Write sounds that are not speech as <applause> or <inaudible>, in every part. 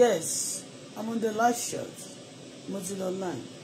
Yes, I'm on the live shot. Mo ti online.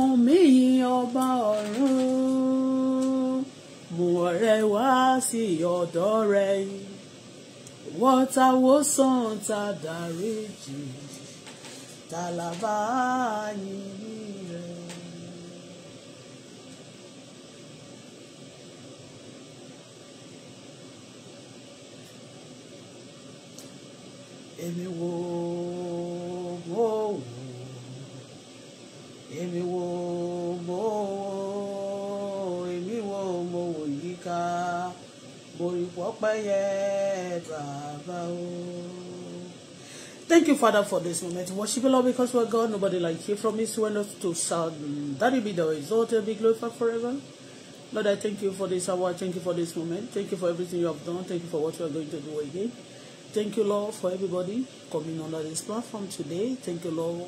ọkàn mi yìn ọba ọ̀run mú ọrẹ wá sí ọ̀dọ̀ rẹ̀ wọ́tawó sàn ta dáríjì tàlàbà yìnyín rẹ̀. èmi wo. ọpẹ́yẹ bàbá o. Thank you, Father, for this moment. Worship you, Lord, because we are God, nobody like you. From His windows to shout, that will be the result, be glorified forever. Lord, I thank you for this hour. Thank you for this moment. Thank you for everything you have done. Thank you for what you are going to do again. Thank you, Lord, for everybody coming under this platform today. Thank you, Lord,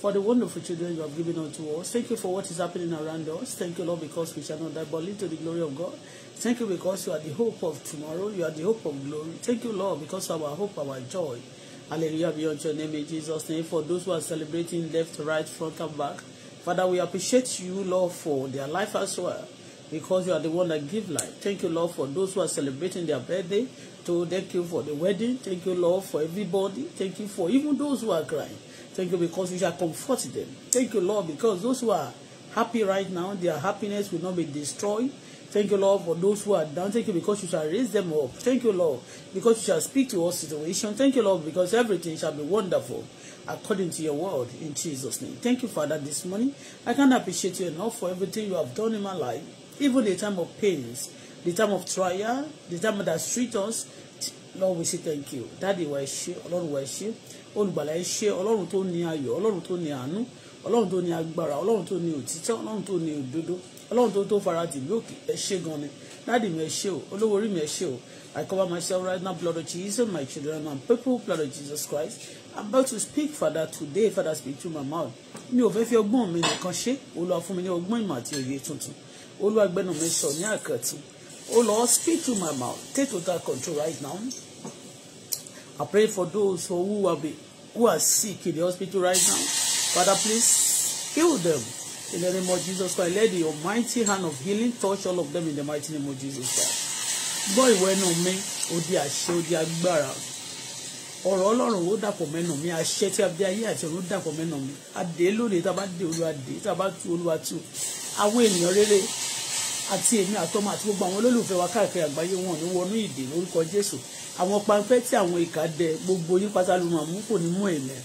for the wonderful children you have given unto us. Thank you for what is happening around us. Thank you, Lord, because we shall not die, but live to the glory of God. Thank you because you are the hope of tomorrow. You are the hope of glory. Thank you, Lord, because our hope, our joy. Hallelujah be unto your name in Jesus' name. For those who are celebrating left, right, front, and back, Father, we appreciate you, Lord, for their life as well, because you are the one that give life. Thank you, Lord, for those who are celebrating their birthday. To thank you for the wedding. Thank you, Lord, for everybody. Thank you for even those who are crying. Thank you because you shall comfort them. Thank you, Lord, because those who are happy right now, their happiness will not be destroyed. Thank you, Lord, for those who are down. Thank you because you shall raise them up. Thank you, Lord, because you shall speak to our situation. Thank you, Lord, because everything shall be wonderful according to your word in Jesus' name. Thank you, Father, this morning. I can't appreciate you enough for everything you have done in my life, even the time of pains, the time of trial, the time that treat us. Lord, we say thank you. Daddy, worship, Lord, worship olùgbàlà ẹ ṣé ọlọ́run tó ní ayọ̀ ọlọ́run tó ní àánú ọlọ́run tó ní agbára ọlọ́run tó ní òtítọ́ ọlọ́run tó ní òdodo ọlọ́run tó tó fara tì lókè ẹ ṣé gan ni dáàdì mi ẹ ṣé o olówó orí mi ẹ ṣé o I cover myself right now blood of Jesus my children and people blood of Jesus Christ I'm about to speak Father today Father speak through my mouth mi ò fẹ́ fi ọgbọ́n mi nìkan ṣe Olúwa fún mi ní ọgbọ́n ìmọ̀ àti òye tuntun Olúwa gbẹ́nu mi sọ ní àkàtún Oh Lord, speak through my mouth. Take total control right now. I pray for those who will be who are sick in the hospital right now. Father, please heal them in the name of Jesus Christ. Let the almighty hand of healing touch all of them in the mighty name of Jesus Christ. Gbọ́ ìwọ ẹnu mi, ó di àṣẹ, ó di agbára. Ọ̀rọ̀ Ọlọ́run ó dàpọ̀ mẹ́nu mi, àṣẹ tí a bí ayé àti ọ̀run dàpọ̀ mẹ́nu mi. Adé lónìí tá a bá dé olúwa dé, tá a bá tú olúwa tú. Àwọn ènìyàn rere àti èmi àtọmọ àti gbogbo àwọn olólùfẹ́ wa káàkiri àgbáyé wọn ní wọnú ìdè lórúkọ Jésù àwọn pańpẹ́ tí àwọn ìka dẹ gbogbo yín pátá ló máa mú kò ní mú èlẹ̀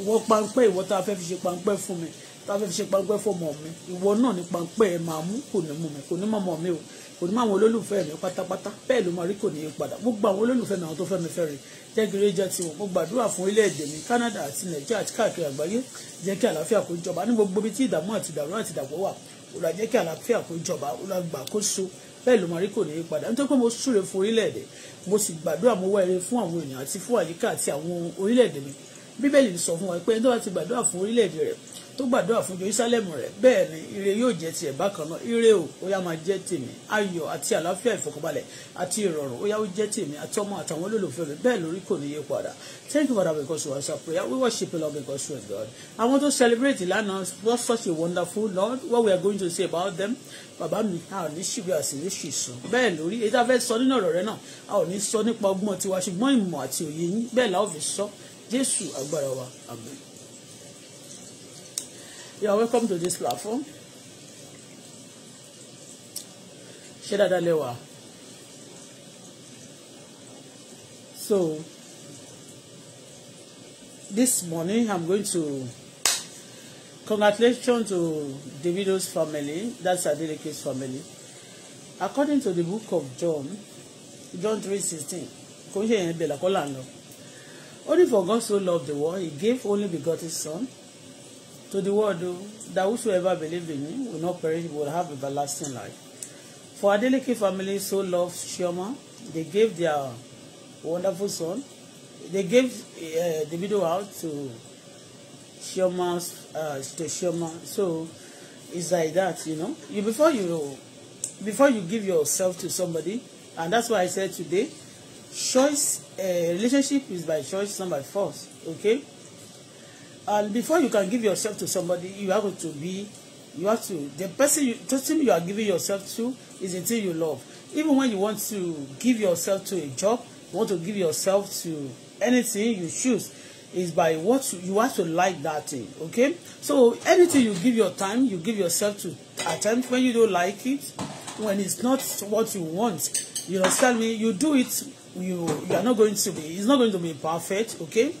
ìwọ pańpẹ́ ìwọ tá a fẹ́ fi ṣe pańpẹ́ fún mi tá a fẹ́ fi ṣe pańpẹ́ fọmọ mi ìwọ náà ní pańpẹ́ ẹ máa mú kò ní mú mi kò ní mọ̀ mọ̀ mi o kò ní mọ̀ àwọn olólùfẹ́ mi pátápátá bẹ́ẹ̀ ló máa rí kò ní í padà gbogbo àwọn olólùfẹ́ mi àwọn tó fẹ́ mi fẹ́ rè jẹ́gìrì jẹ́ tiwọn mo gbàdúrà fún orílẹ̀-èdè mi Canada àti Nàìjíríà àti káàkiri àgbáyé jẹ́ kí àlàáfíà kó jọba ní gbogbo ibi tí ìdààmú àti ìdàrú àti ìdàpọ̀ wà olúwa jẹ́ kí àlàáfíà kó jọba olúwa gbàkóso bẹ́ẹ̀ ló máa rí kò ní í padà nítorí pé mo súre fún orílẹ̀-èdè mo sì gbàdúrà mo wá ire fún àwọn ènìyàn àti fún àyíká àti àwọn orílẹ̀-èdè mi bíbélì sọ fún wa pé tó bá ti gbàdúrà fún orílẹ̀-èdè rẹ̀ tó gbàdúrà fún jerusalem rẹ̀ bẹ́ẹ̀ ni ire yóò jẹ́ tiẹ̀ bákan náà ire o ó yá máa jẹ́ tèmi ayọ̀ àti àlàáfíà ìfọ̀kànbalẹ̀ àti ìrọ̀rùn ó yá ó jẹ́ tèmi àti ọmọ àtàwọn olólùfẹ́ rẹ̀ bẹ́ẹ̀ lórí kò ní yé padà thank you father because you are so prayer we worship you lord because you are God àwọn tó celebrate lánàá was such a wonderful lord what we are going to say about them bàbá mi a ò ní ṣìbí àṣírí ṣì sùn bẹ́ẹ̀ lórí èyí tá a fẹ́ sọ nínú ọ̀rọ̀ rẹ náà a ò ní sọ nípa ọgbọ́n tiwa ṣùgbọ́n ìmọ̀ àti òye yín bẹ́ẹ̀ la fi sọ Jésù agbára wa àmín. You are welcome to this platform. Ṣé dáadáa lẹ́wà? So, this morning I'm going to congratulations to Davido's family, that's Adeleke's family. According to the book of John, John 3:16, kò ń ṣe yẹn bẹ̀rẹ̀ kọ́ là ń lọ. Only for God so loved the world, he gave only begotten Son to the world, that whosoever believes in him will not perish, will have everlasting life. For Adeleke family so loved Chioma, they gave their wonderful son, they gave uh, the widow out to Chioma's, uh, to Chioma. So it's like that, you know. You before you before you give yourself to somebody, and that's why I said today, choice uh, relationship is by choice not by force okay and before you can give yourself to somebody you have to be you have to the person you the person you are giving yourself to is the thing you love even when you want to give yourself to a job you want to give yourself to anything you choose is by what you, you have to like that thing okay so anything you give your time you give yourself to attempt when you don't like it when it's not what you want you know, tell me you do it you you are not going to be it's not going to be perfect okay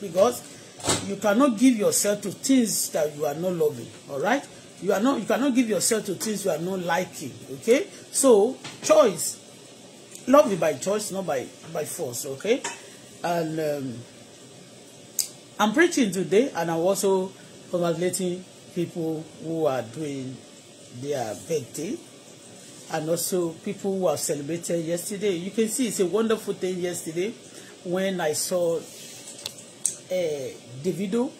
because you cannot give yourself to things that you are not loving all right you are not you cannot give yourself to things you are not liking okay so choice love you by choice not by by force okay and um, I'm preaching today and I'm also congratulating people who are doing their birthday and also people who have celebrated yesterday. You can see it's a wonderful thing yesterday when I saw uh, Davido,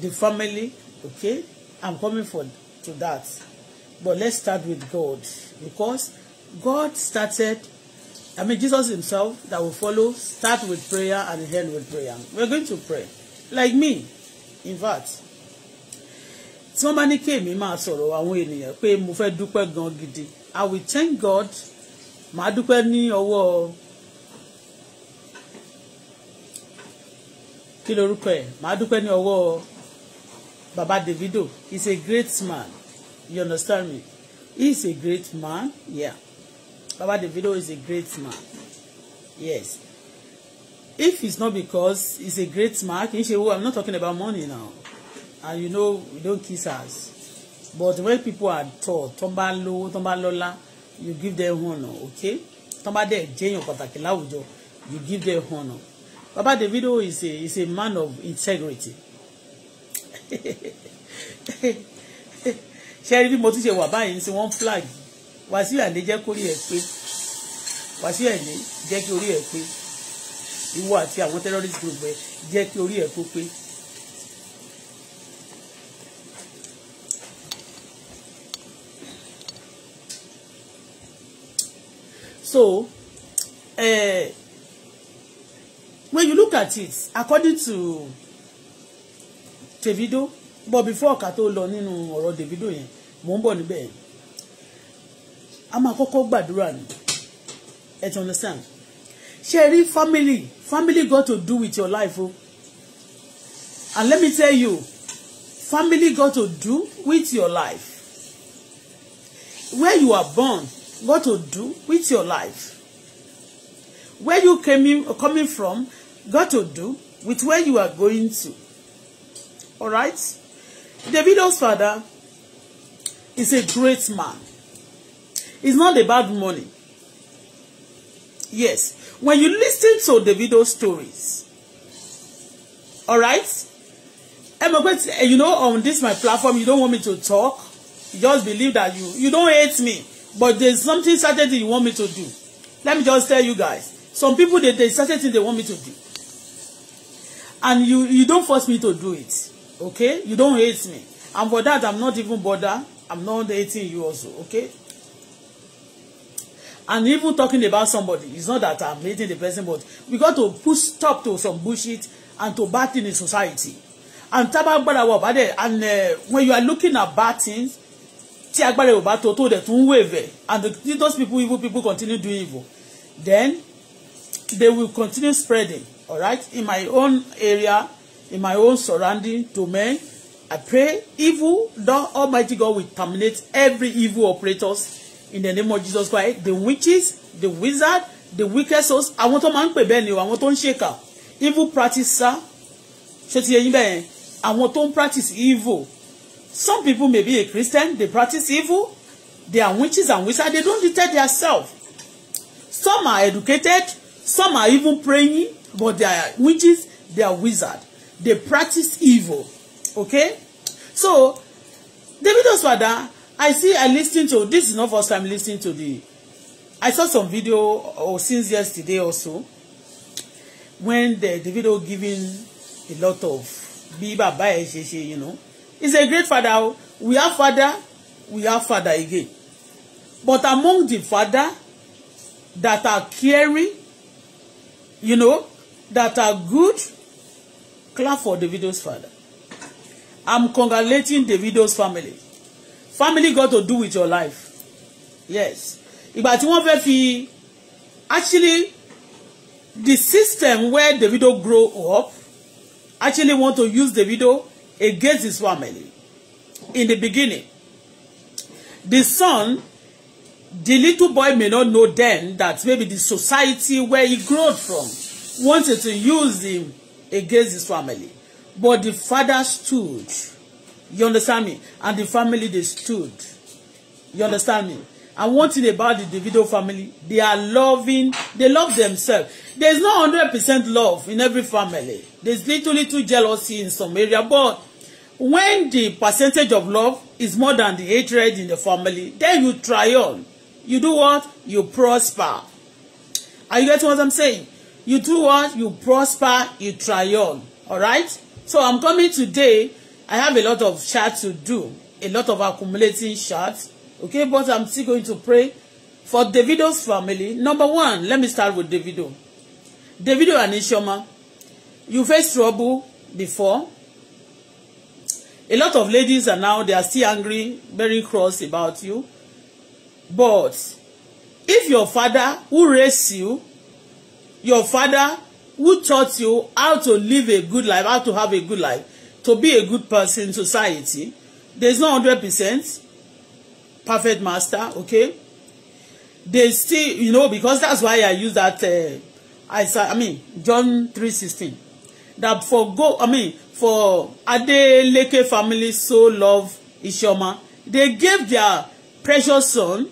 the family, okay? I'm coming for to that. But let's start with God because God started, I mean, Jesus himself that will follow, start with prayer and end with prayer. We're going to pray. Like me, in fact. Tí wọ́n bá ní kéèmí máa sọ̀rọ̀ àwọn ènìyàn pé mo fẹ́ gidi. I will thank God màá dúpẹ́ ní ọwọ́ kí lorúkọ ẹ̀ màá dúpẹ́ ní ọwọ́ Baba Davido he's a great man you understand me he's a great man yeah Baba Davido is a great man yes if it's not because he's a great man kì í ṣe owó I'm not talking about money now and you know we don't kiss ass but when people are tall tó bá lówó tó bá lọ́lá you give them honour okay tó bá dẹ̀ jẹ́yàn pàtàkì láwùjọ you give them honour Baba Davido is a is a man of integrity <laughs> ṣe rí bí mo tún ṣe wà báyìí sí wọ́n flag Wàsíù Àyìndé jẹ́ kórí ẹ̀ pé Wàsíù Àyìndé jẹ́ kí orí ẹ̀ pé ìwọ àti àwọn terrorist group ẹ̀ jẹ́ kí orí ẹ̀ kó pé So, uh, when you look at it, according to Davido, but before ọ̀kà tó lọ nínú ọ̀rọ̀ Davido yẹn, mò ń bọ̀ níbẹ̀ A máa kọ́kọ́ gbàdúrà ni. Ẹ ti understand? Ṣé rí family? Family got to do with your life o. Oh. And let me tell you, family got to do with your life. Where you are born God to do with your life. Where you came in, coming from, got to do with where you are going to. All right? Davido's father is a great man. It's not a bad money. Yes. When you listen to Davido's stories, all right? You know, on this my platform, you don't want me to talk. You just believe that you you don't hate me but there's something certain thing you want me to do let me just tell you guys some people they there's certain thing they want me to do and you you don't force me to do it okay you don't hate me and for that I'm not even bother I'm not dating you also okay and even talking about somebody it's not that I'm hating the person but we got to put stop to some bullshit and to bad things in society and taba gbadawo about and uh, when you are looking at bad things tí agbára ò bá tó tó dẹ̀ tún wèvẹ̀ and the, those people evil people continue doing evil then they will continue spreading all right in my own area in my own surrounding domain I pray evil the Almighty God will terminate every evil operators in the name of Jesus Christ the witches the wizard the wicked souls àwọn tó máa ń pè bẹ́ẹ̀ ni o àwọn tó ń ṣèkà evil practice sá ṣé ti yẹ yín bẹ́ẹ̀ yẹn àwọn tó ń practice evil Some people may be a Christian, they practice evil, they are witches and wizards, they don't detect themselves. Some are educated, some are even praying, but they are witches, they are wizards. They practice evil. Okay? So, Davido Sawada, I see, I listen to, this is not first time listening to the, I saw some video or since yesterday also, when the Davido giving a lot of, bí bàbá ẹ̀ you know, Is a great father. Oh. We have father, we have father again. But among the father that are caring, you know, that are good, clap for Davido's father. I'm congratulating Davido's family. Family got to do with your life. Yes. Ìgbà tí wọ́n fẹ́ fi actually the system where Davido grow up actually want to use Davido against his family. In the beginning, the son, the little boy may not know then that maybe the society where he grew from wanted to use him against his family. But the father stood. You understand me? And the family, they stood. You understand me? And one thing about the Davido family, they are loving, they love themselves. There's no 100% love in every family. There's little, little jealousy in some area, but when the percentage of love is more than the hatred in the family then you triumph you do what you prosper are you getting what I'm saying you do what you prosper you triumph all right so I'm coming today I have a lot of chat to do a lot of accumulating chat okay but I'm still going to pray for Davido's family number one let me start with Davido Davido and Isioma you face trouble before a lot of ladies are now they are still angry very cross about you but if your father who raised you your father who taught you how to live a good life how to have a good life to be a good person in society there's no hundred percent perfect master okay they still you know because that's why I use that uh, I I mean John three sixteen that for go I mean for Adeleke family so love Isioma. They gave their precious son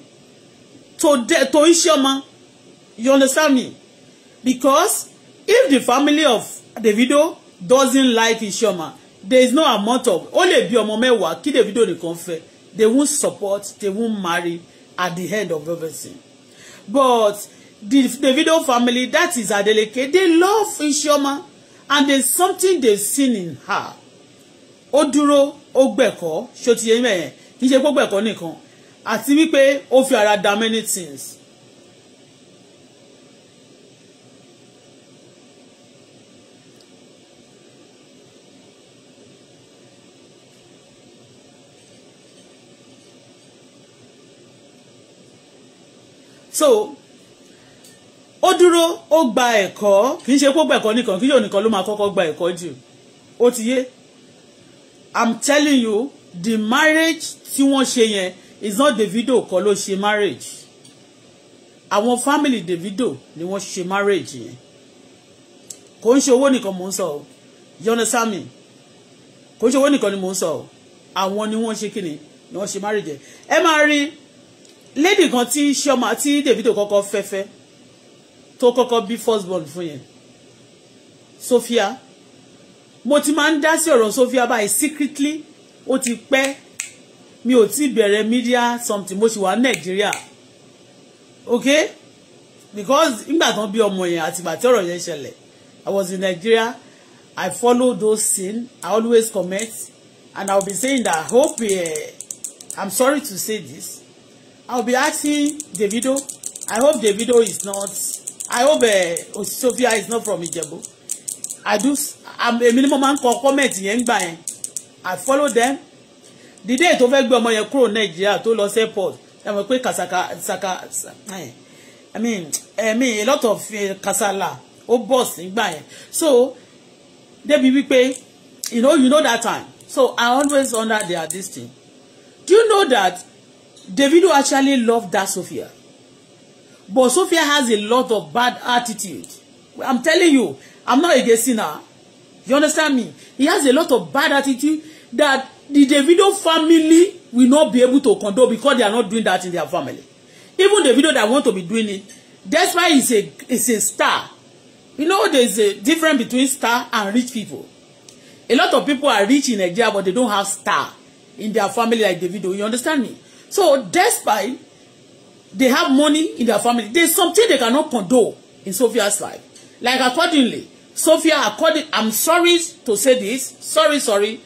to, de to Isioma. You understand me? Because if the family of Davido doesn't like Isioma, there is no amount of only lè bí ọmọ mẹ́wàá kí Davido nìkan fẹ́ they won't support they won't marry at the end of everything but the Davido family that is Adeleke they love Isioma and there's something they've seen in her ó dúró ó gbẹ̀kọ́ ṣó ti yẹ mẹ́yẹn kì í ṣe kó gbẹ̀kọ́ nìkan àti wípé ó fi ara da many things. so ó dúró ó gba ẹ̀kọ́ kì í ṣe kó gba ẹ̀kọ́ nìkan kí yóò nìkan ló máa kọ́kọ́ gba ẹ̀kọ́ jù ó ti yé i'm telling you the marriage tí wọ́n ṣe yẹn is not Davido kọ́ ló ṣe marriage àwọn family Davido ni wọ́n ṣe marriage yẹn kò ń ṣe owó nìkan mò ń sọ o you understand me kò ń ṣe owó nìkan ni mò ń sọ o àwọn ni wọ́n ṣe kí ni wọ́n ṣe marriage yẹn ẹ máa rí lady kan tí Chioma tí Davido kọ́kọ́ fẹ́fẹ́ tó kọ́kọ́ bí first born fún yẹn Sophia mo ti máa ń dá sí ọ̀rọ̀ Sophia báyìí secretly ó ti pẹ́ mi ò tí bẹ̀rẹ̀ media something mo sì wà Nàìjíríà ok because nígbà tán bí ọmọ yẹn àtìgbà tí ọ̀rọ̀ yẹn ṣẹlẹ̀ I was in Nigeria I follow those scene. I always comment and I will be saying that hope uh, I'm sorry to say this I will be asking Davido I hope Davido is not I hope uh, Sophia is not from Ijebu. I do I'm a minimum man kọ comment yẹn gbà yẹn. I follow them. The day tó fẹ́ gbé ọmọ yẹn kúrò Nàìjíríà tó lọ sí airport, ẹ mọ̀ pé kàsàkà eh, I mean eh, I mean a lot of uh, kasala ó bọ̀s nígbà yẹn. So débi pay. you know you know that time. So I always under their this thing. Do you know that Davido actually loved that Sophia? But Sophia has a lot of bad attitude. I'm telling you, I'm not a her. You understand me? He has a lot of bad attitude that the Davido family will not be able to condone because they are not doing that in their family. Even Davido that want to be doing it, that's why he's a, he's a star. You know, there's a difference between star and rich people. A lot of people are rich in Nigeria, but they don't have star in their family like Davido. You understand me? So despite They have money in their family. There's something they cannot condone in Sophia's life. Like accordingly, Sophia, according, I'm sorry to say this. Sorry, sorry.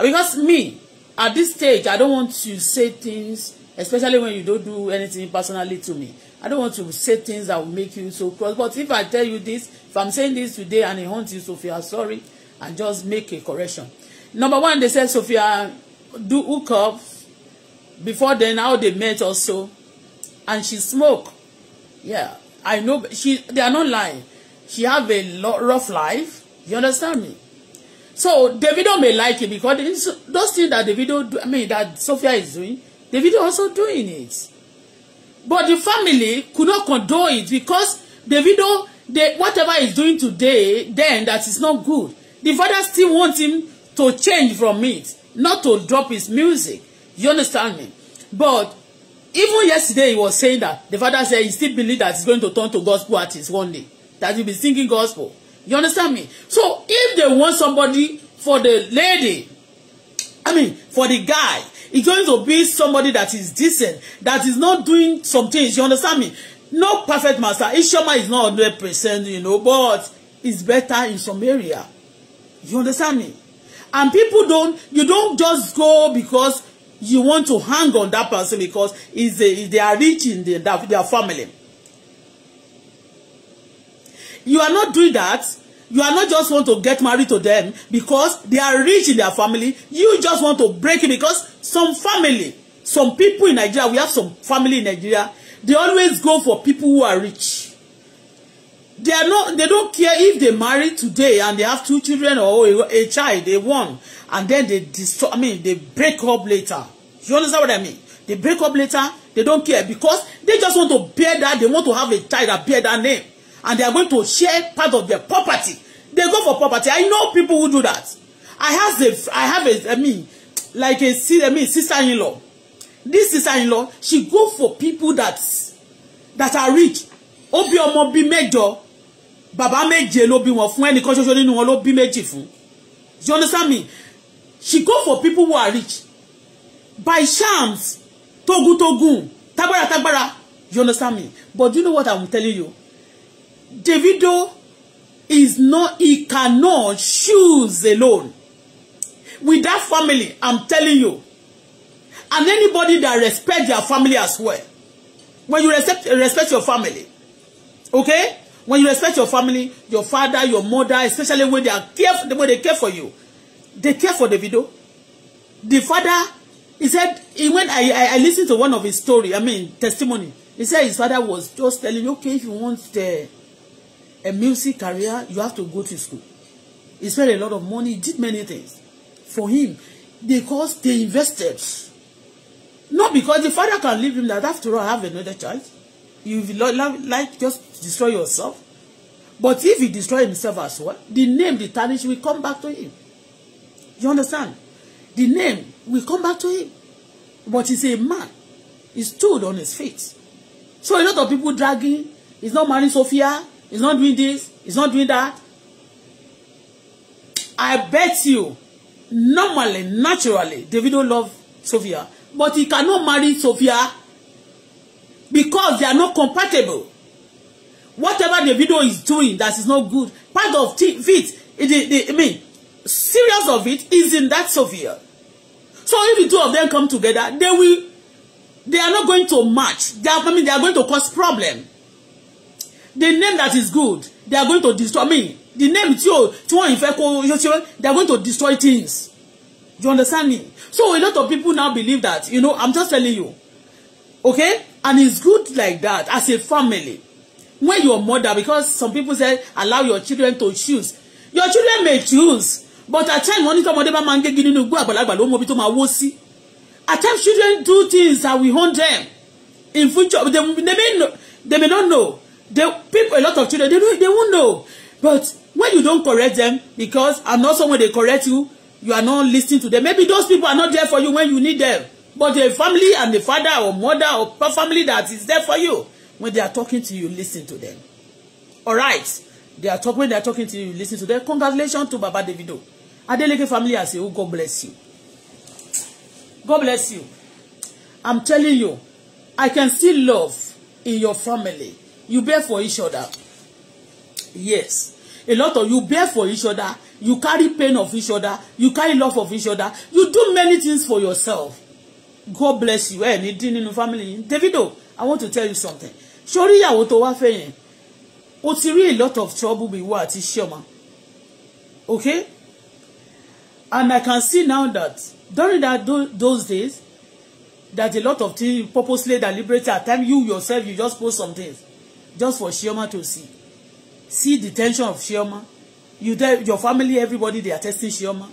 Because me, at this stage, I don't want to say things, especially when you don't do anything personally to me. I don't want to say things that will make you so cross. But if I tell you this, if I'm saying this today and it haunts you, Sophia, sorry, and just make a correction. Number one, they said, Sophia, do up Before then, how they met also and she smoke yeah I know she they are not lying she have a rough life you understand me so the Davido may like it because this, those things that Davido do I mean that Sophia is doing the Davido also doing it but the family could not condone it because the Davido the whatever is doing today then that is not good the father still wants him to change from it not to drop his music you understand me but Even yesterday, he was saying that the father said he still believe that he's going to turn to gospel artist one day, that he'll be singing gospel. You understand me? So if they want somebody for the lady, I mean, for the guy, it's going to be somebody that is decent, that is not doing some things. You understand me? No perfect master. Ishoma is not 100%, you know, but it's better in some area. You understand me? And people don't, you don't just go because you want to hang on that person because is a, they are rich in the, that, their family. You are not doing that. You are not just want to get married to them because they are rich in their family. You just want to break it because some family, some people in Nigeria, we have some family in Nigeria, they always go for people who are rich. They are not, they don't care if they marry today and they have two children or a, a child, they one, and then they destroy, I mean, they break up later. You understand what I mean? They break up later, they don't care because they just want to bear that, they want to have a child that bear that name. And they are going to share part of their property. They go for property. I know people who do that. I have a, I have a, I mean, like a, I mean, sister-in-law. This sister-in-law, she go for people that, that are rich. Obi omo ọmọ bí mẹ́jọ, bàbá méje ló bí wọn fún ẹnìkan ṣoṣo nínú wọn ló bí méjì fún. You understand me? She go for people who are rich by charms, togu togu, tagbara tagbara you understand me but do you know what i'm telling you Davido is not he cannot choose alone with that family i'm telling you and anybody that respect their family as well when you respect respect your family okay when you respect your family your father your mother especially when they are care when they care for you they care for Davido the father He said, he went, I, I, I listened to one of his story, I mean, testimony. He said his father was just telling him, okay, if you want the uh, a music career, you have to go to school. He spent a lot of money, did many things for him because they invested. Not because the father can leave him that after all, I have another child. You like just destroy yourself. But if he destroy himself as well, the name, the tarnish will come back to him. You understand? The name, we come back to him. But he's a man. He stood on his feet. So a lot of people dragging. He's not marrying Sophia. He's not doing this. He's not doing that. I bet you, normally, naturally, Davido love Sophia. But he cannot marry Sophia because they are not compatible. Whatever Davido is doing that is not good, part of it, the, the, I mean, serious of it is in that Sophia. So if the two of them come together, they will, they are not going to match. They are, I mean, they are going to cause problem. The name that is good, they are going to destroy. I mean, the name tí o tí wọ́n they are going to destroy things. You understand me? So a lot of people now believe that, you know, I'm just telling you. Okay? And it's good like that as a family. When your mother, because some people say, allow your children to choose. Your children may choose but at times wọ́n ní tọ́mọdé bá máa ń gégi nínú igbó àgbàlagbà ló mọ ibi tó máa wó sí at times children do things that we haunt them in future they, they may know, they may not know they people a lot of children they they won't know but when you don't correct them because and also when they correct you you are not listening to them maybe those people are not there for you when you need them but the family and the father or mother or family that is there for you when they are talking to you listen to them Alright, they are talk when they are talking to you listen to them congratulations to Baba Davido Adeleke family as a whole, oh, God bless you. God bless you. I'm telling you, I can see love in your family. You bear for each other. Yes. A lot of you bear for each other. You carry pain of each other. You carry love of each other. You do many things for yourself. God bless you. Ẹ ní dín nínú family. Davido, oh, I want to tell you something. Sori ìyàwó tó wá fẹ́ yẹn. O ti rí a lot of trouble bí ìwọ àti Ṣọ́mà. Okay? and I can see now that during that those days that a lot of things purposely deliberately at time you yourself you just post some things just for Chioma to see see the tension of Chioma you tell your family everybody they are testing Chioma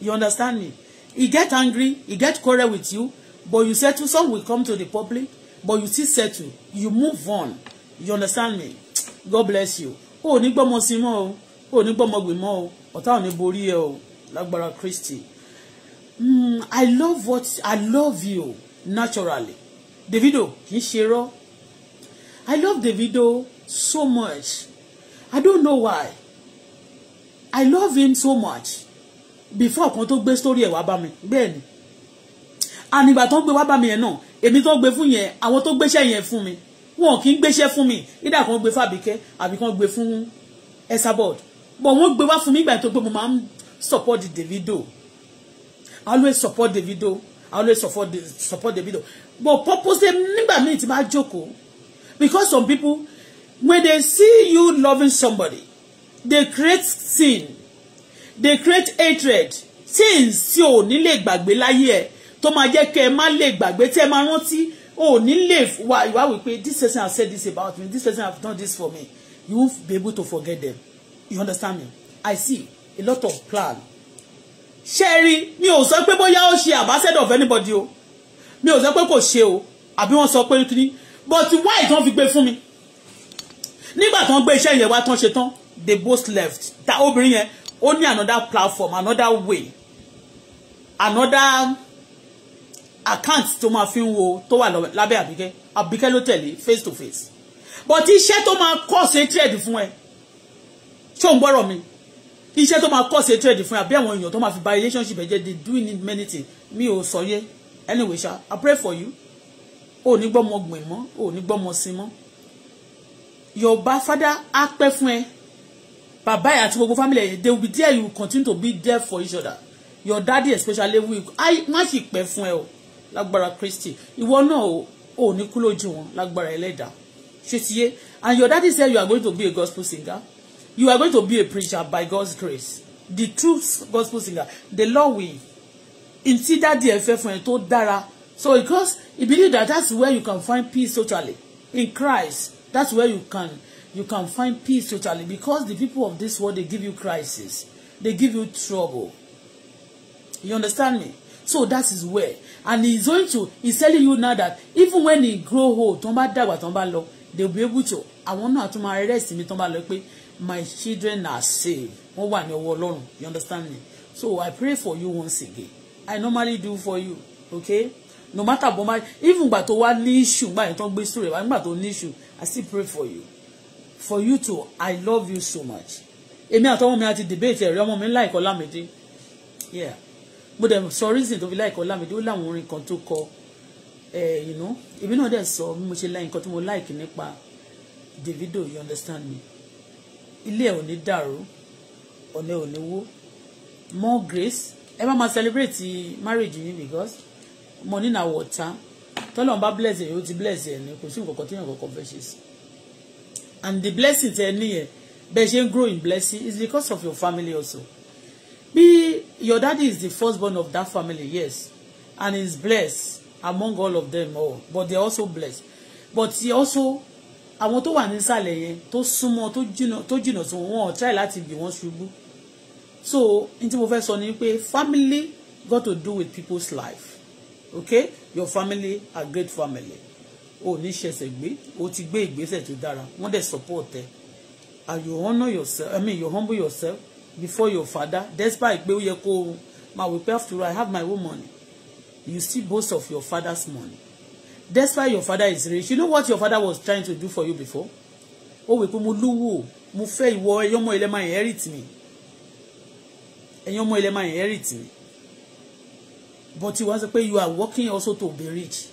you understand me he get angry he get quarrel with you but you settle some will come to the public but you still settle you move on you understand me God bless you o ò ní gbọ́mọ sí mọ́ o ò ní gbọ́mọ gbè mọ́ o ọ̀tá ò ní borí ẹ o. Lagbara Kristi mm, I love what I love you naturally Davido kì í ṣe rọ I love Davido so much I don't know why I love him so much before kan tó gbé story ẹ̀ wá bá mi bẹ́ẹ̀ ni ànígbà tó ń gbé wá bá mi yẹn náà èmi tó ń gbé fún yẹn àwọn tó gbéṣẹ́ yẹn fún mi wọn kì í gbéṣẹ́ fún mi ìdá kan gbé fún Àbíkẹ́ àbí kan gbé fún Esabod bọ̀ wọ́n gbé wá fún mi ìgbà tó pé mo máa ń support the Davido I always support Davido I always support the, support Davido but purposely nígbà míì tí máa jókòó because some people when they see you loving somebody they create sin they create hatred things tí o ní lè gbàgbé láyé ẹ tó máa jẹ́ kẹ́ ẹ má lè gbàgbé tí ẹ máa rántí o ní lè wá ìwà this person has said this about me this person has done this for me you won't be able to forget them you understand me I see a lot of plan ṣe rí mi ò sọ pé bóyá ó ṣe ambassador of anybody o mi ò sọ pé kò ṣe o àbí wọ́n sọ pé kí but why tán fi gbé fún mi nígbà tán gbé iṣẹ́ yẹn wá tán ṣe tán they both left ta obìnrin yẹn ó ní another platform another way another account tó máa fi ń wo tó wà lábẹ́ àbíkẹ́ àbíkẹ́ ló tẹ̀lé face to face but iṣẹ́ tó máa cause hatred fún ẹ ṣó ń gbọ́rọ̀ mi iṣẹ́ tó máa cause hatred fún àbí àwọn èèyàn tó máa fi ba relationship ẹ̀ jẹ́ they do need many things mi ò sọ yẹ anyway ṣá I pray for you o ò ní gbọ́mọ gbìn mọ́ o ò ní gbọ́mọ sin mọ́ your bad father á pẹ́ fún ẹ bàbá ẹ̀ àti gbogbo family ẹ̀ they will be there you will continue to be there for each other your daddy especially will má sì pẹ́ fún ẹ o lágbára Kristi ìwọ náà o ò ní kú lójú wọn lágbára ẹlẹ́dàá ṣé ti yé and your daddy say you are going to be a gospel singer You are going to be a preacher by God's grace. The true gospel singer, the Lord will consider the effect for tó Dara. So because he believed that that's where you can find peace totally in Christ. That's where you can you can find peace totally because the people of this world they give you crisis, they give you trouble. You understand me? So that's his way, and he's going to he's telling you now that even when he grow old they'll be able to I want to máa rest mi tó my children are saved wọ́n wà ní ọwọ́ ọlọ́run you understand me so I pray for you once again I normally do for you okay no matter bó ma even gbà tó wá ní issue gbà yẹn tó ń gbé story wá nígbà tó ní issue I still pray for you for you too I love you so much èmi àtọwọ́ mi àti debate ẹ̀rí ọmọ mi ńlá ìkọ́ lámìdí yeah mo dẹ̀ sọ reason tó fi láìkọ́ lámìdí ó láwọn orin kan tó kọ eh, èmi náà dẹ̀ sọ bí mo ṣe láì nǹkan tí mo like nípa Davido you understand me ilé ẹ̀ ò ní dàrú ọ̀nà ò ní wó more grace ẹ má máa celebrate marriage yín because money na water tọ́lọ́run bá bless ẹ̀ yóò ti bless ẹ̀ ní kò sí nǹkan tí yàn kankan fẹ́ ṣe sí and the blessing tẹ ní yẹn bẹ́ẹ̀ ṣe ń grow in blessing is because of your family also bí your daddy is the first born of that family yes and he is blessed among all of them all but they are also blessed but he also àwọn tó wà nísàlẹ̀ yẹn tó súnmọ́ tó jìnà tó jìnà sí wọn wọn try láti bì wọ́n ṣubú so n tí mo fẹ́ sọ ni pé family got to do with people's life okay your family are great family o ní ṣẹ̀ṣẹ̀ gbé o ti gbé ìgbésẹ̀ tó dára wọ́n dẹ̀ support ẹ and you honour yourself i mean you humble yourself before your father despite pé ó yẹ kó o máa wípé after all i have my own money you still boast of your father's money despite your father is rich you know what your father was trying to do for you before ó wí pé mo lówó mo fẹ́ ìwọ ẹ̀yin ọmọ ilẹ̀ máa inherit me, ẹ̀yin ọmọ ilẹ̀ máa inherit me. but you ìwọ sọ pé you are working also to be rich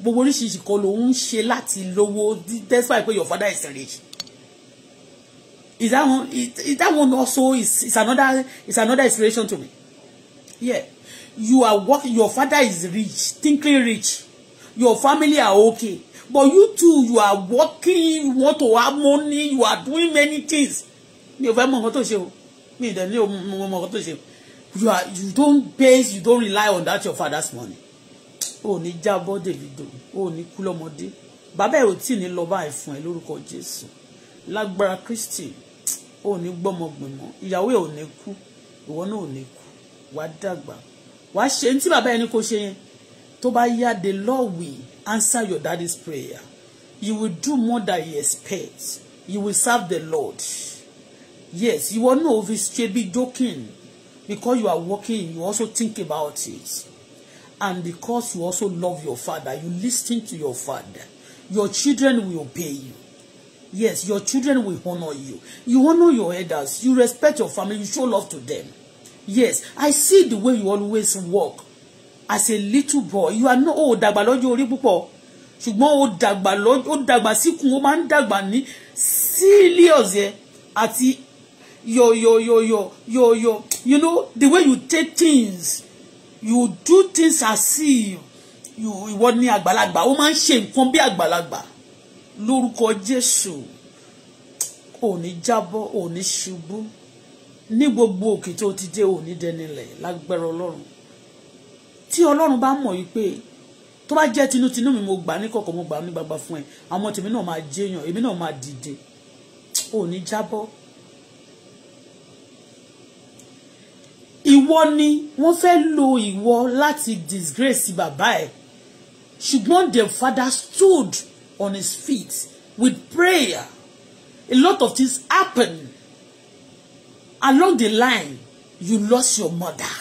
gbogbo oríṣiríṣi kan ló ń ṣe láti lówó despite pé your father is rich is that one is that one also is is another is another inspiration to me yeah you are working your father is rich thinking rich your family are okay but you too you are working you want to have money you are doing many things mi ò fẹ́ mọ nǹkan tó ṣe o mi ìdẹ̀ ní mo mọ nǹkan tó ṣe o you are you don't base you don't rely on that your father's money o ní jábọ́ Davido o ní kú lọ́mọdé bàbá ẹ̀ ò tí ní lọ báyìí fún ẹ lórúkọ Jésù lágbára Kristi o ní gbọ́mọgbìn mọ́ ìyàwó ẹ̀ ò ní kú ìwọ náà ò ní kú wàá dàgbà wàá ṣe ní tí bàbá ẹni kò ṣe yẹn tó bá yá the Lord will answer your daddy's prayer you will do more than you expect you will serve the Lord yes you won't know if it's be joking because you are working you also think about it and because you also love your father you listen to your father your children will obey you yes your children will honor you you honor your elders you respect your family you show love to them yes I see the way you always walk as a little boy you are no o dàgbà lọ́jọ́ orí púpọ̀ ṣùgbọ́n o dàgbà lọ́jọ́ o dàgbà síkùn o máa ń dàgbà ní serious yẹn àti your your your your your. yo you know the way you take things you do things as if you ìwọ ni àgbàlagbà o máa ń ṣe nǹkan bí àgbàlagbà lórúkọ Jésù ò ní jábọ́ ò ní ṣubú ní gbogbo òkè tó ti dé ò ní dẹnilẹ̀ lágbára Ọlọ́run tí ọlọ́run bá mọ̀ yìí pé tó bá jẹ́ tinútinú mi mo gbà ní kọ̀kọ̀ mo gbà ní gbàgbà fún ẹ àwọn tèmi náà máa jẹyàn èmi náà máa dìde ò ní jábọ́ ìwọ ni wọ́n fẹ́ lo ìwọ láti disgrace bàbá ẹ̀ ṣùgbọ́n the father stood on his feet with prayer a lot of things happen. along the line you lost your mother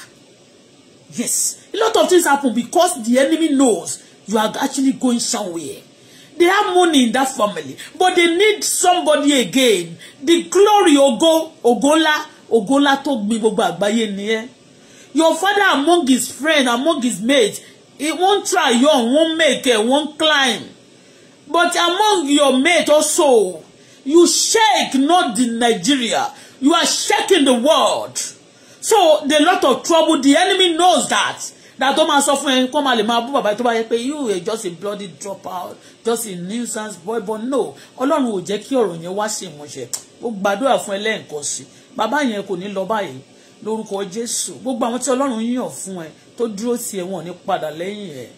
yes A lot of things happen because the enemy knows you are actually going somewhere. They have money in that family, but they need somebody again. The glory ogo, ogola, ogola tó gbin gbogbo Your father among his friends, among his mates, he won't try young, won't make it, won't climb. But among your mates also, you shake not the Nigeria. You are shaking the world. So the lot of trouble, the enemy knows that that tó máa sọ fún ẹ kó máa lè máa bú bàbá tó bá yẹ pé you are just a bloody drop out just a nuisance boy but no ọlọ́run ò jẹ́ kí ọ̀rọ̀ yẹn wá sí ìmúṣẹ ó gbàdúrà fún ẹ lẹ́ẹ̀kan sí bàbá yẹn kò ní lọ báyìí lórúkọ jésù gbogbo àwọn tí ọlọ́run yàn fún ẹ tó dúró tì ẹ́ wọn ò ní padà lẹ́yìn ẹ̀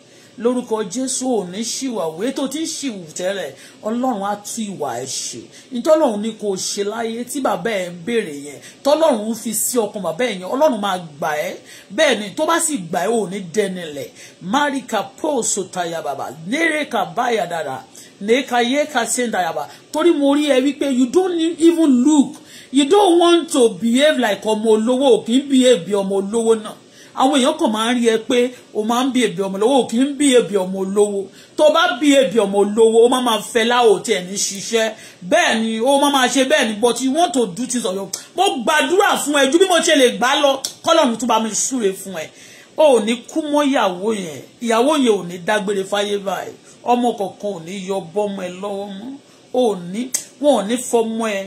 lórúkọ jésù ò ní ṣìwà wé tó ti ń ṣìwù tẹ́lẹ̀ ọlọ́run á tú ìwà ẹ̀ ṣe nítọ́lọ́run ni kò ṣe láyé tí bàbá ẹ̀ ń béèrè yẹn tọ́lọ́run fi sí ọkàn bàbá ẹ̀ yẹn ọlọ́run máa gbà ẹ́ bẹ́ẹ̀ ni tó bá sì gbà ẹ́ ò ní dẹnilẹ̀ máríkà pọ́ọ̀sọ tayà bàbà nérèkà báyà dára nèéka yéka sẹ́ńdàyàbà torí mo rí ẹ wípé you don't even look you don't want to behave like ọmọ olówó kì í behave bí ọmọ olówó náà àwọn èèyàn kàn máa ń rí ẹ pé o máa ń bí ebi ọmọ lówó o kì í bí ebi ọmọ lówó tó bá bí ebi ọmọ lówó o máa máa fẹ́ láwò tí ẹ̀ ní ṣiṣẹ́ bẹ́ẹ̀ ni o máa máa ṣe bẹ́ẹ̀ ni but you want to do things on your mo gbàdúrà fún ẹ ju bí mo ṣe lè gbá lọ kọ́lọ́run tó bá mi súre fún ẹ o ò ní kú mọ́ ìyàwó yẹn ìyàwó yẹn ò ní dágbére fáyé báyìí ọmọ kọ̀ọ̀kan ò ní yọ bọ́mọ ẹ lọ́wọ́ mọ́ ò ní wọn ò ní fọmọ ẹ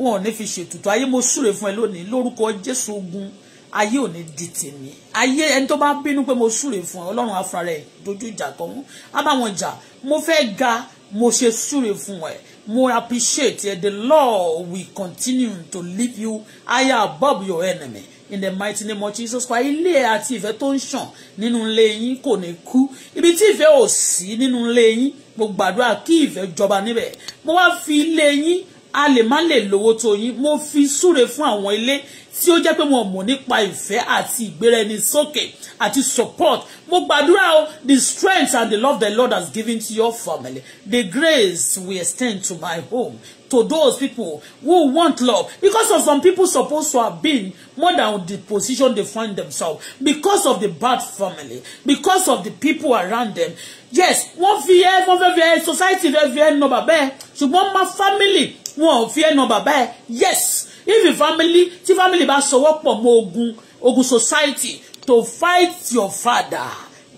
wọn ò ní fi ṣètùtù ayé mo súre fún ẹ lónìí lórúkọ Jésù ogun ayé ò ní di tèmi ayé ẹni tó bá bínú pé mo súre fún ẹ ọlọ́run afra rẹ̀ dojú ìjà kọ wọn á mo fẹ́ ga mo ṣe súre fún ẹ mo appreciate ẹ the Lord will continue to lift you higher above your enemy in the mighty name of Jesus Christ ilé àti ìfẹ́ tó ń ṣàn nínú ilé yín kò ní kú ibi tí ìfẹ́ ò sí nínú ilé yín mo gbàdúrà kí ìfẹ́ jọba níbẹ̀ mo wá fi ilé yín a lè má lè lówó tó yín mo fi súre fún àwọn ilé tí ó jẹ́ pé wọn mọ̀ nípa ìfẹ́ àti ìgbéra ẹni sókè àti support mo gbàdúrà o the strength and the love the Lord has given to your family the grace will extend to my home to those people who want love because of some people supposed to have been more than the position they find themselves because of the bad family because of the people around them yes wọ́n fi ẹ wọ́n fẹ́ fi ẹ society fẹ́ fi ẹ nọ bàbá ẹ ṣùgbọ́n ma family wọn ò fi ẹ nọ bàbá ẹ yes if family tí family bá sọwọ́ pọ̀ mọ́ ogun ogun society to fight your father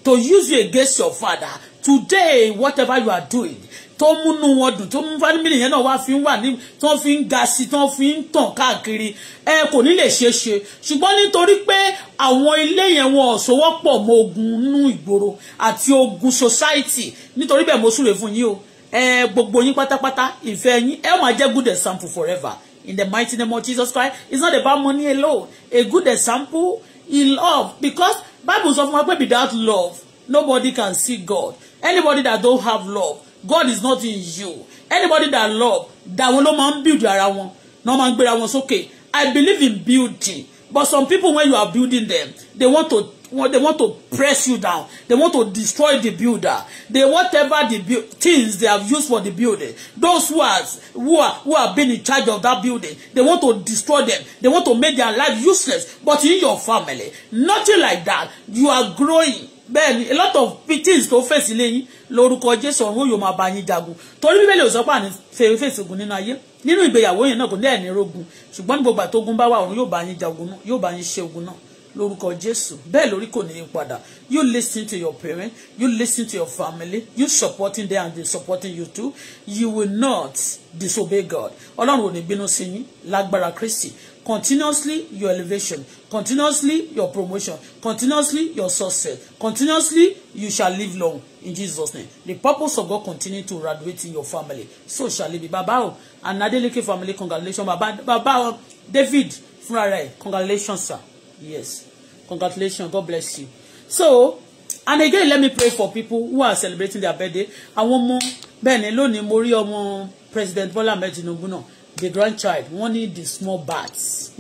to use you against your father today whatever you are doing tó múnú wọn dùn tó family fámìlì yẹn náà wá fi ń wà ní tó fi ń ga sí tó fi ń tàn káàkiri ẹ kò ní lè ṣeé ṣe ṣùgbọ́n nítorí pé àwọn ilé yẹn wọn ọ̀sọ́wọ́pọ̀ mọ́ ogun nínú ìgboro àti ogun society Nitori bẹ́ẹ̀ mo súre fún yín o Eh gbogbo yín pátápátá ìfẹ́ yín ẹ máa jẹ́ good example forever in the mighty name of Jesus Christ it's not about money alone a good example in love because Bible sọ fún without love nobody can see God anybody that don't have love God is not in you anybody that love that will no man build around. No man build around. It's okay. I believe in beauty, but some people when you are building them they want to they want to press you down. They want to destroy the builder. They whatever the bu things they have used for the building. Those who are who are who have been in charge of that building, they want to destroy them. They want to make their life useless. But in your family, nothing like that. You are growing. Ben, a lot of things to face. lẹ́yìn lórúkọ Jésù ọ̀run yóò máa bá yín jagun torí bíbélì òsọpá ní fèrèfèsì ogun nínú ayé nínú ìgbéyàwó yẹn náà kò ní ẹ̀ní rogun ṣùgbọ́n ní gbogbo àtogun bá wà ọ̀run yóò bá yín jagun náà yóò bá yín ṣe ogun náà lórúkọ jésù bẹ́ẹ̀ lórí kò ní padà you listen to your parents you listen to your family you supporting them and they supporting you too you will not disobey God ọlọ́run ò ní bínú sí yín lágbára kristi continuously your elevation continuously your promotion continuously your success continuously you shall live long in Jesus name the purpose of God continue to graduate in your family so shall it be baba o and Adeleke family congratulations baba baba David fúnra rẹ̀ congratulations sir. Yes. Congratulations. God bless you. So, and again, let me pray for people who are celebrating their birthday. Àwọn ọmọ bẹ́ẹ̀ ni lónìí mo rí ọmọ President Bola Ahmed Tinubu náà the grandchild wọ́n ní the small bats.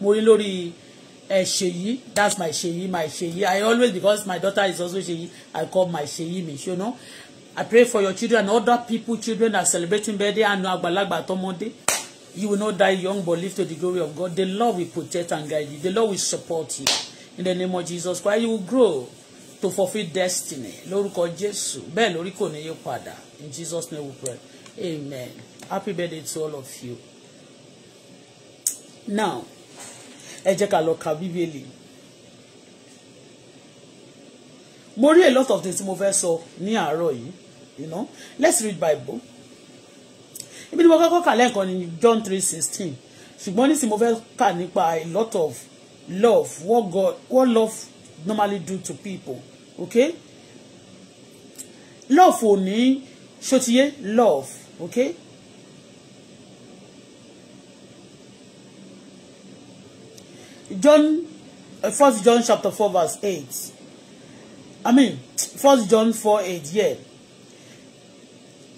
Mo rí lórí Ṣèyí that's my Ṣèyí my Ṣèyí I always because my daughter is also Ṣèyí I call my Ṣèyí mi you know. I pray for your children and other people children are celebrating birthday and àgbàlagbà àtọmọdé You will not die young, but live to the glory of God. The Lord will protect and guide you. The Lord will support you. In the name of Jesus Christ, you will grow to fulfill destiny. Lórúkọ Jésù, bẹ́ẹ̀ lórí kò ní yí padà. In Jesus' name we pray. Amen. Happy birthday to all of you. Now, ẹ jẹ́ ká lọ ka Bíbélì. Mo rí a lot of things mo fẹ́ sọ ní àárọ̀ yìí. You know, let's read Bible ibi tí mo kọ́kọ́ kà lẹ́ẹ̀kan ni John three sixteen ṣùgbọ́n nísìnyí mo fẹ́ kà nípa a lot of love what God what love normally do to people okay love ò ní ṣòtiyé love okay. John, uh, First John chapter four verse eight. I mean, First John four eight. Yeah.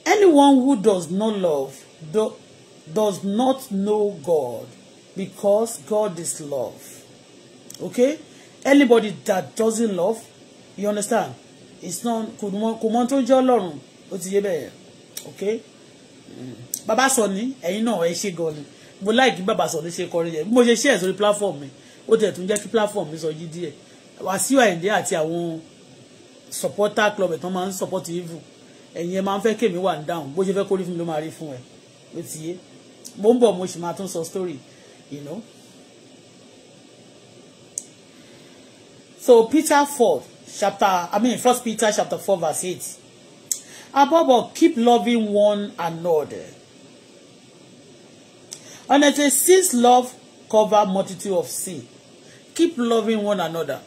Anyone who does not love do, does not know God because God is love. Okay? Anybody that doesn't love, you understand? It's not kò mọ tó jẹ́ Ọlọ́run ó ti Okay? Mm. Baba Sọ̀ni ẹ̀yin náà ẹ ṣe gan ni. Mo like Baba Sọ̀ni ṣe kọrin yẹn. Bí mo ṣe share sórí platform mi, ó tẹ̀ tún jẹ́ kí platform mi sọ yí díẹ̀. Wàsíù Àyìndé àti àwọn supporter club ẹ̀ tán máa ń support evil. Ẹ̀yin ẹ máa ń fẹ́ kémi wà ń dáhùn. Bó ṣe fẹ́ kórí fún mi ló máa rí ló ti yé mo ń bọ̀ mo sì máa tún sọ story you know. so Peter four chapter I mean First Peter chapter four verse eight above all keep loving one another and honestly since love cover multitude of sin keep loving one another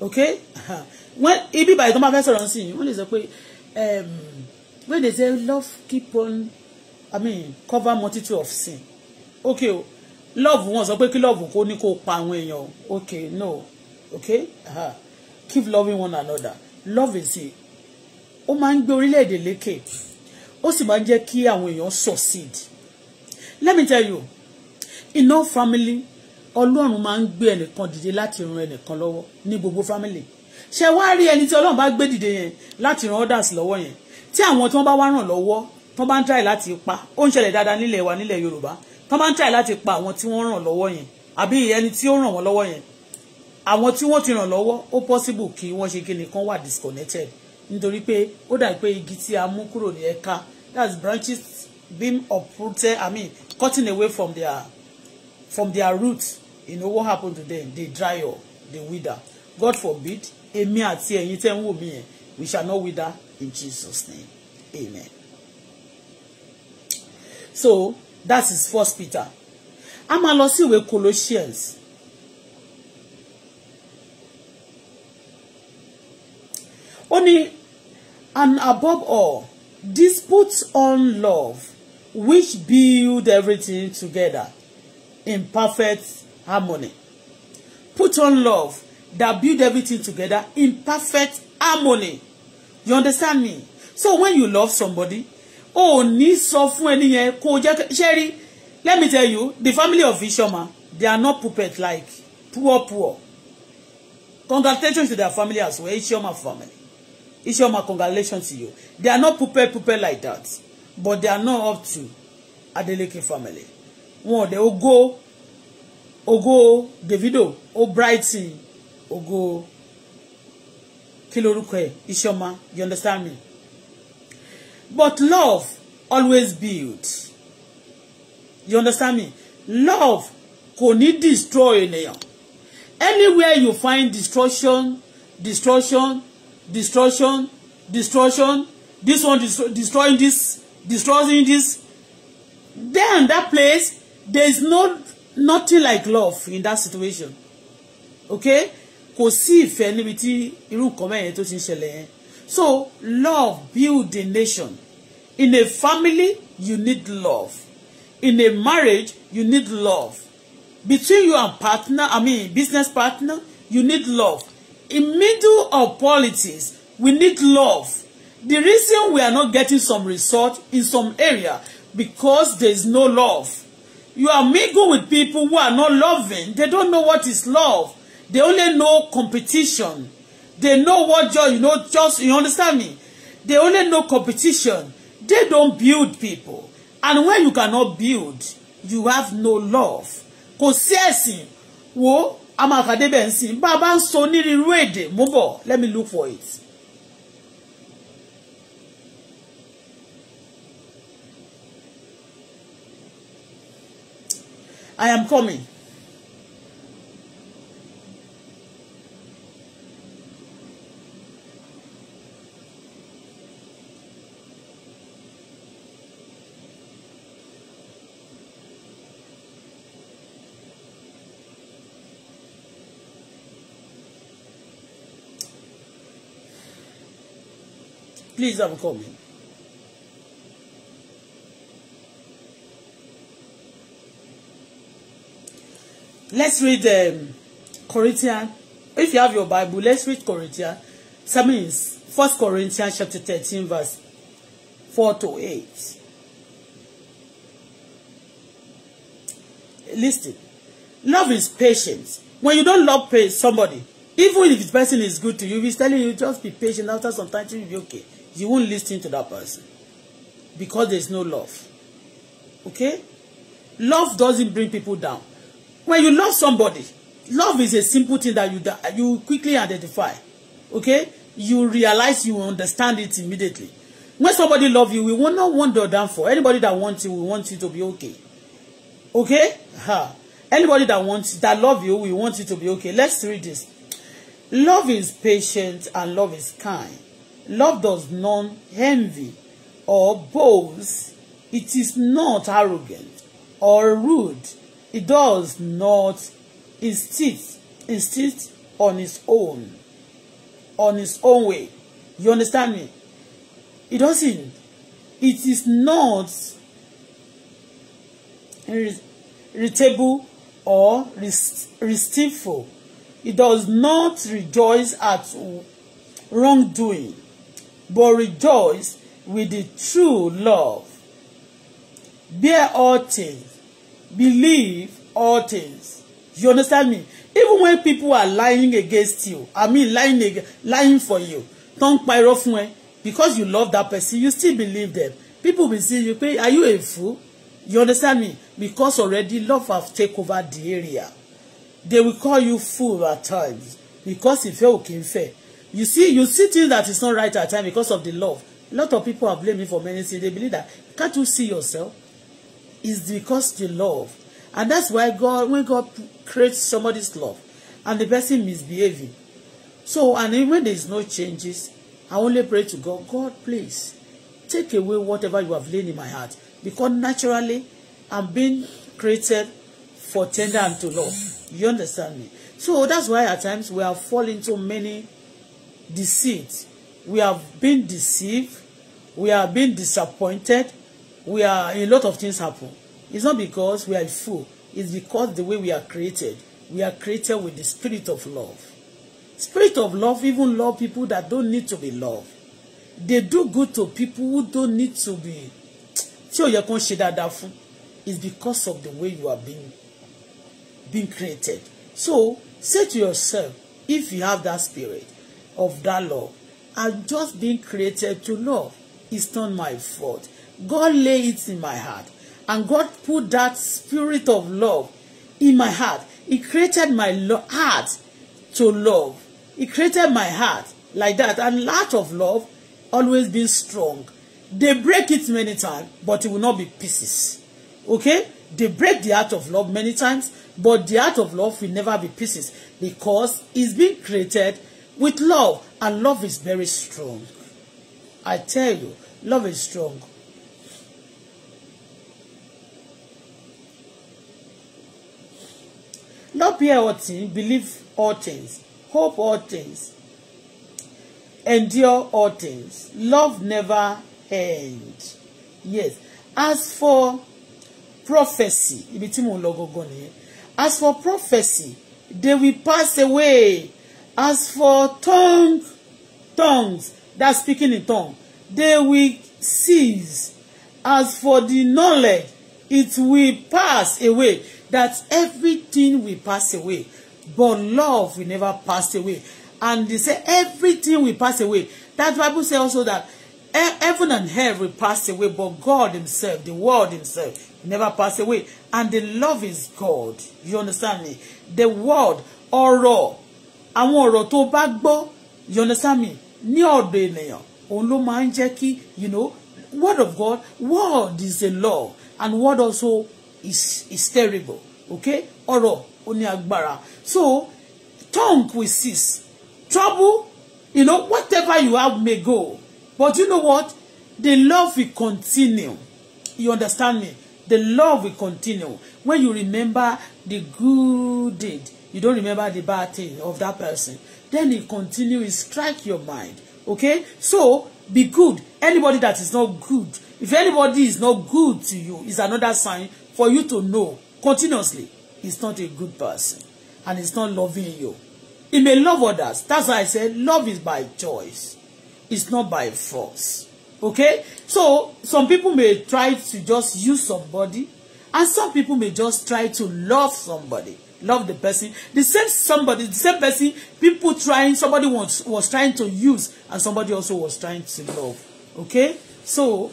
okay <laughs> when ibi báyìí tó máa fẹ́ sọ̀rọ̀ sí i wọ́n lè sọ pé um, when they say love keep on i mean cover multitude of sin okay o love wọn sọ pé kí love kó ní kó pa àwọn èèyàn okay no okay uh-huh. keep loving one another love is it ó máa ń gbé orílẹ̀-èdè lékè ó sì máa ń jẹ́ kí àwọn èèyàn succeed let me tell you iná family ọlọ́run máa ń gbé ẹnìkan dìde láti ran ẹnìkan lọ́wọ́ ní gbogbo family ṣe wá rí ẹni tí ọlọ́run bá gbé dìde yẹn láti ran others lọ́wọ́ yẹn tí àwọn tí wọ́n bá wá ràn lọ́wọ́ tán bá ń try láti pa ó ń ṣẹlẹ̀ dáadáa nílẹ̀ wa nílẹ̀ Yorùbá tán bá ń try láti pa àwọn tí wọ́n ràn lọ́wọ́ yẹn àbí ẹni tí ó ràn wọ́n lọ́wọ́ yẹn àwọn tí wọ́n ti ràn lọ́wọ́ ó possible kí wọ́n ṣe kí nìkan wà disconnected nítorí pé ó dà pé igi tí a mú kúrò ní ẹ̀ka that's branches being uprooted i mean cutting away from their from their roots you know what happen to them they dry up they wither god forbid èmi àti ẹ̀yin tẹ́ ń wò mí yẹn we shall not wither in jesus name amen so that is first Peter a máa lọ sí ìwé Colossians ó ní and above all this puts on love which build everything together in perfect harmony. Put on love that build everything together in perfect harmony. You understand me? So when you love somebody, ò ní sọ fún ẹni yẹn kó jẹ́ ṣé rí let me tell you the family of Ishoma they are not puppet like poor poor congratulations to their family as well Ishoma family Ishoma congratulations to you they are not puppet puppet like that but they are not up to Adeleke family wọn ò dé ogo ogo Davido o Brighton ogo kí lorúkọ ẹ Ishoma you understand me. But love always builds. You understand me? Love kò ní destroy anyone. Anywhere you find destruction, destruction, destruction, destruction, this one destro destroying this, destroying this. There in that place, there is no nothing like love in that situation. Okay? Because if anybody, you tí irú nǹkan mẹ́rin tó So love build a nation. In a family, you need love. In a marriage, you need love. Between you and partner, I mean business partner, you need love. In middle of politics, we need love. The reason we are not getting some result in some area because there is no love. You are mingling with people who are not loving. They don't know what is love. They only know competition. They know what joy, you know, just, you understand me? They only know competition. They don't build people. And when you cannot build, you have no love. Kò sí ẹ̀sìn wo a máa kà débẹ̀ ń sìn move. a let me look for it. I am coming. Please I'm coming. Let's read um, Corinthians. If you have your Bible, let's read Corinthians. That means 1 Corinthians chapter 13, verse 4 to 8. Listen. Love is patience. When you don't love somebody, even if the person is good to you, he's telling you just be patient after some time, it be okay you won't listen to that person because there's no love. Okay? Love doesn't bring people down. When you love somebody, love is a simple thing that you you quickly identify. Okay? You realize you understand it immediately. When somebody love you, we will not want down for Anybody that wants you, we want you to be okay. Okay? Ha. Anybody that wants that love you, we want you to be okay. Let's read this. Love is patient and love is kind. Love does not envy or boast. It is not arrogant or rude. It does not insist, insist on its own, on its own way. You understand me? It doesn't. It is not irritable or restful. It does not rejoice at wrongdoing but rejoice with the true love. Bear all things. Believe all things. You understand me? Even when people are lying against you, I mean lying lying for you, don't parọ́ fún ẹ, because you love that person, you still believe them. People will see you pay, are you a fool? You understand me? Because already love have take over the area. They will call you fool at times because if ò kí ń you see you see things that is not right at time because of the love a lot of people are blaming for many things they believe that can't you see yourself it's because the love and that's why God when God creates somebody's love and the person misbehaving so and when there is no changes I only pray to God God please take away whatever you have laid in my heart because naturally I'm being created for tender and to love you understand me so that's why at times we are falling into many deceived. We have been deceived. We have been disappointed. We are a lot of things happen. It's not because we are fool. It's because the way we are created. We are created with the spirit of love. Spirit of love even love people that don't need to be loved. They do good to people who don't need to be. So you can kó that. ṣe dáadáa is because of the way you are being being created. So say to yourself, if you have that spirit, of that love. I've just been created to love. It's not my fault. God laid it in my heart. And God put that spirit of love in my heart. He created my heart to love. He created my heart like that. And heart of love always been strong. They break it many times, but it will not be pieces. Okay? They break the heart of love many times, but the heart of love will never be pieces because it's been created with love. And love is very strong. I tell you, love is strong. Not bear all things, believe all things, hope all things, endure all things. Love never ends. Yes. As for prophecy, ibi tí As for prophecy, they will pass away. As for tongue, tongues that speaking in tongue, they will cease. As for the knowledge, it will pass away. That everything will pass away. But love will never pass away. And they say everything will pass away. That Bible says also that heaven and hell will pass away, but God himself, the world himself, never pass away. And the love is God. You understand me? The world, all àwọn ọ̀rọ̀ tó bá gbọ́ you understand me ní ọ̀dọ̀ ènìyàn òun ló máa ń jẹ́ kí you know word of God word is a law and word also is is terrible okay ọ̀rọ̀ ó ní agbára so tongue will cease trouble you know whatever you have may go but you know what the love will continue you understand me the love will continue when you remember the good deed you don't remember the bad thing of that person then it continue it strike your mind okay so be good anybody that is not good if anybody is not good to you is another sign for you to know continuously he's not a good person and he's not loving you he may love others that's why I said love is by choice it's not by force okay so some people may try to just use somebody and some people may just try to love somebody love the person. The same somebody, the same person, people trying, somebody was, was trying to use and somebody also was trying to love. Okay? So,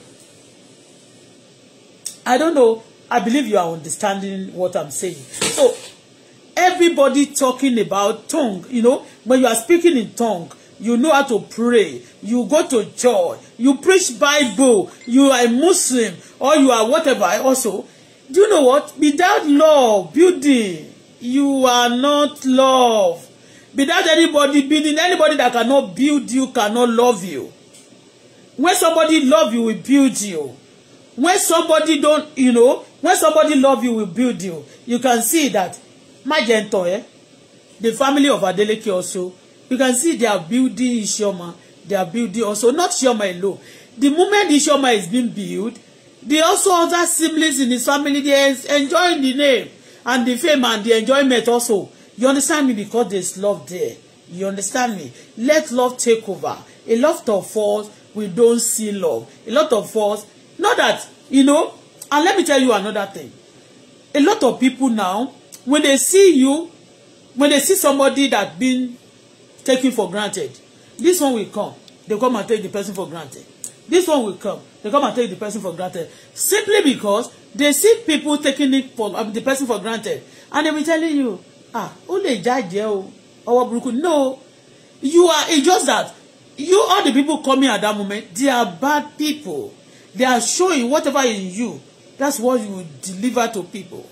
I don't know. I believe you are understanding what I'm saying. So, everybody talking about tongue, you know, when you are speaking in tongue, you know how to pray, you go to church, you preach Bible, you are a Muslim, or you are whatever also. Do you know what? Without love, building, you are not love. Without anybody building, anybody that cannot build you cannot love you. When somebody love you, will build you. When somebody don't, you know, when somebody love you, will build you. You can see that. My gentle, eh? The family of Adeleke also, you can see they are building Ishoma. They are building also, not Ishoma alone. The moment Ishoma is being built, the also other siblings in his family, they are enjoying the name and the fame and the enjoyment also you understand me because there's love there you understand me let love take over a lot of us we don't see love a lot of us not that you know and let me tell you another thing a lot of people now when they see you when they see somebody that been taken for granted this one will come they come and take the person for granted this one will come they come and take the person for granted simply because they see people taking it for um, the person for granted and they be telling you ah ó lè jáde o ọwọ́ burúkú no you are it. just that you all the people coming at that moment they are bad people they are showing whatever in you that's what you deliver to people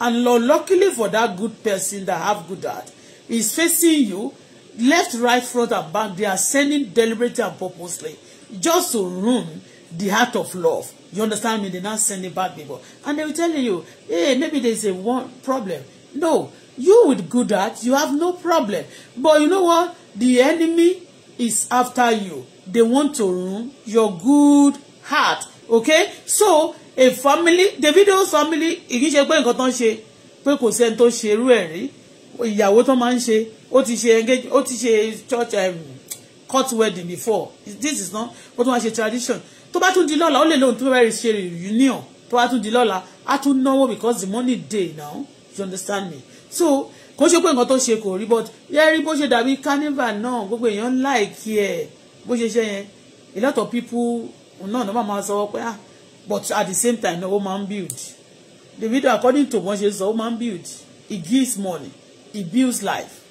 and Lord luckily for that good person that have good heart is facing you left right front and back they are sending deliberately and purposely just to ruin the heart of love you understand me they now send it back people and they will tell you hey maybe there's a one problem no you with good heart you have no problem but you know what the enemy is after you they want to ruin your good heart okay so a family the Davido's family kì í ṣe pé nǹkan tó ń ṣe pé kò sẹ́ni tó ṣerú ẹ̀ rí ìyàwó tó máa ń ṣe ó ti ṣe engage ó ti ṣe church um, court wedding before this is not ó tún wá ṣe tradition tó bá tún di lọ́la ó lè lóhun tó bẹ̀rẹ̀ ṣe reunion tó bá tún di lọ́la á tún náwó because the money dey now you understand me so kò ṣe pé nǹkan tó ṣe kò rí but yẹ́rí bó ṣe dàbí carnival náà gbogbo èèyàn like ẹ̀ bó ṣe ṣe yẹn a lot of people náà náà máa sọ pé ah but at the same time náà ó máa ń build the video according to wọ́n ṣe sọ ó máa ń build he gives money he builds life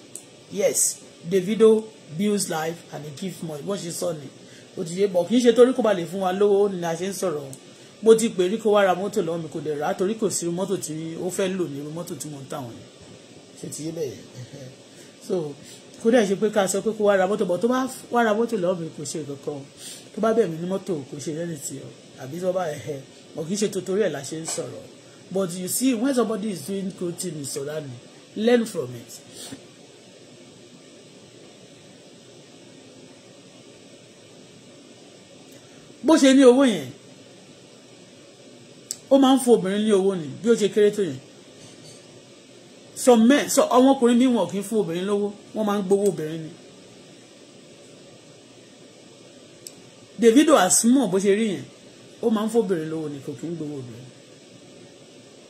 yes Davido builds life and he gives money bó ṣe sọ ni ó ti yé bọ̀ kì í ṣe torí kó ba lè fún wa lówó ni a ṣe ń sọ̀rọ̀ mo ti pè rí kó wá ra mọ́tò lọ́wọ́ mi kò dẹ̀ rà torí kò sí irú mọ́tò tí ó fẹ́ lò ní irú mọ́tò tí mo ń tà wọ́n ṣe ti yé bẹ́ẹ̀ <laughs> so kó dẹ̀ ṣe pé ká sọ pé kó wá ra mọ́tò bọ̀ tó bá wá ra mọ́tò lọ́wọ́ mi kò ṣe kankan tó bá bẹ̀ mí ní mọ́tò kò ṣe lẹ́yìn tí ọ àbí tó bá ẹ̀hẹ́ ọ̀ kì í ṣe torí ẹ̀ la ṣe ń sọ̀rọ̀ but you see when somebody is doing good things in surrounding learn from it bó ṣe ní owó yẹn ó máa ń fún obìnrin ní owó ni bí ó ṣe kéré tó yẹn sọ mẹ sọ àwọn ọkùnrin ní wọn kì í fún obìnrin lówó wọn máa ń gbowó obìnrin ni Davido asmọ bó ṣe rí yẹn ó máa ń fún obìnrin lówó ni kò kì í gbowó obìnrin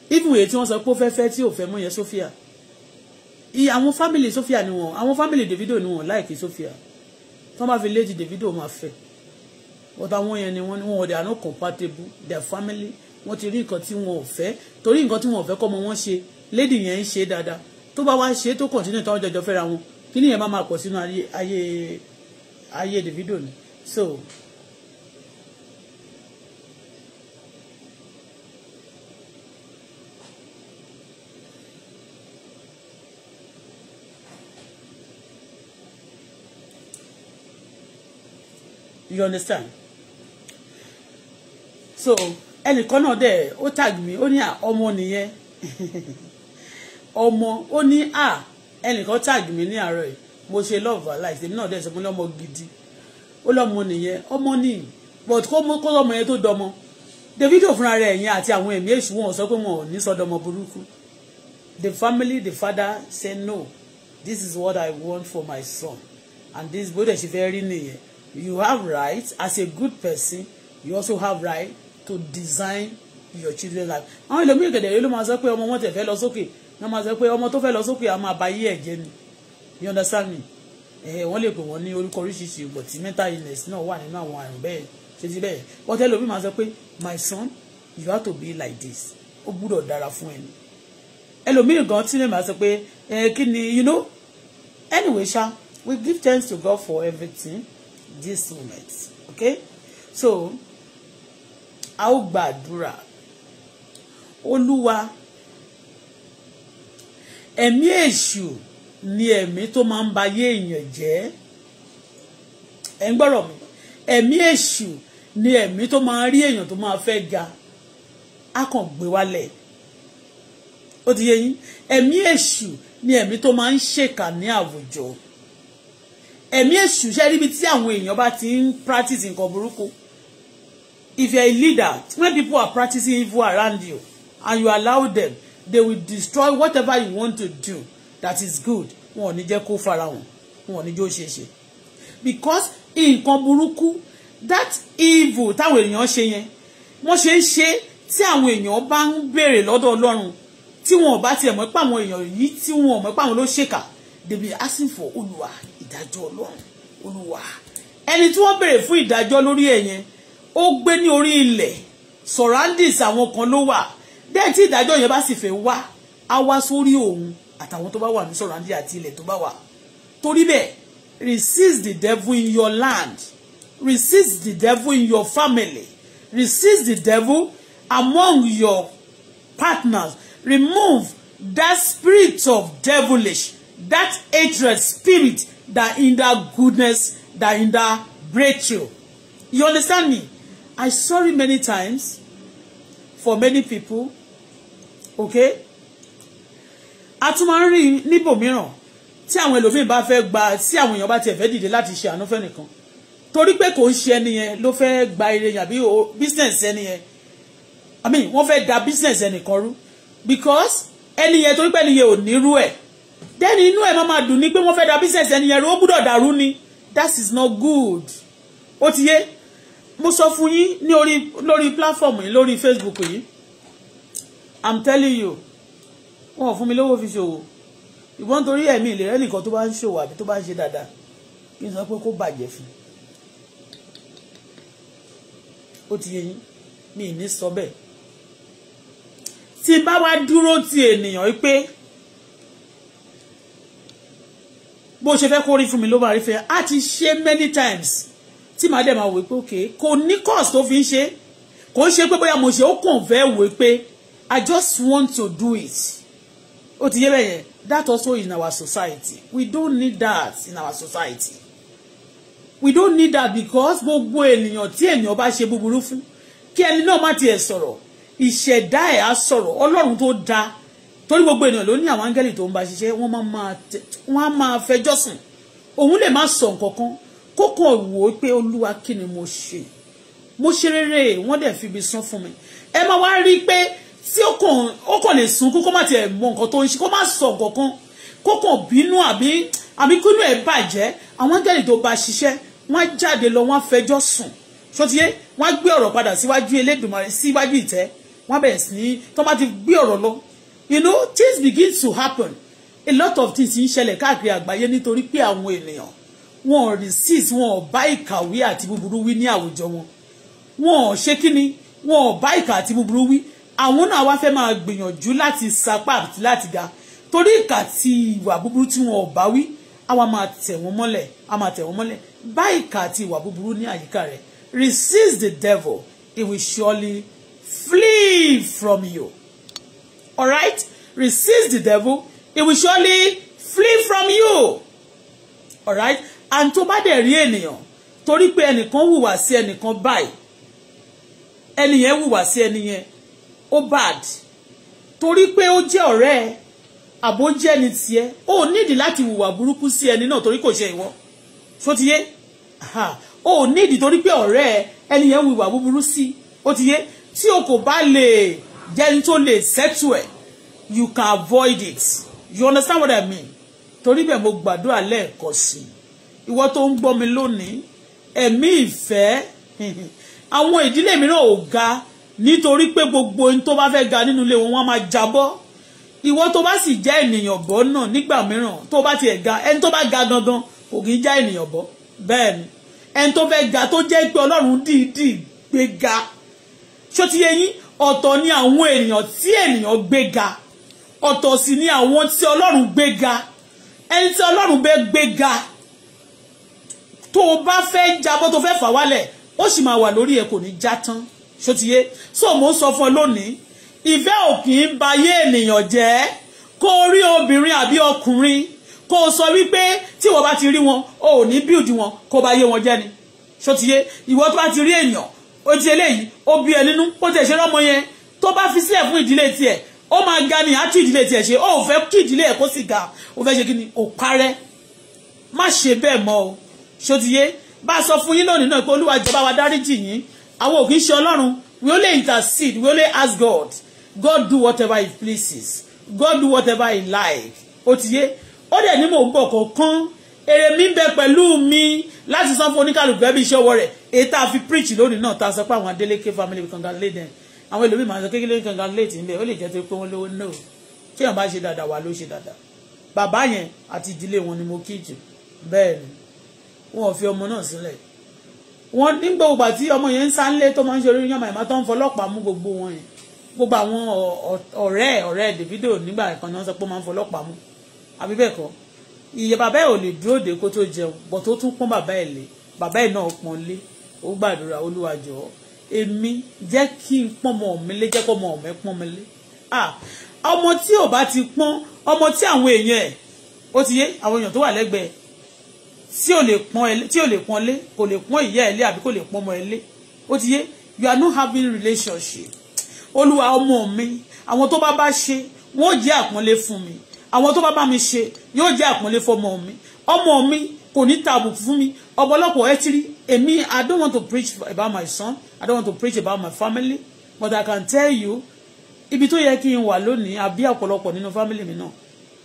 even èyí tí wọn sọ pé ó fẹ́ fẹ́ tí ò fẹ́ mọ́ yẹn Sophia iye àwọn fámìlì Sophia ni wọn àwọn fámìlì Davido ni wọn láìkí Sophia tí wọn bá fi léèdì Davido máa fẹ́ but àwọn yẹn ni wọ́n ní wọn they are not compatible their family wọ́n ti rí nǹkan tí wọn ò fẹ́ torí nǹkan tí wọn ò fẹ́ kọ́mọ wọn ṣe lady yẹn ń ṣe dáadáa tó bá wá ṣe tó continue táwọn jọjọ fẹ́ra wọn kí nìyẹn máa máa pọ̀ sínú ayé ayé Davido ni so You understand? so ẹnìkan náà dẹ̀ ó tag mi ó ní à ọmọ nìyẹn <laughs> ọmọ ó ní à ẹnìkan tag mi ní àárọ̀ yìí mo ṣe love life. èmi náà dẹ̀ sọ pé lọ́mọ gidi ó lọ́mọ nìyẹn ọmọ nìyí but kó lọ́mọ yẹn tó dọmọ Davido fúnra rẹ̀ yẹn àti àwọn ẹ̀mí èṣù wọn sọ pé wọn ò ní sọdọmọ burúkú the family the father say no this is what I want for my son and this bó dẹ̀ ṣe fẹ́ rí nìyẹn you have right as a good person you also have right to design your children life àwọn ẹlòmíràn kẹ̀dẹ̀ yìí ló máa sọ pé ọmọ wọn tẹ̀ fẹ́ lọ sókè wọ́n máa sọ pé ọmọ tó fẹ́ lọ sókè àwọn àbáyé ẹ̀ jẹ́ ni you understand me ẹ̀ wọ́n lè pè wọ́n ní orúkọ oríṣiríṣi ìgbọ̀ tí mental illness náà wà nínú àwọn àrùn bẹ́ẹ̀ ṣe ti bẹ́ẹ̀ wọ́n tẹ́ lómi máa sọ pé my son you have to be like this ó gbúdọ̀ dára fún ẹni ẹlòmíràn gan tí lèmi máa sọ pé ẹ kí ni you know anyway ṣá we give thanks to God for everything this moment okay so. a ó gbàdúrà olúwa ẹ̀mí èṣù ni ẹ̀mí tó máa ń ba ayé èèyàn jẹ́ ẹ̀ ń gbọ́rọ̀ mi ẹ̀mí èṣù ni ẹ̀mí tó máa rí èèyàn tó máa fẹ́ ga á kàn gbé wálẹ̀ ó ti yé yín ẹ̀mí èṣù ni ẹ̀mí tó máa ń ṣèkà ní àwùjọ ẹ̀mí èṣù ṣe tí àwọn èèyàn bá ti ń practice nǹkan burúkú If you're a leader, when people are practicing evil around you and you allow them, they will destroy whatever you want to do that is good. Wọn ò ní jẹ́ kó fara wọn, wọn ò ní jẹ́ ó ṣe ṣe. Because nǹkan burúkú that evil táwọn èèyàn ṣe yẹn, wọ́n ṣe ń ṣe tí àwọn èèyàn bá ń béèrè lọ́dọ̀ Ọlọ́run tí wọn ò bá tiẹ̀ mọ̀ pé àwọn èèyàn yìí tí wọn ò mọ̀ pé àwọn ló ṣèkà they be asking for Olúwa ìdájọ́ Ọlọ́run Olúwa ẹni tí wọ́n béèrè fún ìdájọ́ lórí ẹ̀yẹn ó gbé ní orí ilẹ̀ surroundings àwọn kan ló wà dẹ́ẹ̀ tí ìdájọ́ yẹn bá sì fẹ́ wá á wá sórí òun àtàwọn tó bá wà ní surroundings àti ilẹ̀ tó bá wà torí bẹ́ẹ̀ resist the devil in your land resist the devil in your family resist the devil among your partners remove that spirit of devilish that hatred spirit that hinder goodness that hinder breakthrough you understand me I saw it many times for many people. Okay? A tún máa ń rí níbòmíràn tí àwọn ẹlòmíín bá fẹ́ gba tí àwọn èèyàn bá tiẹ̀ fẹ́ dìde láti ṣe àánú fẹ́nìkan. Torí pé kò ń ṣe ẹni yẹn ló fẹ́ gba ire yàbí business ẹni I mean wọ́n fe da business ẹnìkan rú because ẹni yẹn torí pé ẹni yẹn ò nírú ẹ̀. Dẹ́ni inú ẹ̀ máa máa ni pe pé fe da business ẹni yẹn rú ó gbúdọ̀ ni. That is not good. Ó ti yé mo sọ fún yín ní orí lórí platform yìí lórí Facebook yìí i'm telling you wọn ò fún mi lówó fi ṣòwò ìwọ́n torí ẹ̀mí ìlera ẹnìkan tó bá ń ṣòwò àbí tó bá ń ṣe dáadáa kí n sọ pé kó bàjẹ́ fún ó ti yẹ yín mi ì ní sọ bẹ́ẹ̀ tí bá wá dúró ti ènìyàn yìí pé bó ṣe fẹ́ kó rí fún mi ló máa rí fẹ́ á ti ṣe many times tí màá dẹ̀ máa wò pé òkè kò ní course tó fi ń ṣe kò ń ṣe pé bóyá mo ṣe ó kàn fẹ́ wò pé I just want to do it ó ti yé bẹ́yẹn that also in our society we don't need that in our society we don't need that because gbogbo ènìyàn tí ènìyàn bá ṣe búburú fún kí ẹni náà má tiẹ̀ sọ̀rọ̀ ìṣẹ̀dá ẹ̀ á sọ̀rọ̀ ọlọ́run tó dáa torí gbogbo ènìyàn ló ní àwọn áńgẹ́lì tó ń bá ṣiṣẹ́ wọ́n máa fẹjọ́ sùn òun lè má sọ nǹkan kan kókàn wò ó pé olúwa kí ni mo ṣe mo ṣe rere wọ́n dẹ̀ fi ibi san fún mi ẹ máa wá rí i pé tí ó kàn lè sunkún kó má tiẹ̀ mọ nǹkan tó ń ṣe kó má sọ nǹkan kan kó kàn bínú àbí àbí kínú ẹ̀ bàjẹ́ àwọn áńgẹ́lì tó bá ṣiṣẹ́ wọ́n á jáde lọ wọ́n á fẹjọ́ sùn ṣọtiyé wọ́n á gbé ọ̀rọ̀ padà síwájú Elédùmarè síwájú ìtẹ́ wọ́n á bẹ̀rẹ̀ sí ní tó bá ti gbé ọ̀rọ̀ lọ you know things begin to happen a lot of things ń ṣẹlẹ̀ káàkiri àgbáyé nítorí pé àwọn ènìyàn wọn ò resist wọn ò bá ìkàwé àti búburú wí ní àwùjọ wọn wọn ò ṣe kíni wọn ò bá ìkà àti búburú wí àwọn náà wá fẹ́ máa gbìyànjú láti sapá àti láti ga torí ìkà àti ìwà búburú tí wọn ò bá wí àwa máa tẹ̀ wọ́n mọ́lẹ̀ a máa tẹ̀ wọ́n mọ́lẹ̀ bá ìkà àti ìwà búburú ní àyíká rẹ̀ resist the devil he will surely flee from you alright resist the devil he will surely flee from you alright and tó bá dẹ̀ rí ènìyàn torí pé ẹnìkan hùwà sí ẹnìkan báyìí ẹni yẹn hùwà sí ẹni ó bad torí pé ó jẹ́ ọ̀rẹ́ ẹ àbó jẹ́ ẹni tiẹ̀ ó nídìí láti hùwà burúkú sí ẹni náà torí kò ṣe ìwọ ṣó ti yé ó nídìí torí pé ọ̀rẹ́ ẹ ẹni yẹn hùwà búburú sí ó ti yé tí o kò bá lè jẹ́ ẹni tó lè settle ẹ̀ you can avoid it you understand what I mean torí bẹ́ẹ̀ mo gbàdúrà lẹ́ẹ̀kan sí i ìwọ tó ń gbọ́ mi lónìí ẹ̀mí ìfẹ́ <laughs> àwọn ìdílé mìíràn ò ga nítorí pé gbogbo ohun tó bá fẹ́ ga nínú ilé wọn wọ́n máa jábọ́ ìwọ tó bá sì jẹ́ ènìyàn bọ́ náà nígbà mìíràn tó bá tiẹ̀ ga ẹni tó bá ga gangan kò kì í já ènìyàn bọ́ bẹ́ẹ̀ ni ẹni tó fẹ́ ga tó jẹ́ pé ọlọ́run dìídì gbé ga ṣó ti yẹ yín ọ̀tọ̀ ni àwọn ènìyàn tí ènìyàn gbé ga ọ̀tọ̀ sì ni àwọn tí ọlọ́run gbé ga ẹni tí ọlọ́run bẹ́ gbé ga tó o bá fẹ́ jábọ́ tó fẹ́ fà wálẹ̀ ó sì máa wà lórí ẹ̀ kò ní já tán ṣótiyé so mo ń sọ fún ọ lónìí ìfẹ́ ò kì ènìyàn jẹ́ kó o rí obìnrin àbí ọkùnrin kó o sọ wípé tí ìwọ bá ti rí wọn o ò ní build wọn kó o bá yé wọn jẹ́ ni ṣótiyé ìwọ tó bá ti rí èèyàn o ti eléyìí ó bí ẹ nínú ó ti ṣe rọ́mọ yẹn tó bá fi sílẹ̀ fún ìdílé tiẹ̀ ó máa ga ni àti ìdílé tiẹ̀ ṣe ó fẹ́ kí ìdílé ẹ̀ kó sì ga ó fẹ́ ṣe kí ni ò parẹ́ má ṣe bẹ́ẹ̀ mọ́ o ṣòtìyé bá a sọ fún yín lónìí náà pé olúwa jọba wa dáríjì yín àwọn òkè ṣe ọlọ́run we only intercede we only ask God God do whatever he pleases God do whatever he like òtìyé ó dẹ̀ ní mò ń bọ̀ kọ̀ọ̀kan èrè mi ń bẹ pẹ̀lú mi láti san fún oníkàlùkù ẹbí iṣẹ́ ọwọ́ rẹ̀ èyí tá a fi preach lónìí náà tá a sọ pé àwọn Adeleke family congratulate them àwọn èlòmíì máa ń sọ kékeré congratulate ń bẹ ó lè jẹ́ tó pé wọ́n lówó náà tí èèyàn bá ṣe dáadáa wà ló ṣe dáadáa bàbá yẹn àti ìdílé wọn ni mo kí jù bẹ́ẹ̀ ni wọn ò fi ọmọ náà sílẹ̀ wọn nígbà ògbà tí ọmọ yẹn ń sánlé tó máa ń ṣe orí yànmà ìmọ̀ tó ń fọlọ́pàá mú gbogbo wọn yẹn gbogbo àwọn ọ̀rẹ́ ọ̀rẹ́ Davido nígbà kan náà sọ pé ó máa ń fọlọ́pàá mú àbí ìyẹ bàbá ẹ̀ ò lè dúró de kó tó jẹun bọ̀ tó tún pọ́n bàbá ẹ̀ lé bàbá ẹ̀ náà pọ́n lé ó gbàdúrà Olúwa jọ̀ọ́ èmi jẹ́ kí n pọ́n mọ́ mi lé jẹ́ kó mọ́ mi pọ́n mi lé tí ò lè pọ́n lé kò lè pọ́n ìyá ẹ̀ àbí kò lè pọ́n ọmọ ẹ̀ ó ti yé you are not having relationship olúwa ọmọ mi àwọn tó bá bá ṣe wọn ò jẹ́ àpọ́nlé fún mi àwọn tó bá bá mi ṣe yóò jẹ́ àpọ́nlé fọmọ mi ọmọ mi kò ní tààbù fún mi ọ̀pọ̀lọpọ̀ ẹ ti èmi I don't want to preach about my son I don't want to preach about my family but I can tell you ibi tó yẹ kí n wà lónìí àbí ọ̀pọ̀lọpọ̀ nínú family mi náà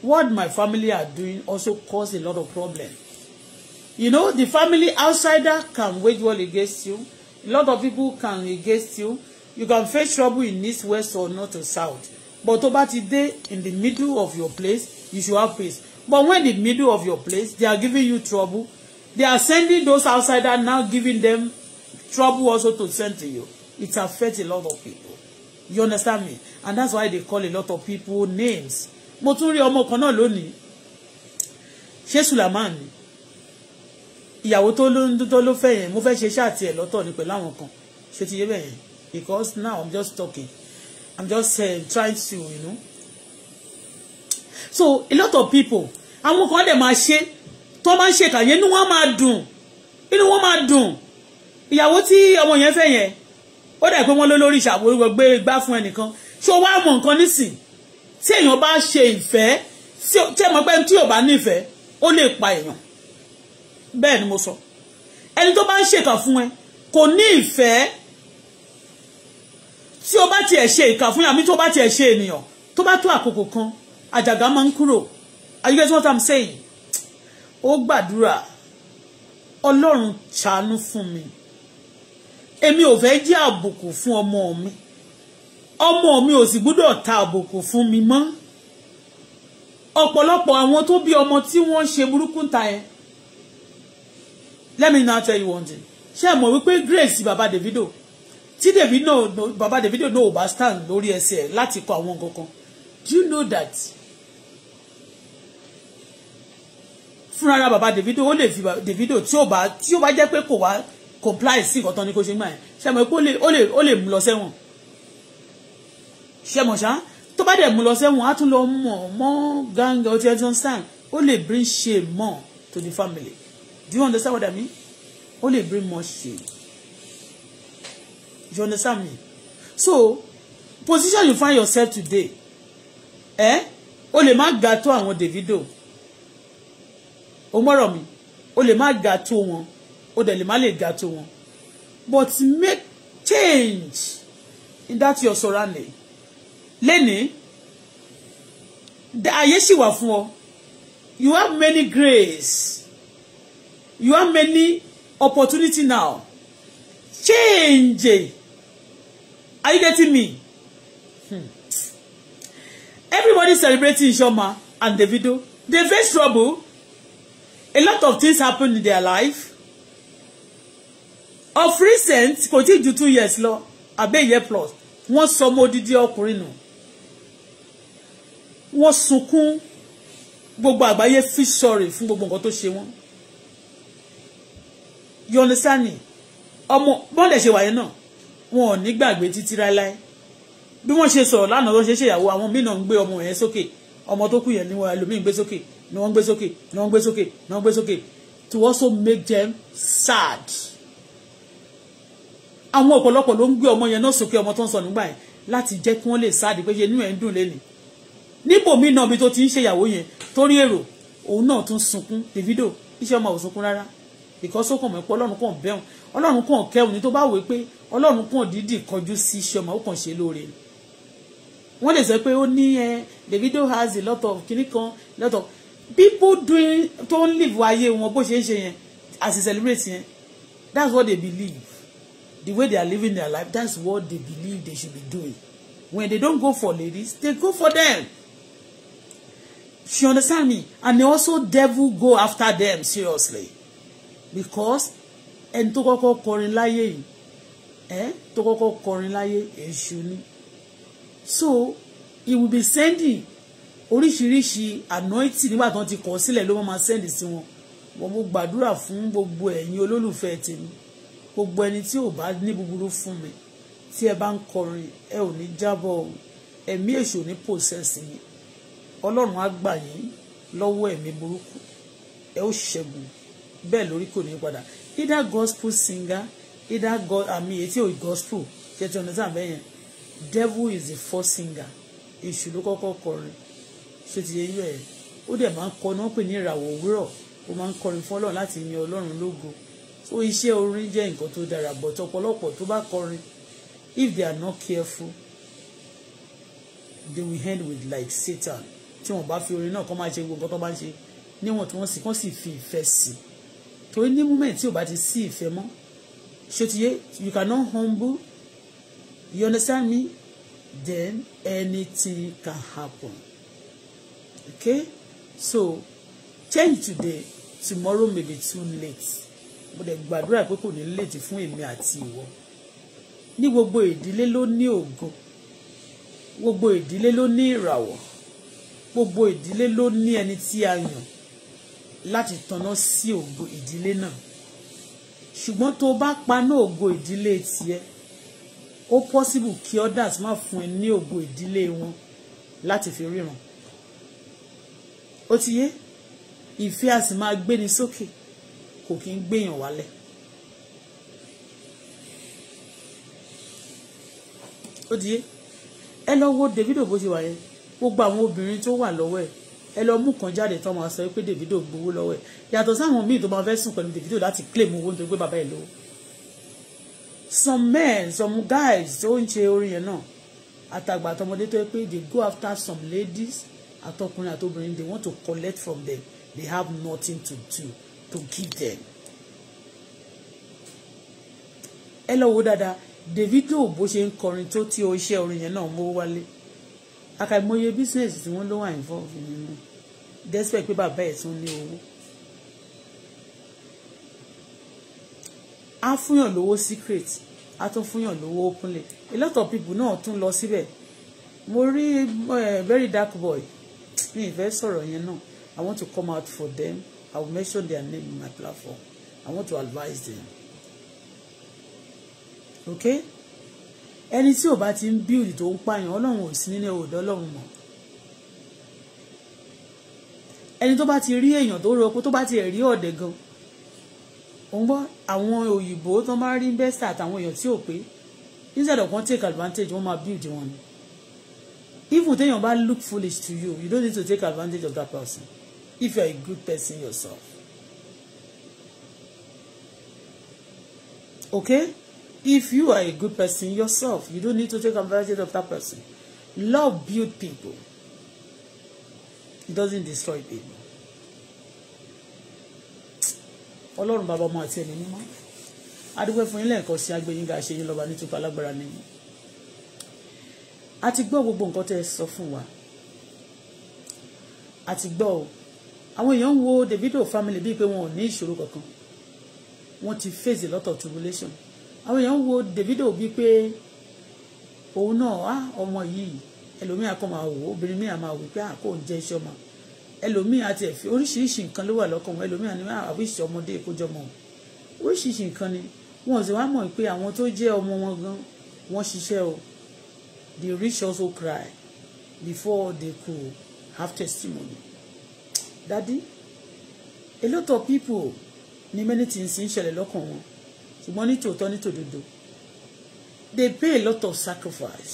what my family are doing also cause a lot of problems. You know, the family outsider can wage war against you. A lot of people can against you. You can face trouble in east, west, or north or south. But tó bá ti dé in the middle of your place, you should have peace. But when the middle of your place, they are giving you trouble. They are sending those outsider now giving them trouble also to send to you. It affect a lot of people. You understand me? And that's why they call a lot of people names. Mo tún rí ọmọ kan náà lónìí. Ṣé Sùlámán ni? ìyàwó tó ló ń tó ló fẹ́ yẹn mo fẹ́ ṣe iṣẹ́ àti ẹ̀ lọ́tọ̀ ni pẹ̀lú àwọn kan ṣe ti yé bẹ́ẹ̀ yẹn because now i'm just talking i'm just uh, trying to you know so a lot of people àwọn kan dẹ̀ máa ṣe tó máa ń ṣe kàyé inú wọn máa dùn inú wọn máa dùn ìyàwó tí ọmọ yẹn fẹ́ yẹn ó dà pé wọ́n ló lórí ìṣàwòrán gbé gbá fún ẹnìkan ṣé o wá mọ nǹkan nísìn tí èèyàn bá ṣe ìfẹ́ tí ẹ mọ̀ pé tí ò bá nífẹ̀ẹ́ ó lè pa èèyàn bẹ́ẹ̀ ni mo sọ ẹni tó bá ń ṣèkà fún ẹ kò ní ìfẹ́ tí o bá tiẹ̀ ṣe ìkà fún yàrá mi tí o bá ṣe ènìyàn tó bá tó àkókò kan àjàgà máa ń kúrò are you guys what I'm saying ó gbàdúrà ọlọ́run ṣàánú fún mi èmi ò fẹ́ jẹ́ àbùkù fún ọmọ mi ọmọ mi ò sì gbúdọ̀ ta àbùkù fún mi mọ́ ọ̀pọ̀lọpọ̀ àwọn tó bí ọmọ tí wọ́n ṣe burúkú ta yẹn let me now tell you one thing ṣé ẹ mọ̀ wípé grace baba Davido tí Davido baba Davido náà ò bá stand lórí ẹsẹ̀ ẹ̀ láti kọ àwọn nǹkan kan do you know that fúnra baba Davido ó lè fi Davido tí ó bá tí ó bá jẹ́ pé kò wá comply sí nǹkan tán ni kò ṣe máa ẹ̀ ṣé ẹ mọ̀ pé ó lè ó lè mú lọ sẹ́wọ̀n ṣé ẹ mọ̀ ṣá tó bá dẹ̀ mú lọ sẹ́wọ̀n á tún lọ mọ̀ mọ́ gángá ọtí ẹjọ́ stand ó lè bring shame more to the family do you understand what I mean Only bring more shame you understand me so position you find yourself today eh o lè má ga tó àwọn Davido o mọ̀rọ̀ mi o lè má ga tó wọn o dẹ̀ lè má lè ga tó wọn but make change in that your surrounding lẹ́ni ayé sì wà fún ọ you have many grace You have many opportunity now. Change. Are you getting me? Hmm. Everybody celebrating Ishoma and Davido. They face trouble. A lot of things happen in their life. Of recent, continue tí two years lọ, abẹ́ year plus, wọ́n sọ ọmọ odidi ọkùnrin nù. Wọ́n sunkún gbogbo àgbáyé fi sorry. fún gbogbo nǹkan tó ṣe wọ́n you understand me ọmọ bọ́n lè ṣe wàyé náà wọn ò ní gbàgbé títí láéláé bí wọ́n ṣe sọ̀rọ̀ lánàá tó ṣe ṣèyàwó àwọn míì náà ń gbé ọmọ yẹn sókè ọmọ tó kù yẹn ni ẹlòmíì ń gbé sókè ni wọ́n ń gbé sókè ni wọ́n ń gbé sókè ni wọ́n ń gbé sókè to also make them sad àwọn ọ̀pọ̀lọpọ̀ ló ń gbé ọmọ yẹn náà sókè ọmọ tó ń sọ nígbà yẹn láti jẹ́ kí wọ́n lè sad pé ṣe inú ẹ̀ ń dùn lẹ́nu níbòmí náà bí tó ti ń ṣèyàwó yẹn tó rí èrò òun náà tún sunkún Davido iṣẹ́ ọmọ ò because ó kàn mọ̀ pé ọlọ́run kàn bẹ́hùn ọlọ́run kàn kẹ́hùn ní tó ba wò pé ọlọ́run kàn didi kọjú sí iṣẹ́ ọmọ ó kàn ṣe lóore ni wọ́n lè sọ pé ó ní ẹ has a lot of kinní kan lot of people doing tó ń live ayé wọn bó ṣe ń ṣe as celebrate yẹn that's what they believe the way they are living their life that's what they believe they should be doing when they don't go for ladies they go for them she understand me and they also devil go after them seriously because ẹni tó kọ́kọ́ kọrin láyé yìí ẹ tó kọ́kọ́ kọrin láyé èṣù ni so he will be sending oríṣiríṣi anointing nígbà tó ti kọ̀ sílẹ̀ ló máa send sí wọn wọn mo gbàdúrà fún gbogbo ẹ̀yin olólùfẹ́ tèmi gbogbo ẹni tí ò bá ní búburú fún mi tí ẹ bá ń kọrin ẹ ò ní jábọ̀ ẹ̀mí èṣù ní process yìí ọlọ́run á gbà yín lọ́wọ́ ẹ̀mí burúkú ẹ ó ṣẹ́gun bẹ́ẹ̀ lórí kò ní padà either gospel singer either god àmì etí ò gospel jẹ́ ti ọ̀nà bẹ́yẹn devil is the first singer èṣù ló kọ́kọ́ kọrin ṣé ti yẹ yẹ ó dẹ̀ máa ń kọ náà pè ní ìràwọ̀ òwúrọ̀ ó máa ń kọrin fún ọlọ́run láti yin ọlọ́run lógo so iṣẹ́ orin jẹ́ nǹkan tó dára but ọ̀pọ̀lọpọ̀ tó bá kọrin if they are not careful they will end with like Satan tí wọ́n bá fi orin náà kọ́ máa ṣe gbogbo nǹkan tó bá ń ṣe níwọ̀n tí wọ́n sì kàn sì fi ìfẹ́ sí i torí ní moment tí o bá ti sí ìfẹ́ mọ́ ṣé ti yé you cannot humble you understand me then anything can happen okay so change today tomorrow may be too late mo dẹ̀ gbàdúrà pé kò ní late fún èmi àti ìwọ ní gbogbo ìdílé ló ní ògo gbogbo ìdílé ló ní ìràwọ̀ gbogbo ìdílé ló ní ẹni tí a yàn láti tanná sí ògo ìdílé náà ṣùgbọ́n tó bá paná ògo ìdílé tiẹ̀ ó possible kí others má fún ẹ ní ògo ìdílé wọn láti fi ríran ó ti yé ìfẹ́ a sì máa gbéni sókè kò kí ń gbéyàn wálẹ̀ ó ti yé ẹ lọ wo Davido bó ṣe wà yẹn gbogbo àwọn obìnrin tó wà lọ́wọ́ ẹ̀ ẹ lọ mú kan jáde tó máa sọ pé Davido gbowó lọ́wọ́ ẹ̀ yàtọ̀ sáwọn míì tó máa fẹ́ sùn pẹ̀lú Davido láti claim owó nítorí pé bàbá ẹ̀ lówó some men some guys tó ń ṣe orin yẹn náà àtàgbà àtọmọdé tó yẹ pé they go after some ladies àtọkùnrin àtobìnrin they want to collect from them they have nothing to do to give them. ẹ lọ wo dáadáa Davido bó ṣe ń kọrin tó tí o iṣẹ́ orin yẹn náà mú wálé àkàìmọye bísíǹsì tí wọ́n ló wà involve nínú despite pé bàbá ẹ̀ tún ní owó á fúnyàn lówó secret á tún fúnyàn lówó openly a lot of people náà tún lọ síbẹ̀ mo rí eh, very dark boy mi ìfẹ́ sọ̀rọ̀ yẹn náà I want to come out for them I will mention their name in my platform I want to advise them okay ẹni tí ò bá ti ń bíìlì tó ń pààyàn ọlọ́run ò sí nílẹ̀ òdọ́ ọlọ́run mọ̀ ẹni tó bá ti rí èèyàn tó roko tó bá ti rí ọ̀dẹ̀ gan òun gbọ́ àwọn òyìnbó tó máa rí investor àtàwọn èèyàn tí ò pé instead of wọn take advantage wọn máa build wọn ni even téèyàn bá look foolish to you you don't need to take advantage of that person if you are a good person yourself okay if you are a good person yourself you don't need to take advantage of that person love builds people it doesn't destroy people ọlọ́run bàbá ọmọ àti ẹni mímọ́ adúgbò fún yín lẹ́ẹ̀kan sí agbẹ́yìnga ṣe yín lọ́ba nítorí alágbára nìyí a ti gbọ́ gbogbo nǹkan tẹ́ ẹ sọ fún wa a ti gbọ́ o àwọn èèyàn ń wo Davido family bíi pé wọn ò ní ìṣòro kankan wọ́n ti face a lot of tribulation àwọn èèyàn wo Davido bíi pé òun náà á ah, ọmọ yìí ẹlòmíì akọ máa wò obìnrin míì máa wò pé àkó ah, ń jẹ iṣẹ́ ọmọ ẹlòmíì àti ẹ̀fí oríṣiríṣi nǹkan ló wà lọ́kàn wọn ẹlòmíì àni ah, ọmọdé ìkójọmọ oríṣiríṣi nǹkan ni wọn ò sì wá mọ̀ pé àwọn tó jẹ́ ọmọ wọn gan wọ́n ṣiṣẹ́ o the rich also cry before they could have testimony daddy a lot of people ni many things ń ṣẹlẹ̀ lọ́kàn wọn ṣùgbọ́n ní tòótọ́ ní tòdodo they pay a lot of sacrifice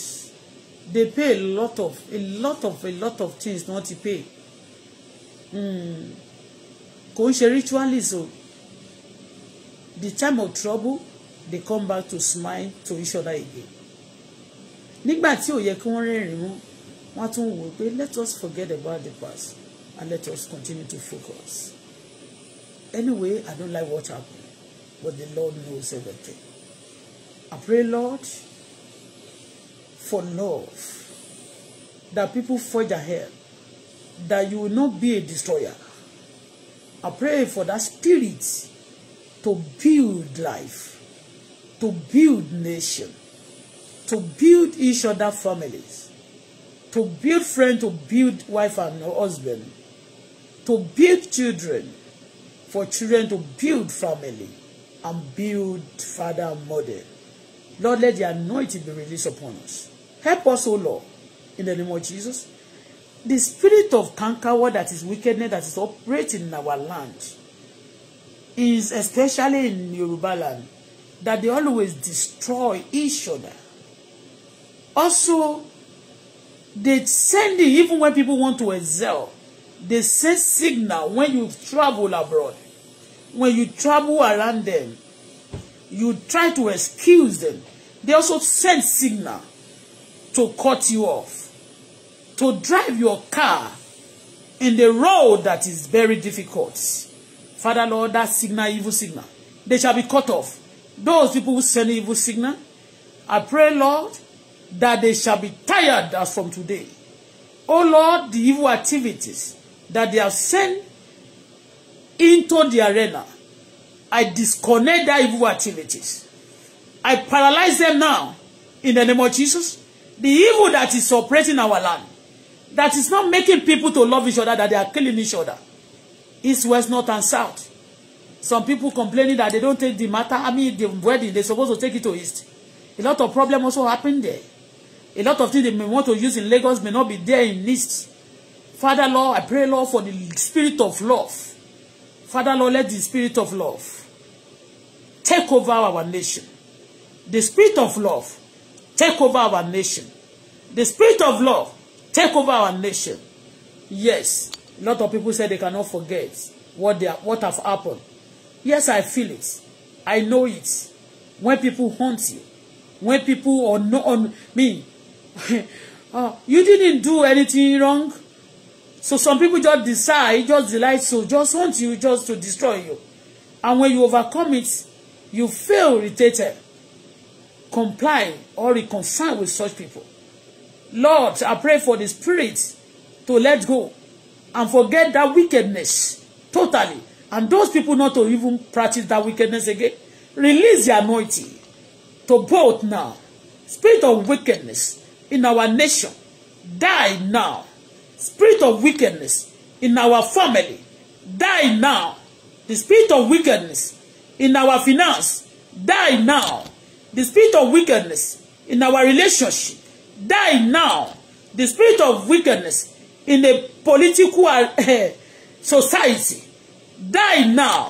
they pay a lot of a lot of a lot of things wọ́n ti pay hmm. kò ń ṣe ritualist the time of trouble they come back to smile to each other again nígbà tí ò yẹ kí wọ́n rẹ́rìn mú wọ́n tún wò pé let us forget about the past and let us continue to focus anyway I don't like what happened but the Lord knows everything. I pray, Lord, for love, that people forge ahead, that you will not be a destroyer. I pray for that spirit to build life, to build nation, to build each other families, to build friends, to build wife and husband, to build children, for children to build family and build father model. Lord, let the anointing be released upon us. Help us, O Lord, in the name of Jesus. The spirit of cankerworm that is wickedness that is operating in our land is especially in Yoruba land that they always destroy each other. Also, they send it even when people want to excel. They send signal when you travel abroad when you travel around them, you try to excuse them. They also send signal to cut you off, to drive your car in the road that is very difficult. Father Lord, that signal, evil signal, they shall be cut off. Those people who send evil signal, I pray, Lord, that they shall be tired as from today. Oh Lord, the evil activities that they have sent into the arena. I disconnect their evil activities. I paralyze them now in the name of Jesus. The evil that is operating our land, that is not making people to love each other, that they are killing each other. East, west, north, and south. Some people complaining that they don't take the matter. I mean, the wedding, they're supposed to take it to east. A lot of problems also happen there. A lot of things they may want to use in Lagos may not be there in east. Father, Lord, I pray, Lord, for the spirit of love Father, Lord, let the spirit of love take over our nation. The spirit of love take over our nation. The spirit of love take over our nation. Yes, a lot of people say they cannot forget what they are, what have happened. Yes, I feel it. I know it. When people haunt you, when people are not on me, uh, <laughs> you didn't do anything wrong. So some people just decide, just delight, so just want you just to destroy you. And when you overcome it, you feel irritated, comply, or reconcile with such people. Lord, I pray for the spirit to let go and forget that wickedness totally. And those people not to even practice that wickedness again. Release the anointing to both now. Spirit of wickedness in our nation, die now. Spirit of wickedness in our family, die now. The spirit of wickedness in our finance, die now. The spirit of wickedness in our relationship, die now. The spirit of wickedness in the political uh, society, die now.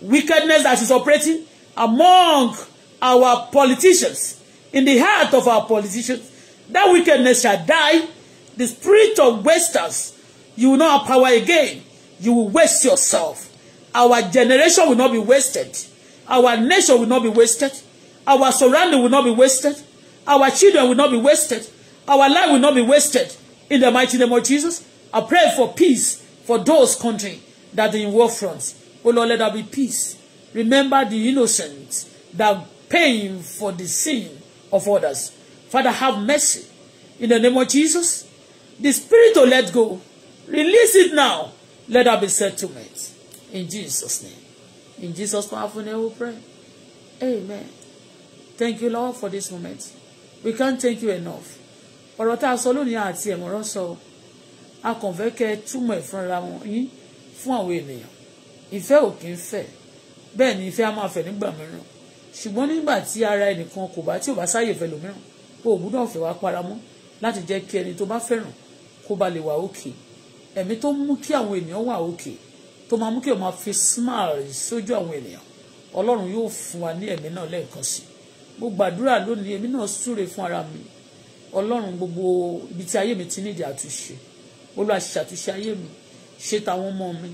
Wickedness that is operating among our politicians, in the heart of our politicians, that wickedness shall die the spirit of wasters, you will not have power again. You will waste yourself. Our generation will not be wasted. Our nation will not be wasted. Our surrounding will not be wasted. Our children will not be wasted. Our life will not be wasted. In the mighty name of Jesus, I pray for peace for those countries that are in war fronts. Oh Lord, let there be peace. Remember the innocent that paying for the sin of others. Father, have mercy. In the name of Jesus, The spirit to let go, release it now. Let there be to settlement. In Jesus' name. In Jesus' powerful name we pray. Amen. Thank you, Lord, for this moment. We can't thank you enough. Ọ̀rọ̀ what I saw lónìí àti ẹ̀mọ̀rọ̀ sọ a kàn fẹ́ kẹ́ túmọ̀ ẹ̀ Ramon, wọn yín fún àwọn ènìyàn. Ìfẹ́ ò kì í fẹ̀. Bẹ́ẹ̀ ni ìfẹ́ á máa fẹ̀ nígbà mìíràn. Ṣùgbọ́n nígbà tí ara ẹnìkan kò bá tí ò bá sáyè fẹ́ lòmíràn, o ò gbúdọ̀ fẹ́ wá para mọ́ láti jẹ́ to ẹni tó bá kó ba lè wà òkè ẹ̀mí tó mú kí àwọn ènìyàn wà òkè tó máa mú kí o máa fi smile sójú àwọn ènìyàn ọlọ́run yóò fún wa ní ẹ̀mí náà lẹ́ẹ̀kan sí mo gbàdúrà lónìí ẹ̀mí náà súre fún ara mi ọlọ́run gbogbo ibi tí ayé mi ti nídìí àtúnṣe olúwa ṣàtúnṣe ayé mi ṣe tàwọn ọmọ mi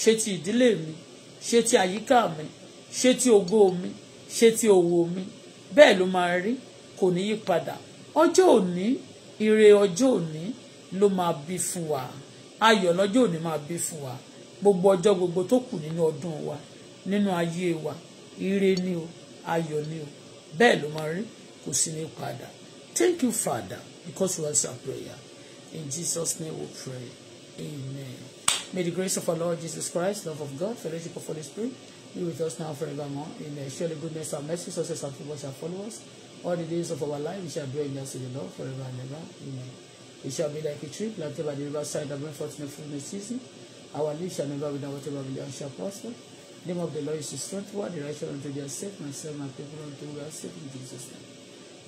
ṣe ti ìdílé mi ṣe ti àyíká mi ṣe ti ògo mi ṣe ti òwò mi bẹ́ẹ̀ ló máa rí kò ní yí padà ọjọ́ òní ire ọjọ́ òní ló máa bí fún wa ayọ̀ lọ́jọ́ òní máa bí fún wa gbogbo ọjọ́ gbogbo tó kù nínú ọdún wa nínú ayé wa ire ni o ayọ̀ ni o bẹ́ẹ̀ ló máa rí kò sí ní padà thank you father because you answer prayer in jesus name we pray amen may the grace of our lord jesus christ love of god fellowship of holy spirit be with us now forevermore amen surely goodness and mercy success and favor shall follow us all the days of our life we shall dwell in the house of the lord forever and ever amen. It shall be like a tree planted by the riverside that brings forth no fruit in the season. Our leaves shall never wither, whatever we do shall prosper. The name of the Lord is his strength. What the righteous unto their sake, myself, my people unto we are safe in Jesus' name.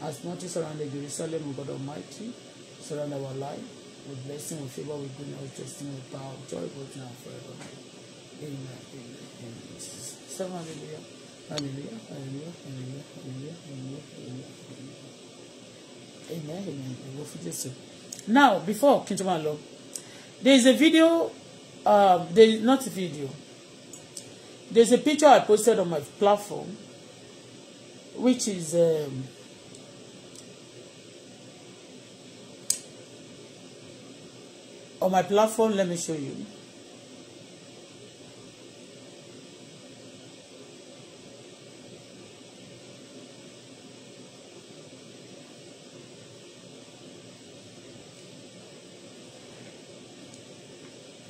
As much as surround the Jerusalem, O God Almighty, surround our life with blessing, with favor, with goodness, with testimony, with power, with joy, both now and forever. Amen. Amen. Amen. Seven hallelujah. Hallelujah. Hallelujah. Hallelujah. Hallelujah. Hallelujah. Amen. Amen. Amen. Amen now before kí n tó there is a video um, there is not a video there is a picture I posted on my platform which is um, on my platform let me show you.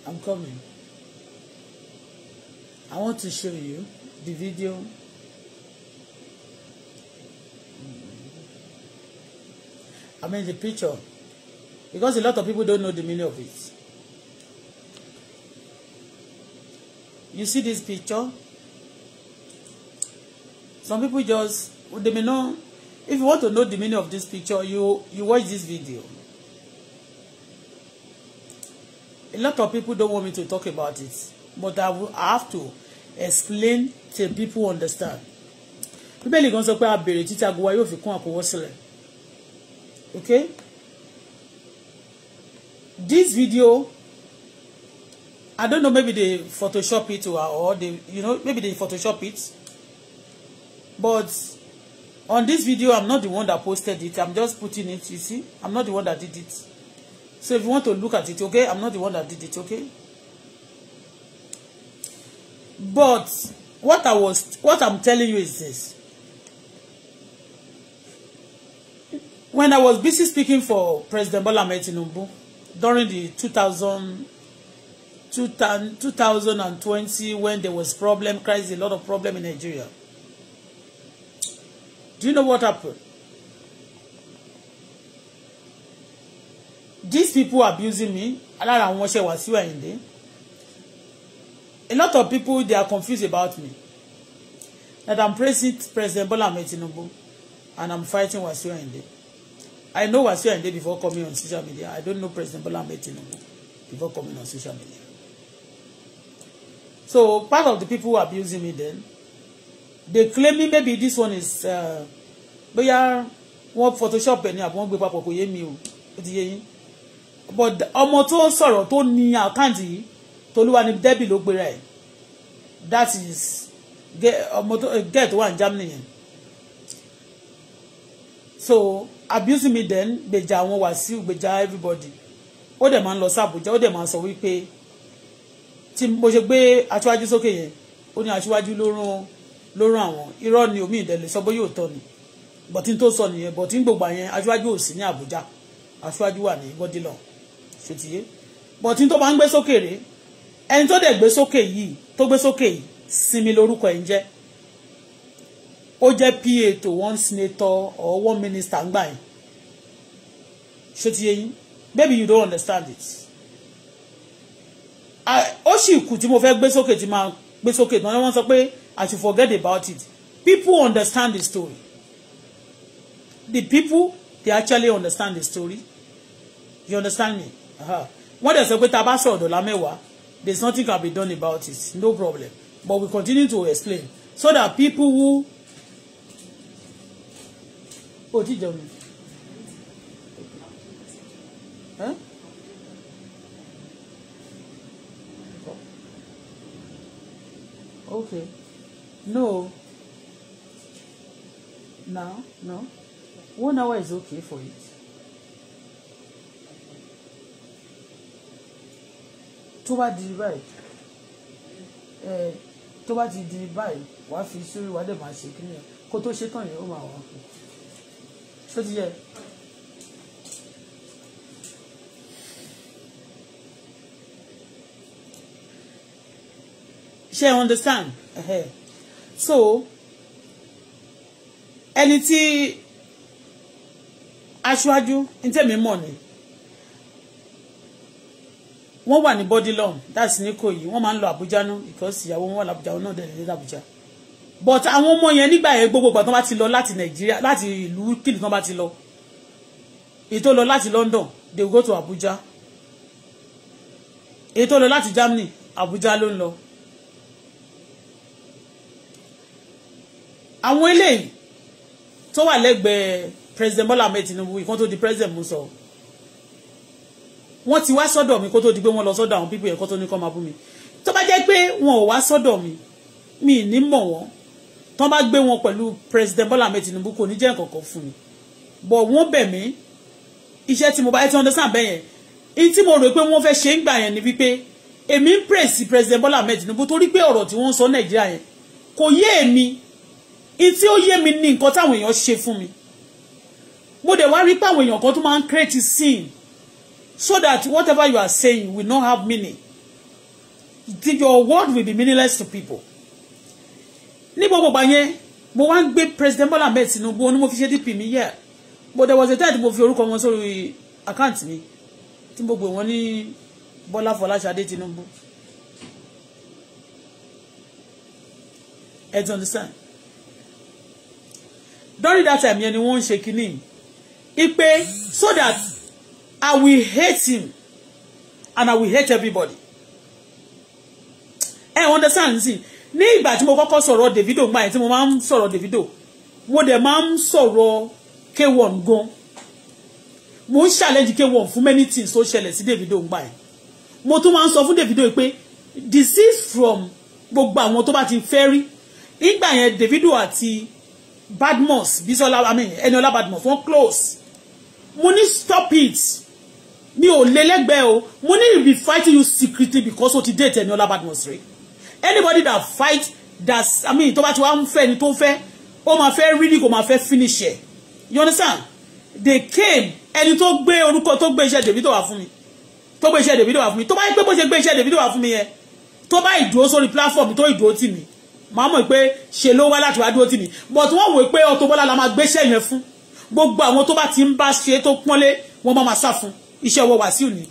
I'm coming. I want to show you the video. I mean the picture. Because a lot of people don't know the meaning of it. You see this picture? Some people just, they may know, if you want to know the meaning of this picture, you, you watch this video. lot of people don't want me to talk about it but I, will, have to explain till people understand bíbélì kan sọ pé a béèrè títí aago wa yóò fi kún àkówó sílẹ̀ okay this video I don't know maybe they photoshop it or they you know maybe they photoshop it but on this video I'm not the one that posted it I'm just putting it you see I'm not the one that did it So if you want to look at it, okay, I'm not the one that did it, okay? But what I was, what I'm telling you is this. When I was busy speaking for President Bola Ahmed Tinubu during the 2000, 2000, 2020 when there was problem, crisis, a lot of problem in Nigeria. Do you know what happened? these people abusing me alára àwọn ọṣẹ Wàsíù Àyìndé a lot of people they are confused about me that I'm president President Bola Ahmed Tinubu and I'm fighting Wasiu Ayinde. I know Wasiu Ayinde before coming on social media. I don't know President Bola Ahmed Tinubu before coming on social media. So part of the people who abusing me then, they claiming maybe this one is uh, bóyá wọ́n photoshop ẹ̀ ní àbí wọ́n gbé papọ̀ kò yé mi o ó ti yé yín but ọmọ tó sọ̀rọ̀ tó ní àkáǹtì yìí tolúwa ni debi ló gbéra ẹ̀ that is ọmọ tó gẹ̀ tó wà ní Germany yẹn so abusing me then gbèjà àwọn Wàsíù gbèjà everybody ó dẹ̀ máa ń lọ sí Àbújá ó dẹ̀ máa ń sọ wípé tí mo ṣe gbé aṣíwájú sókè yẹn ó ní aṣíwájú ló rán ló rán àwọn irọ́ ni omi ìdẹ̀lẹ̀ sọ bóyá òótọ́ ni bọ̀tí tó sọ nìyẹn bọ̀tí gbogbo àyẹn aṣíwájú ò sí ní Àbújá aṣíwájú wà ní gọ́dílọ̀n ṣe ti yé bọ̀tí tó bá ń gbé sókè rèé ẹni tó dẹ̀ gbé sókè yìí tó gbé sókè yìí sinmi lórúkọ ẹ̀ ń jẹ́ ó jẹ́ pa to one senator or one minister ń gbà yìí ṣé yín baby you don't understand it ó sì kù tí mo fẹ́ gbé sókè tí máa gbé sókè náà wọ́n sọ pé I should forget about it people understand the story the people they actually understand the story you understand me wọ́n dẹ̀ sọ pé tá a bá sọ̀rọ̀ dọ̀là mẹ́wàá there is nothing can be done about it no problem but we continue to explain so that people who. oh, ti jẹun okay no now no one hour is okay for it tó bá di báyìí ẹ tó bá ti di báyìí wàá fi sórí wàá dẹ̀ máa ṣe kí nìyẹn kó tó ṣe tán yẹn ó máa wà fún ṣó ti yẹ. ṣe understand uh-huh. so ẹni tí aṣáájú ní tẹ̀mí mọ̀ ni wọ́n wà ní body law that's ní kò yìí wọ́n máa ń lọ Àbújá náà because ìyàwó wọn wà l'Àbújá wọn náà dẹ̀ lè l'Àbújá but àwọn ọmọ yẹn nígbà yẹn gbogbo ìgbà tó bá ti lọ láti Nàìjíríà láti ìlú kìlì tó bá ti lọ èyí tó lọ láti London they go to Àbújá èyí tó lọ láti Germany Abuja ló ń lọ àwọn eléyìí tó wà lẹ́gbẹ̀ẹ́ President Bola Ahmed Tinubu ìkan tó di president mo sọ. So wọ́n ti wá sọ́dọ̀ mi kó tó di pé wọ́n lọ sọ́dọ̀ àwọn pípé yẹn kó tó ní kọ́ máa bú mi tó bá jẹ́ pé wọn ò wá sọ́dọ̀ mi mi ì ní mọ̀ wọ́n tó bá gbé wọn pẹ̀lú president Bọ́lá Ahmed Tinubu kò ní jẹ́ nǹkankan fún mi bọ̀ wọ́n bẹ̀ mí iṣẹ́ tí mo bá ẹ ti understand bẹ́ẹ̀ yẹn èyí tí mo rò pé wọ́n fẹ́ ṣe ń gbà yẹn ni wípé èmi ń praise president Bọ́lá Ahmed Tinubu torí pé ọ̀rọ̀ tí wọ́n sọ Nàìjíríà yẹn kò yé scene so that whatever you are saying will not have meaning your word will be meaningless to people ní gbogbo gbà mo wá ń president Bola Ahmed Tinubu ó ní mo fi ṣe dp mi yẹ but there was a time mo fi orúkọ wọn sórí àkáǹtì mi tí mo gbé wọn ní Bọ́lá Fọláṣadé Tinubu ẹ understand during that time yẹn ni wọ́n ń ṣe kínní ipe so that I will hate him and I will hate everybody. ẹ hey, understand nsìn ní ìgbà tí mo kọ́kọ́ sọ̀rọ̀ Davido gbà yẹn tí mo máa ń sọ̀rọ̀ Davido mo dẹ̀ máa ń sọ̀rọ̀ K1 gan mo ń challenge K1 fún many things tó ṣẹlẹ̀ sí Davido gbà yẹn mo tún máa ń sọ fún Davido pé disease from gbogbo àwọn tó bá ti fẹ́ rí nígbà yẹn Davido àti Badmus Bisola I mean Eniola Badmus wọ́n close mo ní stop it mi ò lé lẹ́gbẹ̀ẹ́ o mo ní you be fighting you secretly because o ti dé tẹ̀mí ọlábàdàn ọ̀sẹ̀rẹ̀ anybody that fight that i mean tó bá ti wá ń fẹ́ ni tó ń fẹ́ ma máa fẹ́ ni kò máa fẹ́ finish ẹ̀ you understand they came ẹni tó gbé orúkọ tó gbé iṣẹ́ Davido wá fún mi tó gbé iṣẹ́ Davido wá fún mi tó bá yẹ pé bó ṣe gbé iṣẹ́ Davido wá fún mi yẹn tó bá ìdúró sórí platform tó ìdúró tì mí màá mọ̀ pé ṣe ló wá láti wá dúró tì mí but wọ́n wò pé Auto Bola la máa gbéṣẹ́ yẹn fún gbogbo àwọn tó bá ti ń bá ṣe tó pọ́nlé wọ́n máa máa sá fún iṣẹ́ ọwọ́ Wàsíù ni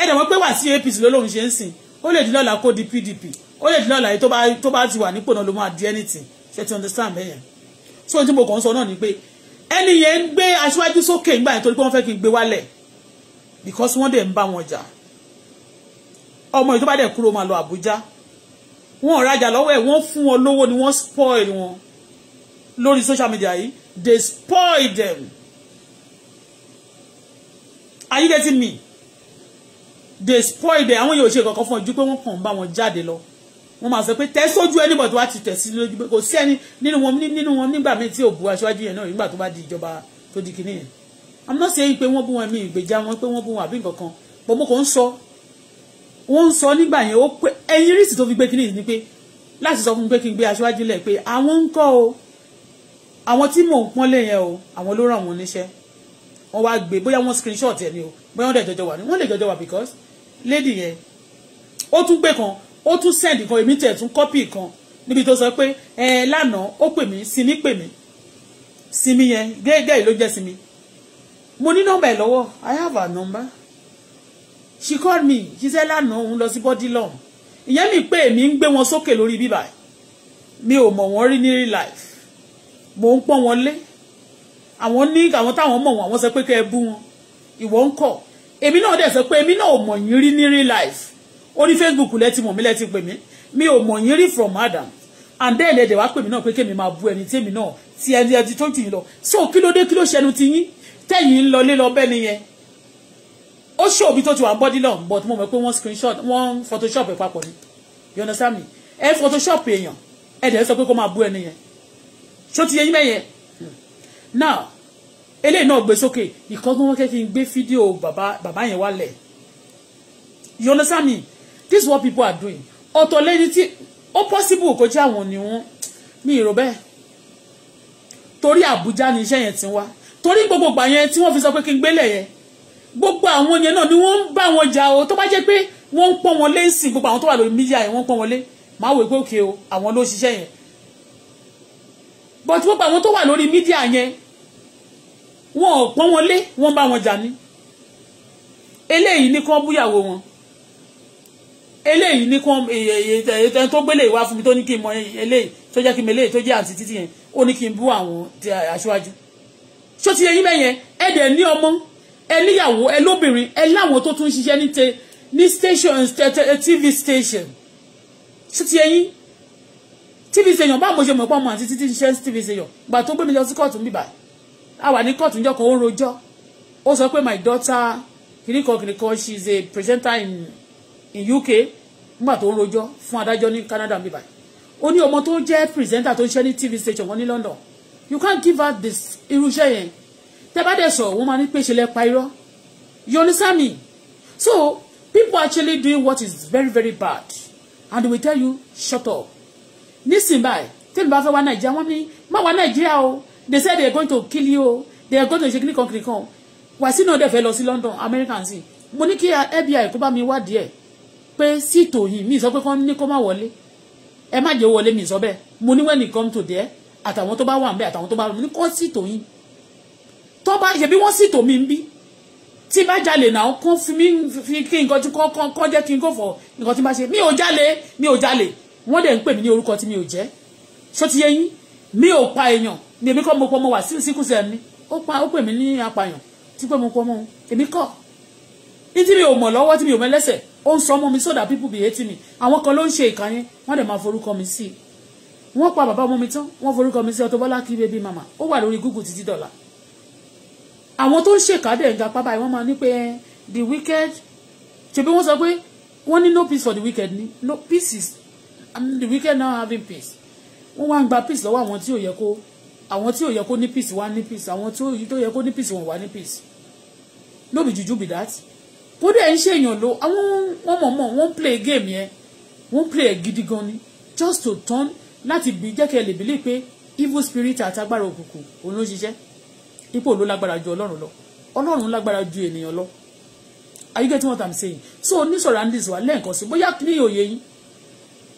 ẹ dẹ̀ wọ́n pé Wàsíù APC lọ́lọ́run ṣe ń sìn ó lè dín lọ́la kó di PDP ó lè dín lọ́la yìí tó bá ti wà nípò náà ló máa di anything ṣe ti understand bẹ́yẹn so ohun tí mo kàn ń sọ náà ni pé ẹni yẹn ń gbé aṣíwájú sókè nígbà yẹn torí pé wọ́n fẹ́ kí n gbé wálẹ̀ because wọ́n dẹ̀ ń bá wọn jà ọmọ yìí tó bá dẹ̀ kúrò máa lọ Àbújá wọ́n rajà lọ́wọ́ ẹ̀ wọ́n fún wọn lówó ni wọ́n spoil wọn lórí social media yìí they spoil them are you getting me they spoil them àwọn yóò ṣe kankan fún ojú pé wọ́n kàn ń bá wọn jáde lọ wọ́n máa sọ pé tẹ́ anybody tó ti tẹ̀ sí lójú pé kò sí ẹni nínú wọn nínú wọn nígbà míì tí ò bu aṣáájú yẹn náà nígbà tó bá di ìjọba tó di kinní i'm not saying pé wọ́n bú wọn mi ìgbèjà wọn pé wọ́n bú wọn àbí nǹkan but mo kàn ń sọ wọ́n ń sọ nígbà yẹn ó pé ẹyin rísì tó fi gbé kinní ni pé láti sọ fún mi pé kí n gbé aṣáájú lẹ̀ pé o àwọn tí mò ń pọ́nlé yẹn o àwọn ló ràn wọ́n níṣẹ́ wọ́n wá gbé bóyá wọ́n screenshot ẹ̀ ni o bóyá wọ́n dẹ̀ jọjọ wà ní wọ́n lè jọjọ wà because lady yẹn ó tún gbé kan ó tún send kan èmi tẹ̀ tún copy kan níbi tó sọ pé ẹ lánàá ó pè mí sinmi pè mí sinmi yẹn gẹ́gẹ́ ló jẹ́ sinmi mo ní nọ́mbà ẹ̀ lọ́wọ́ i have her number she called me she said lánàá òun lọ sí body long. ìyẹn mi pé èmi ń gbé wọn sókè lórí bíbà mi ò mọ̀ wọ́n rí ní real life mò ń pọ́n wọn lé àwọn ní àwọn táwọn mọ̀ wọn àwọn sọ pé kẹ́ ẹ bú wọn ìwọ ń kọ̀ èmi náà dẹ̀ sọ pé èmi náà ò mọ̀ yín rí ní real life orí Facebook lẹ ti mọ̀ mí lẹ ti pè mí mi ò mọ̀ yín rí from Adam and then ẹ̀dẹ̀ wá pè mí náà pé kémi máa bú ẹni tèmi náà ti ẹni ẹni tó jù yín lọ so kí ló dé kí ló ṣẹnu ti yín tẹ̀yìn ń lọ lé lọ bẹ́ẹ̀ nìyẹn ó ṣòbí tó ti wà bọ́dí náà but mo mọ̀ pé wọ́n screenshot wọ́n photoshop ẹ̀ papọ̀ ni you understand me ẹ photoshop èèyàn ẹ̀dẹ̀ sọ pé kó máa bú ẹni yẹn ṣó ti yẹ yín mẹ́yẹn now eléyìí náà gbé sókè ìkọ́gbọ́n wọn kẹ́kẹ́ ń gbé fídíò bàbá bàbá yẹn wálẹ̀ you understand me this is what people are doing ọ̀tọ̀ lẹ́ni tí ó possible kó jẹ́ àwọn ni wọ́n mi ìrò bẹ́ẹ̀ torí Àbújá ni iṣẹ́ yẹn ti wá torí gbogbo ìgbà yẹn tí wọ́n fi sọ pé kí n gbélé yẹn gbogbo àwọn yẹn náà ni wọ́n ń bá wọn jà o tó bá jẹ́ pé wọ́n ń pọ́n wọn lé sí gbogbo àwọn tó wà lórí mídíà yẹn wọ́n ń pọ́n wọn lé máa wò pé òkè o àwọn ló ṣiṣẹ́ yẹn but gbogbo àwọn tó wà lórí mídíà yẹn wọn ò pọ́n wọn lé wọ́n bá wọn jà ní eléyìí ní kán búyàwó wọn eléyìí ní kán èyí tó gbélé ìwá fún mi tó ní kí n mọ eléyìí tó jẹ́ kí n mọ eléyìí tó jẹ́ àǹtí títí yẹn ó ní kí n bú àwọn aṣáájú ṣó ti yẹ yín ẹ dẹ̀ ní ọmọ ẹ níyàwó ẹ lóbìnrin ẹ láwọn tó tún ṣiṣẹ́ ní te ní station tv eh, station ṣó ti yẹ yín tv station báwo mo ṣe mọ̀ pé ọmọ àti títí ṣiṣẹ́ tv station gbà tó gbé mi lọ sí kóòtù níbàyìí a wà ní kóòtù níjọ́ kan ó rojọ́ ó sọ pé my daughter kìnìkan kìnìkan she is a presenter in in UK nígbà tó ń rojọ́ fún adájọ́ ní Canada bíbá ó ní ọmọ tó jẹ́ presenter tó ń ṣe ní TV station wọn ní London you can't give out this irúṣẹ́ yẹn tẹ́ bá dẹ̀ sọ wọ́n máa ní pé ṣe lẹ́ irọ́ you understand me so people actually doing what is very very bad and we tell you shut up nísìnyí báyìí tẹ́lifà fẹ́ wá nàìjíríà wọ́n ní má wá nàìjíríà o they said they are going to kill you they are going to shake kíní concrete. kiri kan Wàsíù náà dẹ̀ fẹ́ lọ sí London American sí mo ní kí FBI kó bá mi wádìí ẹ̀ pé sí tòyìn mi sọ pé kán ní kó má wọlé ẹ má jẹ́ wọlé mi sọ bẹ́ẹ̀ mo ní when it come to there àtàwọn tó bá wà nbẹ àtàwọn tó bá wà ní kó sí tòyìn tó bá ṣe bí wọ́n sì tòmí ń bí tí bá jalè náà kó fi mí fi kí nǹkan tí kọ́ kọ́ jẹ́ kí n kò fọ̀ nǹkan tí bá ṣe mi ò jalè mi ò jalè wọ́n dẹ̀ ń pè mí ní orúkọ mi ò jẹ́ ṣó ti yẹ yín mi ò pa èèyàn èmi kọ́ mo pọ́ mo wà sí síkúsẹ̀ ni ó pa ó pè mí ní apààyàn tí pé mo pọ́ mọ́ èmi kọ́ ní mi ò mọ̀ lọ́wọ́ tí mi ò mọ̀ lẹ́sẹ̀ ó ń sọ ọmọ mi so that people be hating me àwọn kan ló ń ṣe ìkà wọ́n dẹ̀ máa forúkọ mi sí i wọ́n pa bàbá ọmọ mi tán wọ́n forúkọ mi sí Auto Bola kí baby mama ó wà lórí Google títí dọ̀là àwọn tó ń ṣèkà dẹ̀ ń ga pápá wọ́n máa ní pé eh, the wicked ṣebí wọ́n sọ pé wọ́n ní no peace for the wicked ni no peace is the wicked now having peace wọ́n wá ń gba peace lọ́wọ́ àwọn tí ò yẹ kó àwọn tí ò yẹ kó ní peace wá ní peace àwọn tí ó yẹ kó ní peace wọn wá ní peace no be juju be that kódà ẹ̀ ń ṣèyàn ló àwọn wọn mọ̀ mọ̀ wọ́n play game yẹn wọ́n play ẹ̀ gidi gan ni just to turn láti bí jẹ́ kí ẹ lè bílí pé evil spirit àtagbára òkùnkùn òun ló ṣiṣẹ́ ipò ló lágbára ju ọlọ́run lọ ọlọ́run lágbára ju ènìyàn lọ are you getting what i'm saying so ní surroundings wa lẹ́ẹ̀kan sí bóyá ní òye yín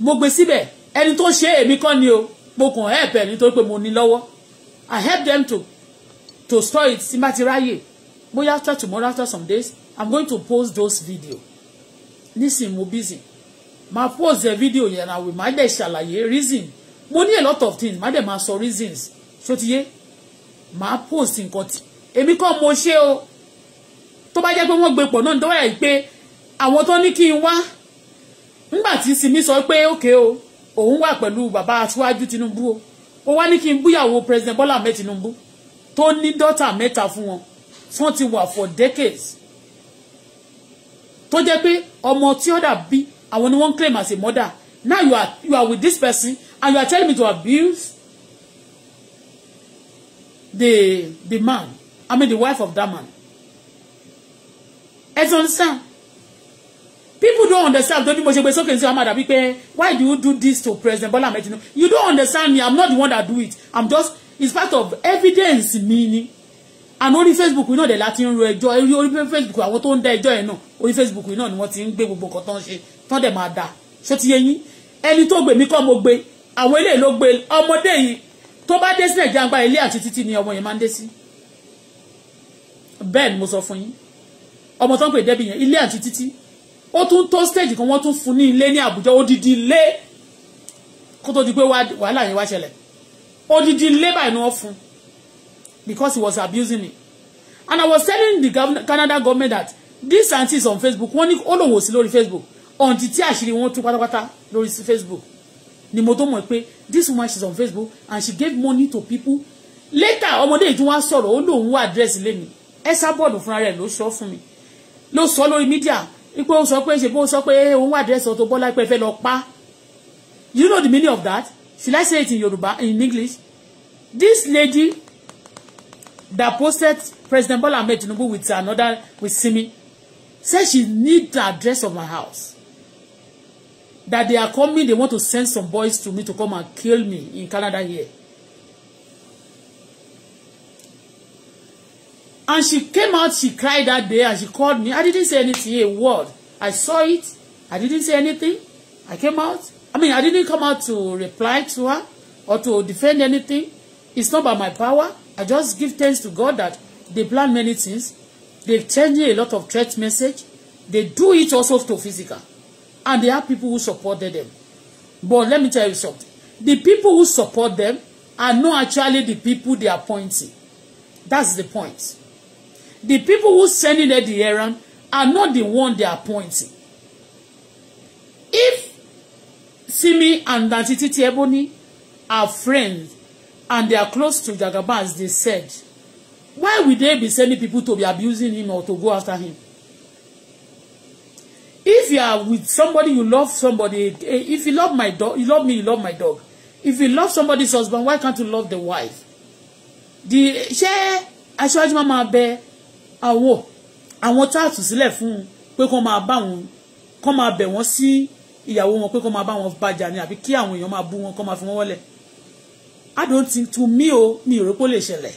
mo gbé síbẹ̀ ẹni tó ṣe èmi kọ́ ni o mo kàn help ẹ̀ nítorí pé mo ní lọ́wọ́ I help them to to store it tí n bá after tomorrow after some days I'm going to post those video Listen, mo busy máa post the video yẹn na we máa dẹ̀ ṣàlàyé reason mo ní a lot of things máa dẹ̀ máa sọ reasons So ti yé post in tí èmi kọ́ mo ṣe o tó bá jẹ́ pé wọ́n gbé pọ̀ náà dọ́wọ́ ẹ̀ pé àwọn tó ní kí n wá nígbà tí Simi sọ pé ókè o òun wà pẹ̀lú bàbá Aṣíwájú Tinubu o ó wá ní kí n búyàwó president Bola Ahmed Tinubu tó ní dọ́tà mẹ́ta fún wọn fún ti wà for decades tó jẹ́ pé ọmọ tí ó dà bí àwọn ni wọ́n ń claim as a mother now you are you are with this person and you are telling me to abuse the the man I mean the wife of that man ẹ ti understand people don't understand torí mo ṣe pé sókè sí amada wípé why do you do this to President Bola Ahmed you don't understand me i'm not the one that do it i'm just it's part of evidence mi ni and orí Facebook náà know the Latin ro ẹjọ́ orí Facebook àwọn tó ń dá ẹjọ́ yẹn náà orí Facebook náà ni wọ́n ti ń gbé gbogbo nǹkan tó ń ṣe tán dẹ̀ máa dà ṣó ti yé yín ẹni tó gbèmí kọ́ mo gbé àwọn eléyìí ló gbé ọmọdé yìí tó bá dé sí nàìjíríà gba ilé àti títì ni ọmọ yẹn máa ń dé sí bẹ́ẹ̀ ni mo sọ fún yín ọmọ tó ń pè débì yẹn ilé àti ó tún tó stage kan wọ́n tún fún ní ilé ní Àbújá odidi ilé kó tó di pé wàhálà yẹn wá ṣẹlẹ̀ odidi ilé báyìí ni wọ́n fún because he was abusing me and I was telling the Canada government that this auntie is on Facebook wọ́n ní ó lòun ò sí lórí Facebook until tí àṣírí wọn tú pátápátá lórí Facebook ni mo tó mọ̀ pé this woman is on Facebook and she gave money to people later ọmọdé yìí tún wá sọ̀rọ̀ ó lòun wá àdírẹ́sì lé mi ẹ sábọ̀dù fúnra rẹ̀ ló sọ fún mi ló sọ lórí mídíà ipò ó sọ pé ṣe bó sọ pé òun wà dẹ́sẹ̀ Auto Bola pé fẹ́ lọ pa you know the meaning of that should I say it in Yoruba in English this lady that posted President Bola Ahmed Tinubu with another with Simi said she need the address of my house that they are coming they want to send some boys to me to come and kill me in Canada here. And she came out, she cried that day and she called me. I didn't say anything, a word. I saw it. I didn't say anything. I came out. I mean, I didn't come out to reply to her or to defend anything. It's not by my power. I just give thanks to God that they plan many things. They change a lot of threat message. They do it also to physical. And they have people who supported them. But let me tell you something. The people who support them are not actually the people they are appointing. That's the point. The people who sending her the errand are not the one they are appointing. If Simi and Auntie Titi Ebony are friends and they are close to Jagaba as they said, why would they be sending people to be abusing him or to go after him? If you are with somebody, you love somebody. If you love my dog, you love me, you love my dog. If you love somebody's husband, why can't you love the wife? The ṣé aṣáájú máa bẹ àwọ̀ ah, àwọn táàtù sílẹ̀ fún pé kó máa bá wọn kó máa bẹ̀ wọ́n sí ìyàwó wọn pé kó máa bá wọn bàjà ni àbí kí àwọn èèyàn máa bú wọn kó máa fi wọ́n wọ́lẹ̀ I don't think to me o mi ò rò pé ó lè ṣẹlẹ̀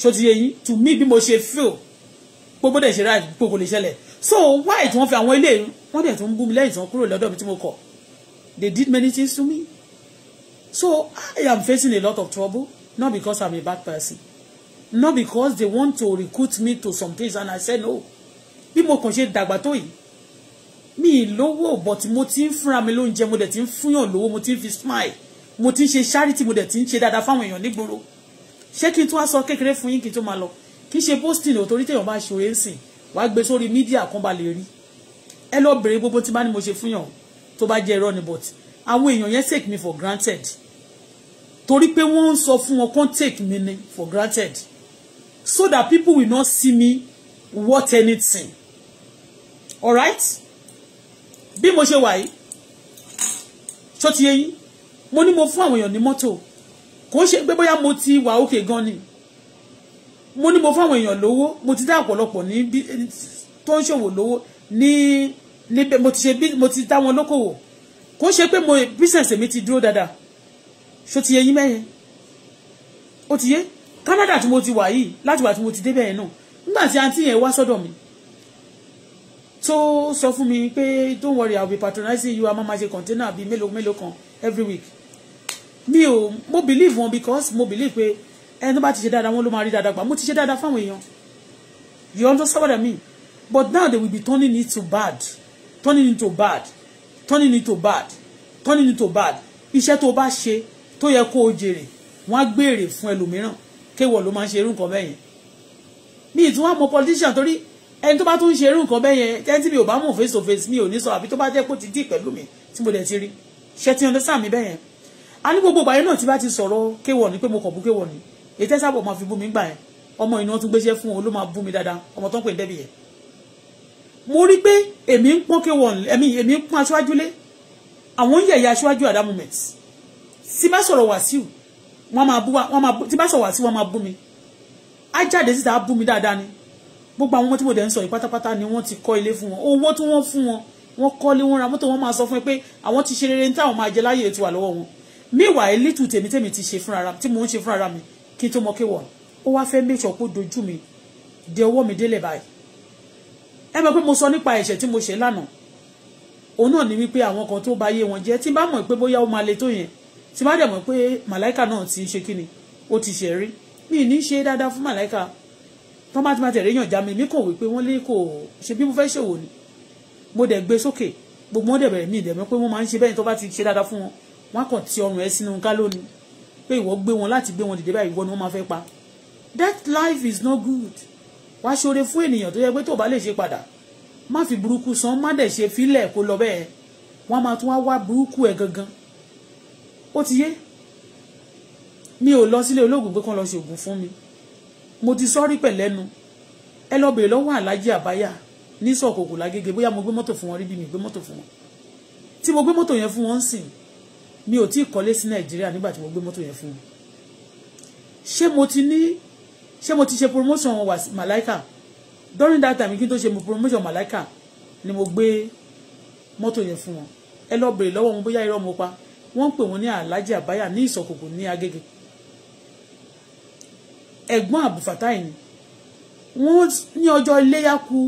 ṣó yín to me bí mo ṣe feel gbogbo dẹ̀ ṣe ra gbogbo lè ṣẹlẹ̀ so why tí wọ́n fi àwọn ilé wọ́n dẹ̀ tún bú mi lẹ́yìn tí wọ́n kúrò lọ́dọ̀ mi tí mo kọ̀ they did many things to me so I am facing a lot of trouble not because I'm a bad person not because they want to recruit me to some place and I say no bí mo kàn ṣe dàgbà tó yìí mi lówó but mo ti ń fúnra mi lóúnjẹ mo dẹ̀ ti ń fúnyàn lówó mo ti ń fi smile mo ti ń ṣe charity mo dẹ̀ ti ń ṣe dáadáa fáwọn èèyàn nígboro ṣé kí n tó wá sọ kékeré fún yín kí n tó máa lọ kí n ṣe posting ò torí téèyàn bá ṣòro ẹ̀sìn wàá gbé sórí mídíà kan bá lè rí ẹ lọ bèrè gbogbo tí bá ní mo ṣe fúnyàn tó bá jẹ́ irọ́ ni but àwọn èèyàn yẹn take me for granted torí pé wọ́n ń sọ fún wọn kán take me for granted so that people will not see me worth anything alright bí mo ṣe wà yìí ṣó ti yé yín mo ní mo fún àwọn èèyàn ní mọ́tò kò ṣe pé bóyá mo ti wà òkè gan ni mo ní mo fún àwọn èèyàn lówó mo ti dá ọ̀pọ̀lọpọ̀ ní bí tó ń ṣòwò lówó ní níbẹ̀ mo ti ṣe bí mo ti dá wọn lókòwò kò ṣe pé mo business mi ti dúró dáadáa ṣó ti yé yín mẹ́yẹn ó ti yé Canada tí mo ti wà yìí láti wà tí mo ti débẹ̀ yẹn náà nígbà tí àǹtí yẹn wá sọ́dọ̀ mi tó sọ fún mi pé don't worry i will be patronizing you amama ṣe container bíi mélòó mélòó kan every week mi ò mo believe wọn because mo believe pé ẹni tó bá ti ṣe dáadáa wọn ló máa rí dáadáa gbà mo ti ṣe dáadáa fáwọn èèyàn you understand what i mean but now they will be turning it to bad turning it to bad turning it to bad turning it to bad iṣẹ́ tó bá ṣe tó yẹ kó o jèrè wọ́n á gbé fún ẹlòmíràn kéwọ̀ ló máa ń ṣe irú nǹkan bẹ́yẹn mi ì tún wá mọ politician torí ẹni tó bá tún ń ṣe irú nǹkan bẹ́yẹn tẹ́ni tí mi ò bá mọ̀ face to face mi ò ní sọ àbí tó bá jẹ́ pé ó ti dì pẹ̀lú mi tí mo dẹ̀ ti rí ṣe ti ọdún sáà mi bẹ́yẹn a ní gbogbo ìgbàyẹn náà ti bá ti sọ̀rọ̀ kéwọ̀ ni pé mo kàn bú kéwọ̀ ni ètè sábọ̀ máa fi bú mi gbà yẹn ọmọ ìnáwó tún gbéṣẹ́ fún òun ló máa bú mi dáadáa ọmọ tó ń pè ní dẹ́bì yẹn mo rí pé èmi ń pọ́n kéwọ̀n èmi èmi ń pọ́n aṣáájú lé àwọn yẹ̀yẹ́ aṣáájú àdámùmẹ̀t sì má sọ̀rọ̀ wọ́n máa bú wọ́n máa bú tí bá sọ̀wá sí wọ́n máa bú mi á jáde síta bú mi dáadáa ni gbogbo àwọn ọmọ tí mo dẹ̀ ń sọ yìí pátápátá ni wọ́n ti kọ́ ilé fún wọn owó tí wọ́n fún wọn wọ́n kọ́lé wọn ra mọ́tò wọn máa sọ fún ẹ pé àwọn ti ṣe rere ní táwọn máa jẹ láyé ètò wà lọ́wọ́ wọn meanwhile little tèmi tèmi ti ṣe fúnra tí mò ń ṣe fúnra mi kí n tó mọ kéwọ̀ ó wá fẹ́ make sure kó dojú mi de ọwọ́ mi délẹ̀ báyìí ẹ mọ̀ pé mo sọ nípa ẹ̀ṣẹ̀ tí mo ṣe lánàá òun náà ni wípé àwọn kan tó bá yé wọn jẹ́ tí bá mọ̀ pé bóyá ó tí má dẹ̀ pé màláìka náà ti ṣe kí ni ó ti ṣe rí mi ní ṣe dáadáa fún màláìka tán bá ti máa tẹ̀lé yàn já mi mi kò wí pé wọ́n lé kò ṣe bí mo fẹ́ ṣòwò ni mo dẹ̀ gbé sókè gbogbo wọn dẹ̀ bẹ̀rẹ̀ mí pé wọ́n máa ń ṣe bẹ́ẹ̀ tó bá ti ṣe dáadáa fún wọn wọn kàn ti ọrùn ẹ sínú ká lónìí pé ìwọ gbé wọn láti gbé wọn dìde báyìí ìwọ ni wọ́n máa fẹ́ pa that life is not good wàá ṣoore fún ènìyàn tó yẹ pé tó bá lè ṣe padà má fi burúkú san má dẹ̀ ṣe fílẹ̀ kó lọ bẹ́ẹ̀ wọ́n máa tún wá wá burúkú ẹ̀ gangan ó ti yé mi ò lọ sílé olóògùn pé kán lọ ṣoògùn fún mi mo ti sọ́rí pẹ̀lẹ́nu ẹ lọ bèrè lọ́wọ́ aláàjì àbáyà ní sọ̀kòkò lágége bóyá mo gbé mọ́tò fún wọn rí bí mi gbé mọ́tò fún wọn tí mo gbé mọ́tò yẹn fún wọn ń sìn mi ò tí ì kọ́lé sí nàìjíríà nígbà tí mo gbé mọ́tò yẹn fún wọn ṣé mo ti ní ṣé mo ti ṣe promotion wa màláìkà during that time kí n tó ṣe promotion màláìkà ni mo gbé mọ́tò yẹn fún wọn ẹ lọ bèrè lọ́wọ́ wọn bóyá irọ́ mo pa wọ́n pè wọ́n ní alhaji abaya ní ìsọ̀kòkò ní agége ẹ̀gbọ́n àbùfàtáì ni wọ́n ní ọjọ́ iléyà ku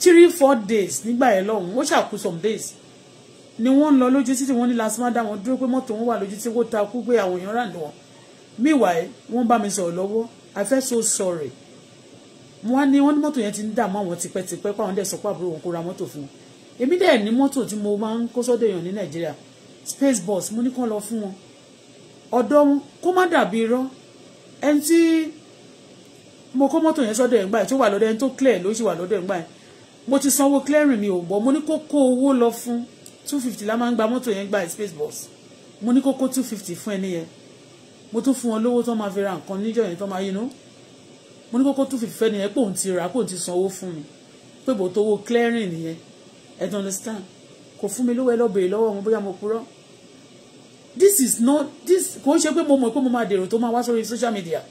three four days nígbà yẹn lọ́hùn wọ́n ṣàkú some days ni wọ́n ń lọ lójú títì wọ́n ní lasmada wọ́n dúró pé mọ́tò wọn wà lójú tí wọ́n takú pé àwọn èèyàn rà wọn meanwhile wọ́n bá mi sọ̀rọ̀ lọ́wọ́ I feel so sorry wọ́n ní wọ́n ní mọ́tò yẹn ti ń dààmú àwọn tipẹ́tipẹ́ pàwọn dẹ̀ sọ pé àbúrò wọn kó ra mọ́tò fún wọn èmi dẹ̀ ní mọ́tò tí mo máa ń kó sọ́dọ̀ èèyàn ní Nàìjíríà space bus mo ní kán lọ fún wọn ọ̀dọ́ wọn kó má dàbí irọ́ ẹni tí mo kó mọ́tò yẹn sọ́dọ̀ ẹ̀ ń gbà tó wà lọ́dọ̀ ẹni tó clear ló sì wà lọ́dọ̀ ẹ̀ ń mo ti sanwó clearing mi ò gbọ́ mo ní kó kó owó lọ fún two fifty la máa ń gba mọ́tò yẹn gba space bus mo ní kó kó two fifty fún ẹni yẹn mo tún fún wọn lówó tó máa fi ra nǹkan níjọ́ yẹn tó máa yinú mo ní kó kó two fifty fẹ́ nìyẹn pòun ti rà pòun ti sanwó fún mi pé bò tó owó clearing nìyẹn I don't understand kò fún mi lówó ẹ lọ́wọ́ wọn bóyá mo purọ́ this is not this kò ń ṣe pé mo mọ̀ pé mo máa dèrò tó máa wá sórí social media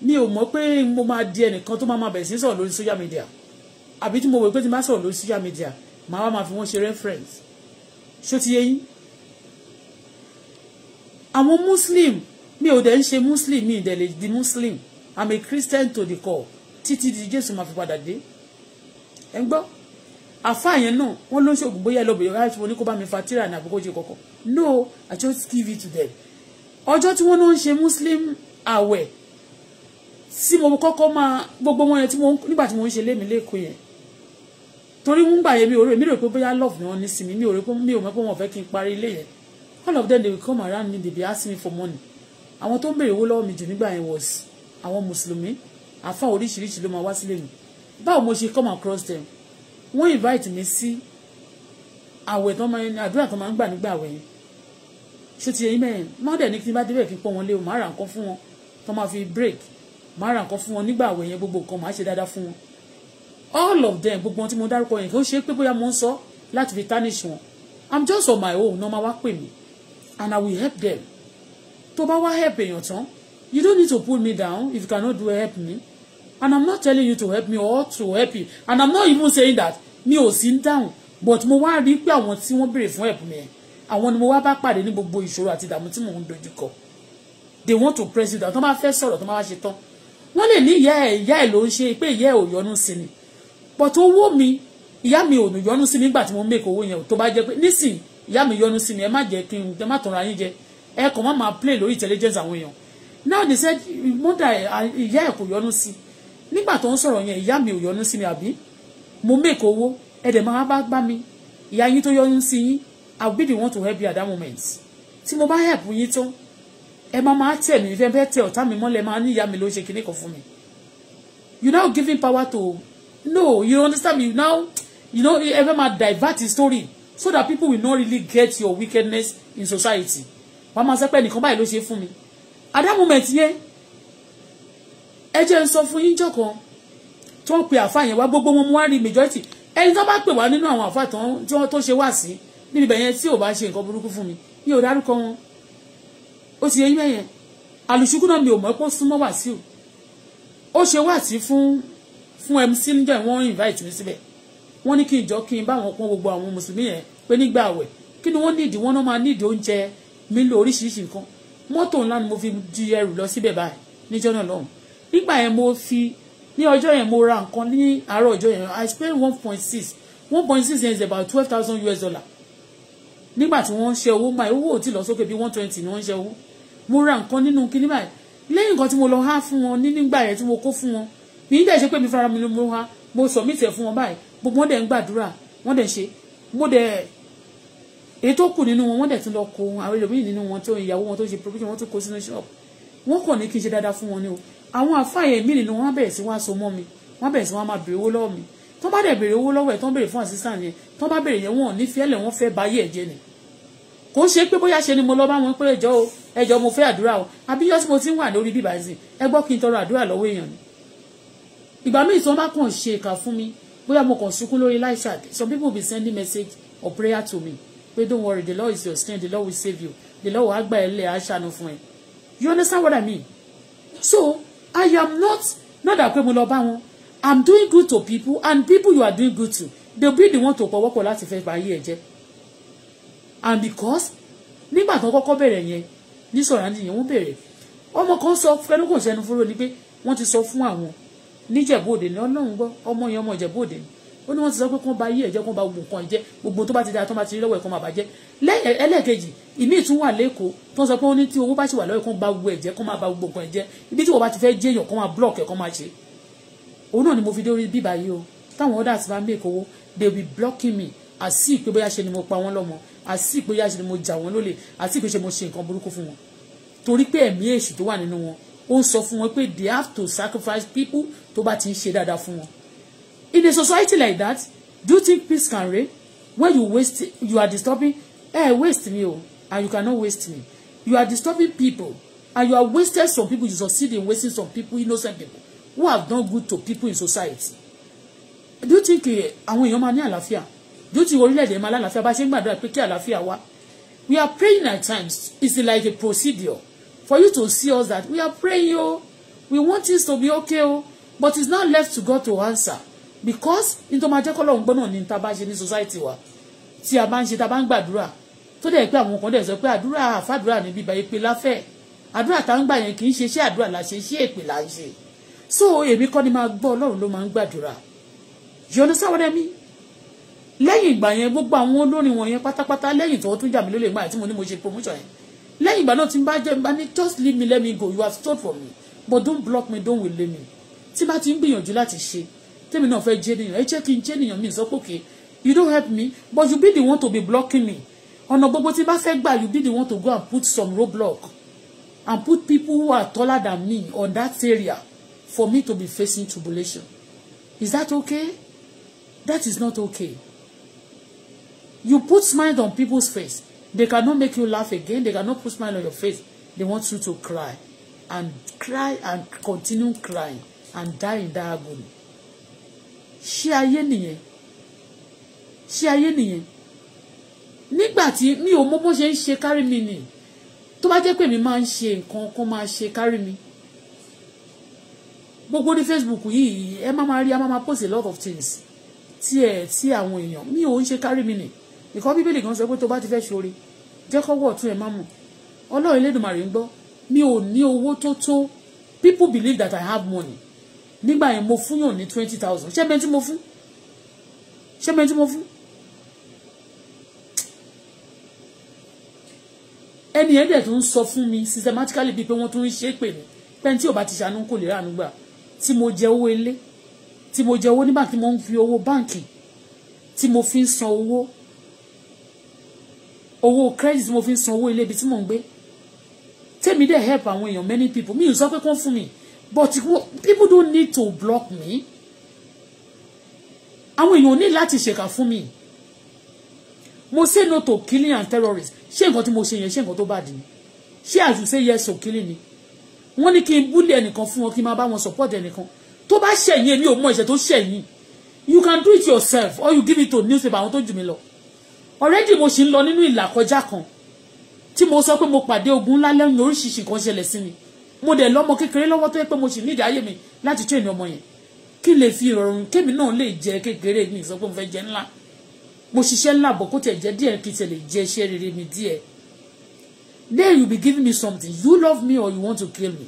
mi ò mọ̀ pé mo máa di ẹnìkan tó máa máa bẹ̀rẹ̀ sí sọ̀rọ̀ lórí social media àbí tí mo wò pé tí n bá sọ̀rọ̀ lórí social media màá wá máa fi wọ́n ṣe reference ṣó ti yé yín àwọn muslim mi ò dẹ̀ ń ṣe muslim mi ìdẹ̀ di muslim i'm a christian to the core títí di jésù máa fi padà dé ẹ ń gbọ́ àfáà yẹn náà wọ́n ló ń ṣògùn bóyá lọ́bẹ̀ yọ̀rá ìṣòwò ní kó bá mi fa tíra ní àbúkọ́ ṣe kọ̀kọ̀ no I just give it to them ọjọ́ tí wọ́n náà ń ṣe muslim àwẹ̀ tí mo kọ́kọ́ máa gbogbo wọn yẹn tí mo nígbà tí mo ń ṣe lémi lẹ́kọ̀ọ́ yẹn torí ń gbà yẹn mi ò rò mi rò pé bóyá love ni wọ́n ní sí mi mi ò rò pé mi ò mọ̀ pé wọ́n fẹ́ kí n parí ilé yẹn all of them they will come around me they be ask me for money àwọn tó ń béèrè owó lọ́wọ́ mi jù nígbà yẹn was àwọn mùsùlùmí àfa oríṣiríṣi ló máa wá sílé mi báwo mo ṣe come across them wọ́n invite me, sí àwẹ̀ tó máa ń àdúrà tó máa ń gbà nígbà àwẹ̀ yẹn ṣé ti yẹn mẹ́rin má dẹ̀ ní kí n bá débẹ̀ kí n pọ́n wọn lé o má ra nǹkan fún wọn tó máa fi break má ra nǹkan fún wọn nígbà àwẹ̀ yẹn gbogbo nǹkan máa ṣe dáadáa fún wọn all of them gbogbo wọn tí mo dárúkọ yẹn kí ó ṣe pé bóyá mo ń sọ láti fi tarnish wọn i'm just on my own normal wá pè mí and i will help them tó bá wá help èèyàn tán you don't need to pull me down if you cannot do help me and i'm not telling you to help me or to help you and i'm not even saying that mi ò sí ń dáhùn but mo wá rí pé àwọn tí wọ́n béèrè fún help mi yẹn àwọn ni mo wá bá pàdé ní gbogbo ìṣòro àti ìdààmú tí mò ń dojú kọ they want to press you down tó bá fẹ́ sọ̀rọ̀ tó bá wá ṣe tán wọ́n lè ní ìyá ẹ̀ ìyá ẹ̀ ló ń ṣe pé ìyá ẹ̀ ò yọnu ni but owó mi ìyá mi ò yọnu sí mi nígbà tí mo make owó yẹn tó bá jẹ́ pé nísìn ìyá mi yọnu sí mi ẹ má jẹ́ kí n ẹ má tanra yín jẹ ẹ kàn má máa play lórí intelligence àwọn èèyàn now they said mother ìyá ẹ̀ kò yọnu sí nígbà tó ń sọ̀rọ̀ yẹn ìyá mi ò yọnu sí mi àbí mo make owó ẹ̀dẹ̀ máa bá gbá mi ìyá yín tó yọnu sí yín I will be the one to help you at that moment tí mo bá help yín tán ẹ máa máa tẹ̀ mí fẹ́ fẹ́ tẹ ọ̀tá mi mọ́lẹ̀ máa ní ìyá mi ló ṣe kinní kan fún mi you now giving power to no you understand me now you know ẹ fẹ́ máa divert the story so that people will not really get your wickedness in society wàá máa sẹ́pẹ́ nìkan báyìí ló ṣe fún mi at that moment yẹn. Yeah, ẹ jẹ́ ń sọ fún yín jọ̀kan tó ń pe àfáà yẹn wá gbogbo wọn mú wá rí majority ẹni tó bá pè wá nínú àwọn àfáà tí wọ́n tó ṣe wá sí níbi ibẹ̀ yẹn tí ò bá ṣe nǹkan burúkú fún mi mi ò dárúkọ wọn ó ti yẹ yín mẹ́yẹn àlùsùkú náà mi ò mọ̀ pé ó súnmọ́ Wàsíù ó ṣe wàásí fún fún MC níjọ́ ìwọ̀n invite mi síbẹ̀ wọ́n ní kí n jọ kí n bá wọn pọ́n gbogbo àwọn mùsùlùmí yẹn pé nígbà àwẹ̀ kí ni wọ́n nídìí wọ́n náà máa nídìí oúnjẹ mílò oríṣiríṣi nǹkan mọ́tò ńlá ni mo fi di ẹrù lọ síbẹ̀ báyìí níjọ́ náà lọ́hùn nígbà yẹn mo fi ní ọjọ́ yẹn mo ra nǹkan ní àárọ̀ ọjọ́ yẹn I spend one point six one point six yẹn is about twelve thousand US dollar nígbà tí wọ́n ń ṣe owó máa owó ò tí lọ sókè bí one twenty ni wọ́n ń ṣe owó mo ra nǹkan nínú kíní báyìí lẹ́yìn nǹkan tí mo lọ há fún wọn ní nígbà yẹn tí mo kó fún wọn mi ń dẹ̀ ṣe pé mi fara mi ló mo há mo sọ mí tẹ̀ fún wọn báyìí gbogbo wọn dẹ̀ ń gbàdúrà wọn dẹ̀ ṣe mo dẹ̀ èyí tó kù nínú wọn wọn dẹ̀ tún lọ kó àwọn ẹlòmíì nínú wọn tó ìyàwó wọn tó ṣe provision wọn tún kó sínú ṣọ́ọ̀bù wọn kàn ní kí n ṣe dáadáa fún wọn ni o àwọn àfáàyè mí nínú wọn bẹ̀rẹ̀ sí wọn so mọ́ mi wọn bẹ̀rẹ̀ sí wọn máa bèrè owó lọ́wọ́ mi tó bá dẹ̀ bèrè owó lọ́wọ́ ẹ̀ tó ń bèrè fún àṣìṣàn yẹn tó bá bèrè yẹn wọn ò ní fiẹ́lẹ̀ wọn fẹ́ báyé ẹ̀jẹ̀ ni kò ń ṣe pé bóyá ṣe ni mo lọ bá wọn pé ẹjọ́ o ẹjọ́ mo fẹ́ àdúrà o àbí yọ́sí mo ti ń wà lórí bíbá ẹ̀sìn ẹ gbọ́ kí n tọrọ àdúrà lọ́wọ́ èèyàn ni ìgbà míì tí wọ́n bá kàn ṣe ìkà fún mi bóyá mo kàn sunkún lórí láìsà some people be sending message or prayer to me pé don't worry the Lord is your strength the Lord will save you the Lord will agbá ẹ lẹ́ àṣàánú fún ẹ you understand what I mean so I am not not that pé mo lọ bá wọn I'm doing good to people and people you are doing good to they be the one to pọwọ́pọ̀ láti fẹ́ bà ayé ẹ̀ jẹ́ and because nígbà tó kọ́kọ́ bẹ̀rẹ̀ yẹn ní sọ̀rọ̀ àǹdí yẹn wọ́n bẹ̀rẹ̀ ọmọ kan sọ fẹnu kò sẹnu fúró ni pé wọ́n ti sọ fún àwọn níjẹ̀bú òde ni ọlọ́run gbọ́ ọmọ yẹn ọmọ ìjẹ̀bú òde ni ó ní wọ́n ti sọ pé kán ba yí ẹ̀jẹ̀ kán ba gbogbo nǹkan ẹ̀jẹ̀ gbogbo tó bá ti da tó bá ti rí lọ́wọ́ ẹ̀ kán máa bàjẹ́ ẹlẹ́ẹ̀kejì ìmí ìtún wà lẹ́kọ̀ọ́ tó ń sọ pé ó ní tí owó bá ṣì wà lọ́wọ́ kán ba gbogbo ẹ̀jẹ̀ kán máa ba gbogbo nǹkan ẹ̀jẹ̀ ibi tí wọ́n bá ti fẹ́ jẹ́ èèyàn kán máa block ẹ̀ kán máa ṣe òun náà ni mo fi dé orí bíbá yìí o táwọn ọ̀dà ti bá ń owó they will be blocking me àsí ìpè bóyá ṣe ni mo pa wọ́n lọ́mọ àsí ìpè bóyá ṣe ni mo jà wọ́n lólè àsí ìpè ṣe mo ṣe nǹkan burúkú fún wọn torí pé ẹ̀mí èṣù tó wà nínú wọn ó ń sọ fún wọn pé they have to sacrifice people tó bá ti ń ṣe dáadáa fún wọn in a society like that do you think peace can reign when you waste you are disturbing eh hey, waste me oh, and you cannot waste me you are disturbing people and you are wasted some people you succeed in wasting some people innocent people who have done good to people in society do you think eh, àwọn èèyàn máa ní àlàáfíà do you think orílẹ̀-èdè máa lálàáfíà bá ṣe ń gbàdúrà pé kí àlàáfíà wá we are praying at times it's like a procedure for you to see us that we are praying Oh, we want things to be okay oh, but it's now left to God to answer because nítorí máa jẹ́ kọ́lọ́hún gbọ́n náà ní ta bá ń ṣe ní society wa tí a bá ń ṣe ta bá ń gbàdúrà tó dẹ̀ pé àwọn kan dẹ̀ sọ pé àdúrà àfàdúrà ní bíbá èpè láfẹ́ àdúrà tá ń gbà yẹn kì í ṣe iṣẹ́ àdúrà la ṣe iṣẹ́ èpè la ṣe so èmi kọ́ ni máa gbọ́ ọlọ́run ló máa ń gbàdúrà yọnu sáwọn ẹ̀mí lẹ́yìn ìgbà yẹn gbogbo àwọn olórin wọn yẹn pátápátá lẹ́yìn tí wọ́n tún jà mí lólè gbà tí mo ní mo ṣe promotion yẹn lẹ́yìn ìgbà náà tí n bá jẹ́ n bá ní just leave me let me go you have stood for me but don't block me don't will me tí bá ti ń gbìyànjú láti ṣe tèmi náà fẹ́ jẹ́ ènìyàn ẹ jẹ́ kí n jẹ́ ènìyàn mi sọ pé okay you don't help me but you be the one to be blocking me ọ̀nà gbogbo tí bá fẹ́ gbà you be the one to go and put some roadblock and put people who are taller than me on that area for me to be facing tribulation is that okay that is not okay you put smile on people's face they cannot make you laugh again they cannot put smile on your face they want you to cry and cry and continue crying and die in that agony ṣé ayé nìyẹn ṣé ayé nìyẹn nígbà tí mi ò mọ bó ṣe ń ṣe kárí mi nì tó bá jẹ́ pé mi máa ń ṣe nǹkan kan máa ṣe kárí mi gbogbo ní Facebook yìí ẹ má máa rí ẹ má máa post a lot of things tí ẹ tí àwọn èèyàn mi ò ń ṣe kárí mi nì nǹkan bíbélì kan sọ pé tó bá ti fẹ́ ṣoore jẹ́ kọ́wọ́ ọ̀tún ẹ̀ má mọ̀ ọlọ́run elédùnmarè ń gbọ́ mi ò ní owó tó tó people believe that I have money nígbà yẹn mo fún yàn ní twenty thousand ṣé bẹ́ẹ̀ tí mo fún ṣé bẹ́ẹ̀ tí mo fún ẹni yẹn dẹ̀ tó ń sọ fún mi systematically bíi pé wọ́n tún ń ṣe é pè mí pẹ́ni tí ò bá ti ṣàánú kò lè rà nígbà tí mo jẹ owó ilé tí mo jẹ owó ní báńkì mo ń fi owó báńkì tí mo fi ń san owó owó credit tí mo fi ń san owó ilé ibi tí mò ń gbé tèmi dẹ̀ help àwọn èèyàn many people mi ò sọ pé kán fún mi but people don't need to block me àwọn èèyàn ò ní láti ṣèkà fún mi mo say no to killing and terrorists ṣé nǹkan tí mo ṣe yẹn ṣé nǹkan tó bá dì ní ṣé àjùṣe yes to killing ni wọ́n ní kí n búlẹ̀ ẹnìkan fún wọn kí n máa bá wọn support ẹnìkan tó bá ṣẹ̀yìn èmi ò mọ ìṣẹ̀ tó ṣẹ̀yìn you can do it yourself or you give it to newspaper àwọn tó jù mí lọ already mo ṣì ń lọ nínú ìlà kọjá kan tí mo sọ pé mo pàdé ogun ńlá lẹ́yìn oríṣiríṣi nǹkan ṣẹlẹ̀ sí mi mo dẹ̀ lọ́mọ kékeré lọ́wọ́ tó yẹ pé mo sì nídìí ayé mi láti train ọmọ yẹn kí lè fi ìrọ̀rùn kémi náà lè jẹ kékeré mi sọ pé mo fẹ́ jẹ ńlá mo ṣiṣẹ́ ńlá bọ̀ kó tẹ̀ jẹ́ díẹ̀ kí tẹ̀ lè jẹ iṣẹ́ rere mi díẹ̀ then you be giving me something you love me or you want to kill me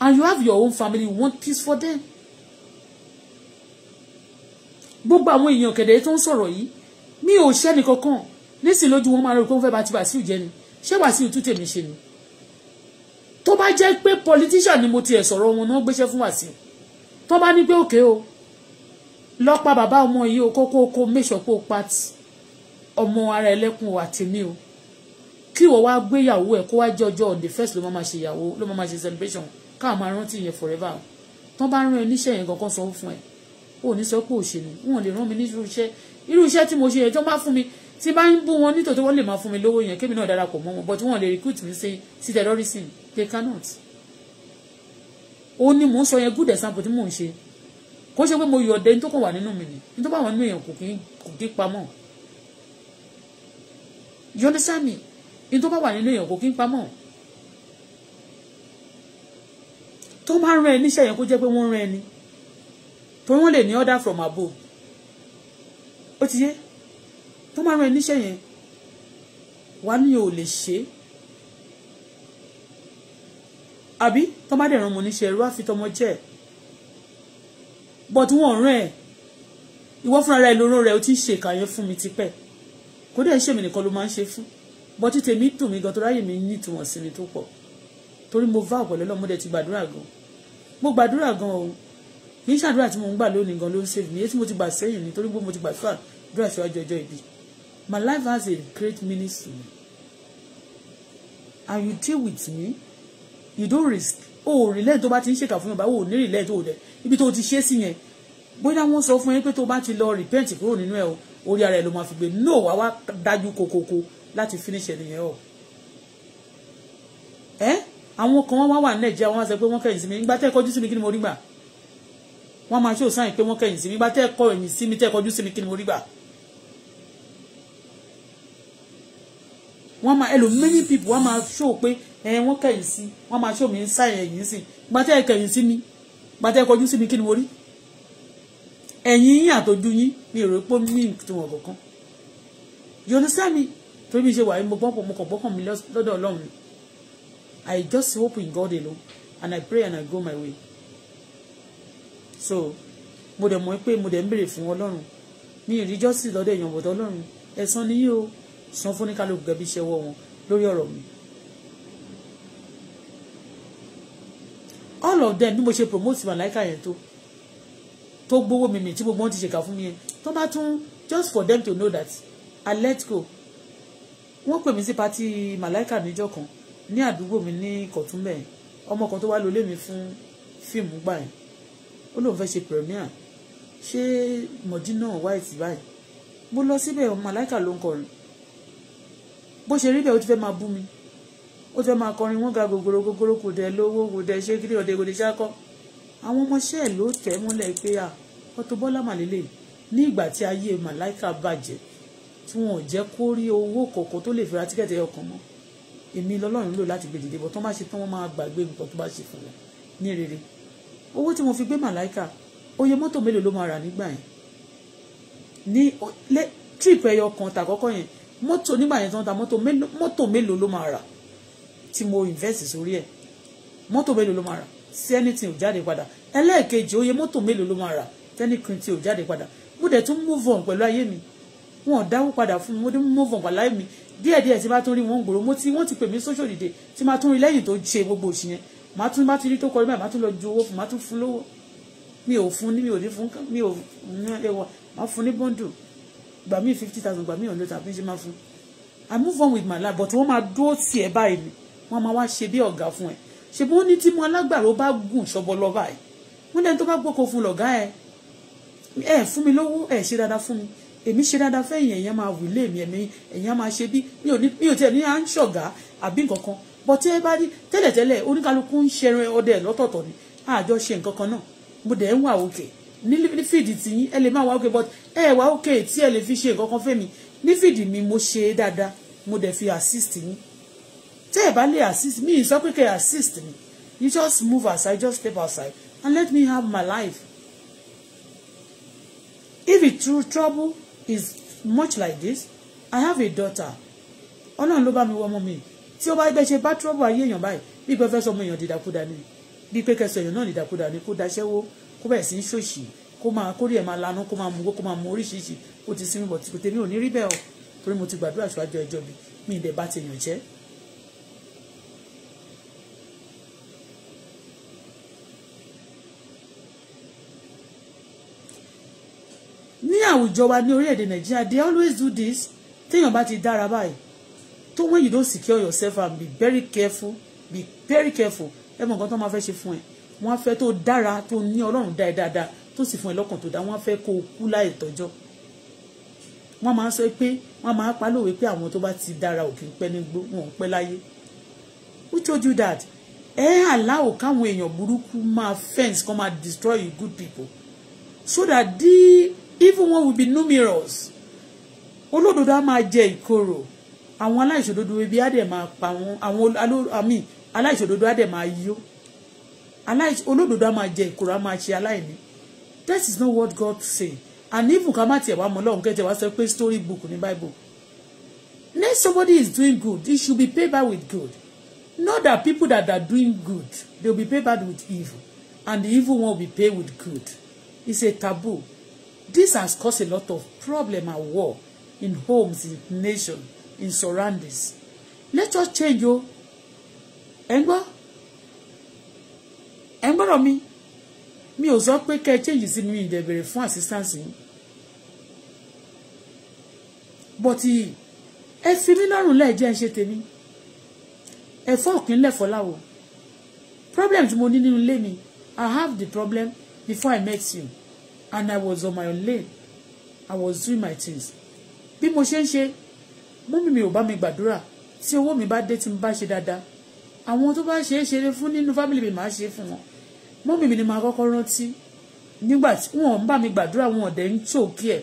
and you have your own family you want peace for them gbogbo àwọn èèyàn kẹ̀dẹ̀ tó ń sọ̀rọ̀ yìí mi ò ṣẹ́ni kankan nísìnyí lójú wọn máa rò pé wọ́n fẹ́ bá ti Wàsíù jẹ ni ṣé Wàsíù tún tèmi ṣe ni tó bá jẹ́ pé politician ni mo tiẹ̀ sọ̀rọ̀ wọn náà gbéṣẹ́ fún Wàsíù tó bá ní pé òkè o lọ pa bàbá ọmọ yìí o kókó oko méṣọpọ̀ pati ọmọ ara ẹlẹ́kùn àti mi o kí ìwọ wá gbéyàwó ẹ kó wá jẹ́ ọjọ́ on the first ló máa ṣe ìyàwó ló máa ṣe celebration káà máa rántí yẹn forever tó bá rán ẹ níṣẹ́ yẹn kankan sọ fún ẹ ò ní sọ pé òṣèlú wọn lè rán mi ní irú iṣẹ́ irú iṣẹ́ tí mo ṣe yẹn tó bá fún mi tí bá ń bú wọn nítorí wọn lè máa fún mi lówó yẹn kémi náà darapọ̀ mọ́ wọn but wọn lè recruit mi sí terrorism they cannot ó ní mò ń sọ yẹn good example tí mò ń ṣe kó ṣe pé mo yọ̀ ọ̀dẹ́ni tó kàn wà nínú mi ni nítorí pé àwọn inú èèyàn kò kí kò kí pamọ́ you understand me nítorí pé wà nínú èèyàn kò kí pamọ́ tó máa ń rán ẹni yẹn kó jẹ́ pé wọ́n ń rán ẹni wọ́n lè ní order from above ó ti yé tó máa ń rán ẹni iṣẹ́ yẹn wà ní o lè ṣe é àbí tọ́mádé ràn níṣẹ́ ẹ̀rú àfi but wọ́n rán ẹ̀ ìwọ fúnra rẹ̀ lóró rẹ̀ ó ti ń ṣe ìkàyẹ́ fún mi tipẹ́ kó dẹ̀ ṣèmi nìkan ló máa ń ṣe fún bọ́ tí tèmi dùn mí gan tó ráyè mi ní ìtumọ̀ sí mi tó pọ̀ torí mo vá ọ̀pọ̀ lọ́lọ́ mo dẹ̀ ti gbàdúrà gan mo gbàdúrà gan o kì í ṣàdúrà tí mo ń gbà lónìí gan ló ń save mi tí mo ti gbà sẹ́yìn ni torí gbogbo mo ti gbàdúrà dúrà síwájú ọjọ́ ìbí my life has a great ministry. Are you deal with me you don't risk o ò rí lẹ́yìn tó bá ti ń ṣèkà fún yorùbá o ò ní rí lẹ́yìn tó o dẹ̀ ibi tó o ti ṣe sí yẹn bóyá wọ́n sọ fún yín pé tó o bá ti lọ repent kúrò nínú ẹ̀ o orí ara ẹ̀ ló máa fi gbé no wá wá dájú kokoko láti finish ẹ̀ nìyẹn o ẹ́ àwọn kan wọ́n wá wà nẹ́ẹ̀jẹ́ wọ́n á sọ pé wọ́n kẹ̀yìn sí mi nígbà tẹ́ ẹ kọjú sí mi kí ni mo rí gbà wọ́n máa ṣe òsáyìn pé wọ́n kẹ̀yìn sí mi nígbà tẹ́ ẹ kọ ẹ̀yìn sí mi tẹ́ ẹ kọjú sí mi kí ni mo rí gbà wọ́n máa ẹlò many people wọ́n máa show pé ẹ wọ́n kẹ̀yìn sí wọ́n máa ṣó mi ń sáyẹn ẹ̀yìn sí gbàtẹ́ kẹ̀yìn sí mi gbàtẹ́ kọjú sí mi kí ni mo rí ẹ̀yìn yín àtọ́jú yín mi ò rò pé mi ti wọ̀n kankan you understand me torí mi ṣe wà mo gbọ́kàn mo kàn gbọ́kàn mi lọ́dọ̀ ọlọ́run I just hope in God alone and I pray and I go my way so mo dẹ̀ mọ̀ pé mo dẹ̀ ń béèrè fún ọlọ́run mi ì rí jọ́sìn lọ́dọ̀ èèyàn bọ̀dọ̀ ọlọ́run ẹ̀san ni yìí o san fún ní gẹ̀bí ṣẹ́wọ́ wọn lórí ọ̀rọ̀ mi all of them bí mo ṣe promote màláìka yẹn tó tó gbowó mi mi tí gbogbo wọn ti ṣèkà fún mi yẹn tó bá tún just for them to know that I let go wọ́n pè mí sí pati màláìka níjọ́ kan ní àdúgbò mi ní kọ̀túnbẹ̀ ọmọ kan tó wá lólé mi fún fíìmù gbà yẹn ó lóun fẹ́ ṣe premier ṣé mọ̀dínà white báyìí mo lọ síbẹ̀ màláìka ló ń kọrin bó ṣe rí bẹ́ẹ̀ ó ti fẹ́ máa bú mi ó fẹ́ máa kọrin wọ́n ga gògòrò gògòrò kò dẹ̀ lówó kò dẹ̀ ṣé kiri ọ̀dẹ̀ kò dẹ̀ ṣákọ́ àwọn ọmọọṣẹ́ ẹ̀ ló tẹ̀ mọ́lẹ̀ pé à Auto Bola màlélẹ̀ ní ìgbà tí ayé màláìka bàjẹ́ tí wọn ò jẹ́ kó rí owó kọ̀ọ̀kan tó lè fi ra tíkẹ́ẹ̀tì ọkàn mọ́ èmi lọ́lọ́run lò láti gbèdìde bọ́ tó má ṣe tán wọ́n máa gbàgbé nǹkan tó bá ṣe fún wọn ní rere owó tí mo fi gbé màláìka oye mọ́tò mélòó ló máa rà nígbà yẹn ní trip ẹyọ kan tàkọ́kọ́ yẹn mọ́tò nígbà yẹn tí ta mọ́tò mélòó ló máa rà tí mo invest sórí ẹ̀ mọ́tò mélòó ló máa rà sí anything ò jáde padà ẹlẹ́ẹ̀kejì oye mọ́tò mélòó ló máa rà tẹ́ni kan tí ò jáde padà mo dẹ̀ tún move on pẹ̀lú ayé mi wọn ò dáwó padà fún mi mo dún move on pẹ̀lú ayé mi díẹ̀díẹ̀ tí bá tún rí wọn gbòòrò mo ti wọ́n ti pè mí social dìde tí máa tún rí lẹ́yìn tó ṣe gbogbo òṣì yẹn máa tún bá ti rí tó kọrí báyìí máa tún lọ ju owó fún máa tún fún lówó mi ò fún ní mi ò ní fún mi ò ní ẹwà máa fún ní bọ́ńdù gbà mí fifty thousand gbà mí ọ̀lẹ́ta bí n ṣe máa fún I move on with my life but wọ́n máa dúró tì ẹ́ báyìí wọ́n máa wá ṣe bí ọ̀gá fún ẹ ṣebí wọ́n ní tí mo alágbàro bá gùn ṣọbọ lọ báyìí wọ́n dẹni tó bá gbóko fún lọ̀gá ẹ ẹ fún mi lówó ẹ ṣe dáadáa fún mi èmi ṣe dáadáa fẹ́yìn ẹ̀yàn máa wù ilé mi ẹ̀mí ẹ̀yàn máa ṣe bí mi ò ní mi ò tiẹ̀ ní à ń ṣọ̀gá àbí nǹkan kan bọ́ tí ẹ bá rí tẹ́lẹ̀tẹ́lẹ̀ oníkálukú ń ṣẹrin ọdẹ lọ́tọ̀ọ̀tọ̀ ni àjọ ṣe nǹkan kan náà mo dẹ̀ ń wà òkè ní fìdí tí ẹ lè máa wà òkè but ẹ wà òkè tí ẹ lè fi ṣe nǹkan kan fẹ́mi ní fìdí mi mo ṣe dáadáa mo dẹ̀ fi assist yín tẹ́ ẹ̀ bá lè assist me. sọ pé kẹ́ assist me. you just move aside just step aside and let me have my life if it true trouble is much like this I have a daughter ọlọ́run ló bá mi wọ ọmọ mi tí ó bá bẹ́ ṣe bá trouble ayé èèyàn báyìí bí pé fẹ́ sọ ọmọ èèyàn dìdàkudà ni bí pé kẹsọ èèyàn náà dìdàkudà ni kó daṣẹ́wó kó bẹ̀rẹ̀ sí í ṣòṣì kó máa kórè ẹ̀ máa lanú kó máa mú kó máa mú oríṣiríṣi ó ti sinmi bọ̀ tèmi ò ní rí bẹ́ẹ̀ o torí mo ti gbàdúrà ṣáájú ẹjọ́ mi mi ìdẹ̀ bá ti yàn jẹ́ àwùjọ wa ní orílẹ̀-èdè nàìjíríà they always do this téèyàn bá ti dára báyìí tó when you don't secure yourself and be very careful be very careful ẹ mọ̀ nǹkan tó máa fẹ́ ṣe fún ẹ wọ́n á fẹ́ tó dára tó ní ọlọ́run dá ẹ dáadáa tó sì fún ẹ lọ́kàn tó dáa wọ́n á fẹ́ kó o kú láì tọ́jọ́ wọ́n máa sọ pé wọ́n máa pa lówe pé àwọn tó bá ti dára ò kì í pẹ́ ní gbó wọn ò pẹ́ láyé who told you that ẹ àláwò káwọn èèyàn burúkú máa fence kan máa destroy you good people so that the even one will be numerous olódodo á máa jẹ ìkorò àwọn aláìṣòdodo ibi á dẹ̀ máa pa wọn àwọn àmì aláìṣòdodo á dẹ̀ máa yó olódodo a máa jẹ ìkorò á máa ṣe aláìní that is not what God say and even ká má tiẹ̀ wá mọ́ lọ́hùn kẹ́tẹ̀ wá sọ pé story book ní bible when somebody is doing good it should be paid back with good not that people that are doing good they will be paid back with evil and the evil one will be paid with good it's a taboo This has caused a lot of problem and war in homes, in nation, in surroundings. Let us change o. Oh. Ẹ ń gbọ́? Ẹ ń gbọ́rọ̀ mi? Mi ò sọ pé kẹ́ ẹ change sí mi ìdẹ̀bẹ̀rẹ̀ fún assistance yìí. But ẹ fi mí lọ́rùn lẹ́ẹ̀jẹ́ ń ṣe tèmi. Ẹ̀fọ́ òkín lẹ̀fọ́ láwo. Problem tí mo ní nínú ilé mi, I have the problem before I met you and I was on my own lane I was doing my things bí mo ṣe ń ṣe mọ́mí mi ò bá mi gbàdúrà tí owó mi bá dé tí mo bá ṣe dáadáa àwọn tó bá ṣe é ṣeré fún nínú fámìlì mi máa ṣe é fún wọn mọ́mí mi ni màá kọ́kọ́ rántí nígbà tí wọn bá mi gbàdúrà wọn ọ̀dẹ̀ ń chòkí ẹ̀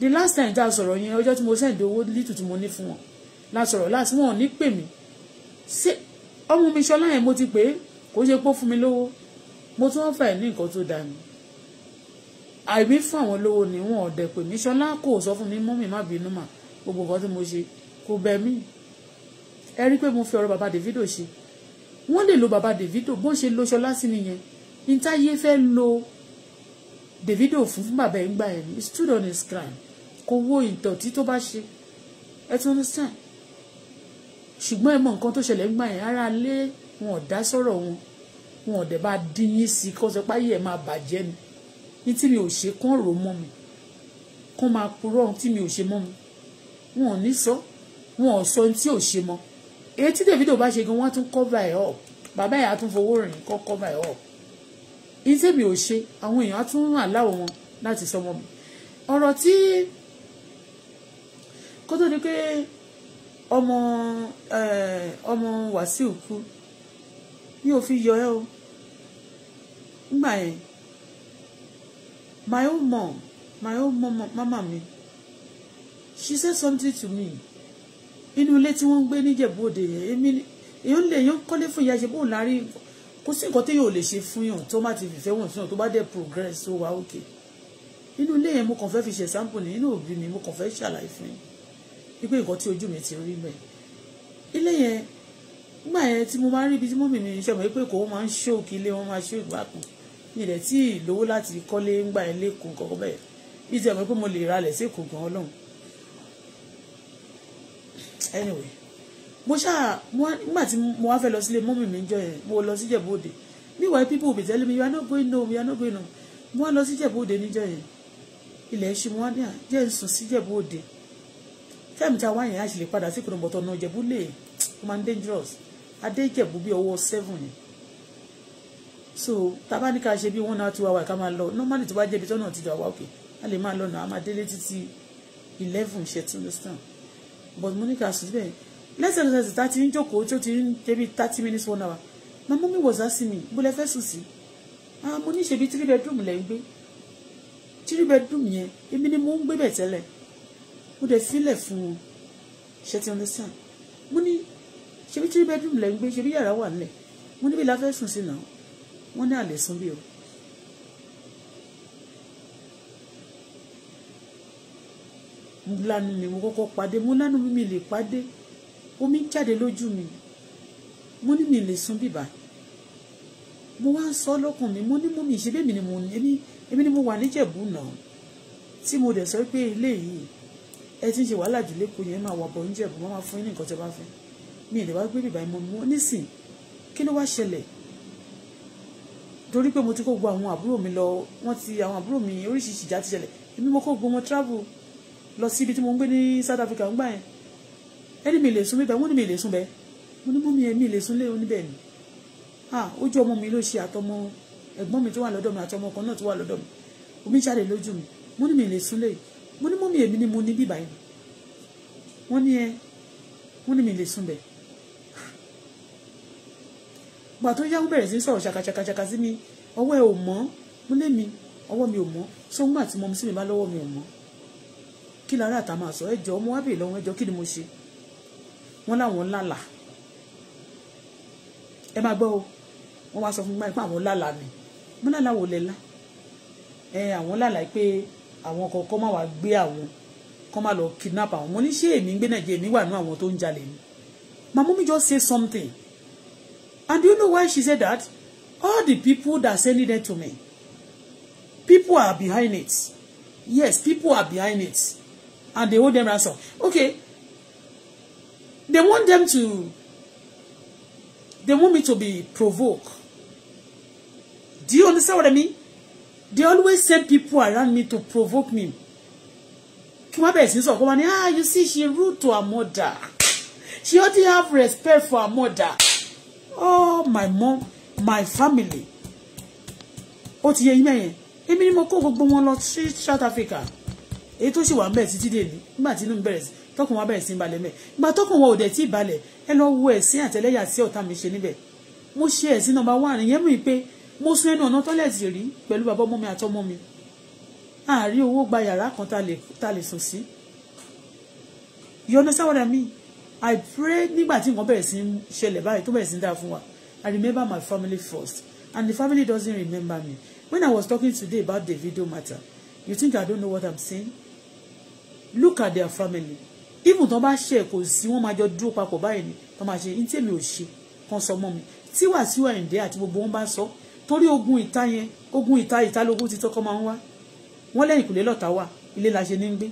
the last time tá a sọ̀rọ̀ yẹn ọjọ́ tí mo sẹ́ǹdì owó lítù tí mo ní fún wọn la sọ̀rọ̀ láti wọn ò ní pè mí ṣé ọmọ mi ṣọlá yẹn mo ti pè é kó ṣe pé fún mi lówó mo tún wọ́n fà ẹ̀ ní nǹkan tó dáa ni àìmí fún àwọn lówó ni wọn ò dẹ̀ pè mí ṣọlá kò sọ fún mi mọ́mì má bínú mà gbogbo nǹkan tí mo ṣe kò bẹ mí ẹ rí i pé mo fi ọ̀rọ̀ bàbá Davido ṣe wọ́n lè lo bàbá Davido bó ṣe lo ṣọlá sí nìyẹn ntáyé fẹ́ lo Davido fún fún bàbá ẹ̀ ń gbà ẹ̀ stood on his crime kò wo ìdọ̀tí tó bá ṣe ẹ tún understand ṣùgbọ́n ẹ mọ nǹkan tó ṣẹlẹ̀ ń gbà yẹn ara lé wọn ò dá sọ̀rọ̀ wọn wọn ò dẹ̀ bá dín yín sí kó sọ pé ayé ẹ̀ máa bàjẹ́ ni ní tí mi ò ṣe kán rò mọ́ mi kán máa purọ́ ohun tí mi ò ṣe mọ́ mi wọn ò ní sọ wọn ò sọ ohun tí ò ṣe mọ́ èyí tí Davido bá ṣe gan wọ́n tún cover ẹ̀ up bàbá yẹn á tún fowó rìn kọ́ cover ẹ̀ up ní tí mi ò ṣe àwọn èèyàn á tún rún àláwọ̀ wọn láti sọ mọ́ mi ọ̀rọ̀ tí kó tó di pé ọmọ ọmọ Wàsíù kú mi ò yọ ẹ́ o nígbà yẹn my own mom my own mama, mama mi she said something to me inú ilé tí wọ́n ń gbé níjẹ̀bú-òde yẹn èmi èèyàn lè èèyàn kọ́lé fún ìyá ṣe bóun lárí kò sí nǹkan téèyàn ò lè ṣe fún yàn tó má ti fìfẹ́ wọ̀n sí yàn tó bá dẹ̀ progress ó wà òkè inú ilé yẹn mo kàn fẹ́ fi ṣe sample ní inú òbí mi mo kàn fẹ́ ṣàlàyé fún yín wípé nǹkan tí ojú mi ti rí mẹ́ ilé yẹn nígbà yẹn tí mo máa ń rí ibi tí mọ́mì mi ṣe mọ̀ wípé kò wọ́n máa ń ṣóòkì ilé wọn máa ṣóòkì bákan mi ì dẹ̀ tí ì lówó láti kọ́lé ń gbà ẹ́ lẹ́kọ̀ọ́ nǹkan bẹ́ẹ̀ bí ti ẹ̀ mọ̀ pé mo lè ralẹ̀ sí èkó ọlọ́run anyway mo ṣáà nígbà tí mo wá fẹ́ lọ sílé mọ́mì mi jọ yẹn mo lọ sí Ìjẹ̀bú-Òde meanwhile people will be telling me you are not going home you are not going home mo wá lọ sí Ìjẹ̀bú-Òde níjọ yẹn ilẹ̀ ṣe mo wá ní àjẹ́ ń sùn sí Ìjẹ̀bú-Òde fẹ́mi ta wáyẹn á sì lè padà sí ìpinnu bọ̀tọ̀ náà Ìjẹ̀bú lè ó máa ń dangerous adé Ìjẹ̀bú bí ọwọ́ seven yẹn so tábà ní ká ṣe bí one hour two hour ká máa lọ normally tó bá jẹ́ ibi tọ́nà ti dà wá òkè a lè máa lọ́nà a máa délé títí eleven ṣe tí understand but mo ní ká sùn síbẹ̀ lẹ́sẹ̀lẹ́sẹ̀ tá ti ń jókòó tí ó ti ń débi thirty minutes one hour my mummy was asking me bó lẹ fẹ́ sùn sí ah mo ní ṣe bí three bedroom lẹ́ ń gbé three bedroom yẹn èmi ni mo ń gbé bẹ̀ tẹ́lẹ̀ mo dẹ̀ filẹ̀ fún wọn ṣe ti understand mo ní ṣe bí three bedroom lẹ́ ń gbé ṣe bí yàrá wà nílẹ̀ mo níbi la fẹ́ sùn sí náà wọ́n ní àlè súnlé o. lanu mi mo kọ́kọ́ pàdé mo lanu mi mi lè pàdé omi jáde lójú mi mo ní mi lè sùn bíbá mo wá ń sọ lọ́kàn mi mo ní mo mi ìṣebí èmi ni mo èmi èmi ni mo wà níjẹ̀bú náà tí mo dẹ̀ sọ pé ilé yìí ẹ ti ń ṣe wàhálà jù lẹ́kọ̀ọ́ yẹn máa wà bọ̀ níjẹ̀bú máa fún yín ní nǹkan tẹ́ bá fẹ́ mi ìdẹ̀wá gbé bíbá ẹ̀ mọ́ mi nísìn kí ló wá ṣẹlẹ̀ torí pé mo ti kó gbogbo àwọn àbúrò mi lọ wọ́n ti àwọn àbúrò mi oríṣiríṣi ìjà ti ṣẹlẹ̀ èmi mo kó gbogbo wọn travel lọ sí ibi tí mo ń gbé ní South Africa ń gbà yẹn ẹni mi lè sùn bíbẹ wọ́n ní mi lè sùn bẹ mo ní mú mi ẹmí lè sùn lé oníbẹ ni ah ojú ọmọ mi ló ṣe àtọmọ ẹ̀gbọ́n mi tó wà lọ́dọ̀ mi àtọmọ ọkọ náà tó wà lọ́dọ̀ mi omi jáde lójú mi mo ní mi lè sùn lé mo ní mú mi èmi ni mo ní bíbá yẹn wọ́n ní ẹ wọ́n ní mi lè sùn bẹ́ẹ̀ gbà tó yá ó bẹ̀rẹ̀ sí sọ̀rọ̀ ṣàkàṣàkàṣàkà sí mi ọwọ́ ẹ ò mọ́ mo lé mi ọwọ́ mi ò mọ́ so ńgbà tí mo mú sí mi bá lọ́wọ́ mi ò mọ́ kí lára àtà máa sọ ẹjọ́ ọmọ wábìrì lọ́wọ́ ẹjọ́ kí ni mo ṣe wọ́n láwọn lálà ẹ máa gbọ́ o wọ́n wá sọ fún mi báyìí pé àwọn lálà mi mo lálà wò lẹ́la ẹ àwọn lálà pé àwọn kọ̀ọ̀kan máa wá gbé àwọn kọ́ máa lọ kidnap àwọn mo ní ṣé èmi ń gbé nàìjíríà èmi wà ní àwọn tó ń jalè ni màmú mi just say something And do you know why she said that? All the people that send it to me, people are behind it. Yes, people are behind it. And they hold them ransom. Okay. They want them to, they want me to be provoked. Do you understand what I mean? They always send people around me to provoke me. Kí wọ́n bẹ̀rẹ̀ sí sọ kó wọ́n ah, you see, she rude to her mother. She ought to have respect for her mother all oh, my mom my family ó ti yẹ yín mẹ́yẹn èmi ni mo kó gbogbo wọn lọ sí South Africa èyí tó sì wà ń bẹ̀ títí dé ní nígbà tí inú bẹ̀rẹ̀ sí tọkùn wọn bẹ̀rẹ̀ sí balẹ̀ mẹ́ ìgbà tọkùn wọn ò dẹ̀ tí ì balẹ̀ ẹ lọ wo ẹ̀sìn àtẹlẹ́yà sí ọ̀tá mi ṣe níbẹ̀ mo ṣe ẹ̀sìn nọ́mbà wà nìyẹn mú i pé mo sún ẹnu ọ̀nà tọ́lẹ̀tì rí pẹ̀lú bàbá ọmọ mi àtọmọ mi àárí owó gba yàrá kan ta lè sùn sí you understand what I pray nígbà tí nǹkan bẹ̀rẹ̀ sí ń ṣẹlẹ̀ báyìí tó bẹ̀rẹ̀ sí ń dára fún wa I remember my family first and the family doesn't remember me when I was talking today about the video matter you think I don't know what I'm saying look at their family even tó bá ṣe kò sí wọ́n máa jọ dúró papọ̀ báyìí ni tó máa ṣe ní tèmi ò ṣe kan sọ mọ́ mi tí Wàsíù Àyìndé àti gbogbo wọn bá sọ torí ogun ìta yẹn ogun ìta ìta lógún ti tọkọ máa ń wá wọn lẹ́yìn kùlé lọta wà ilé la ṣe ní ń gbé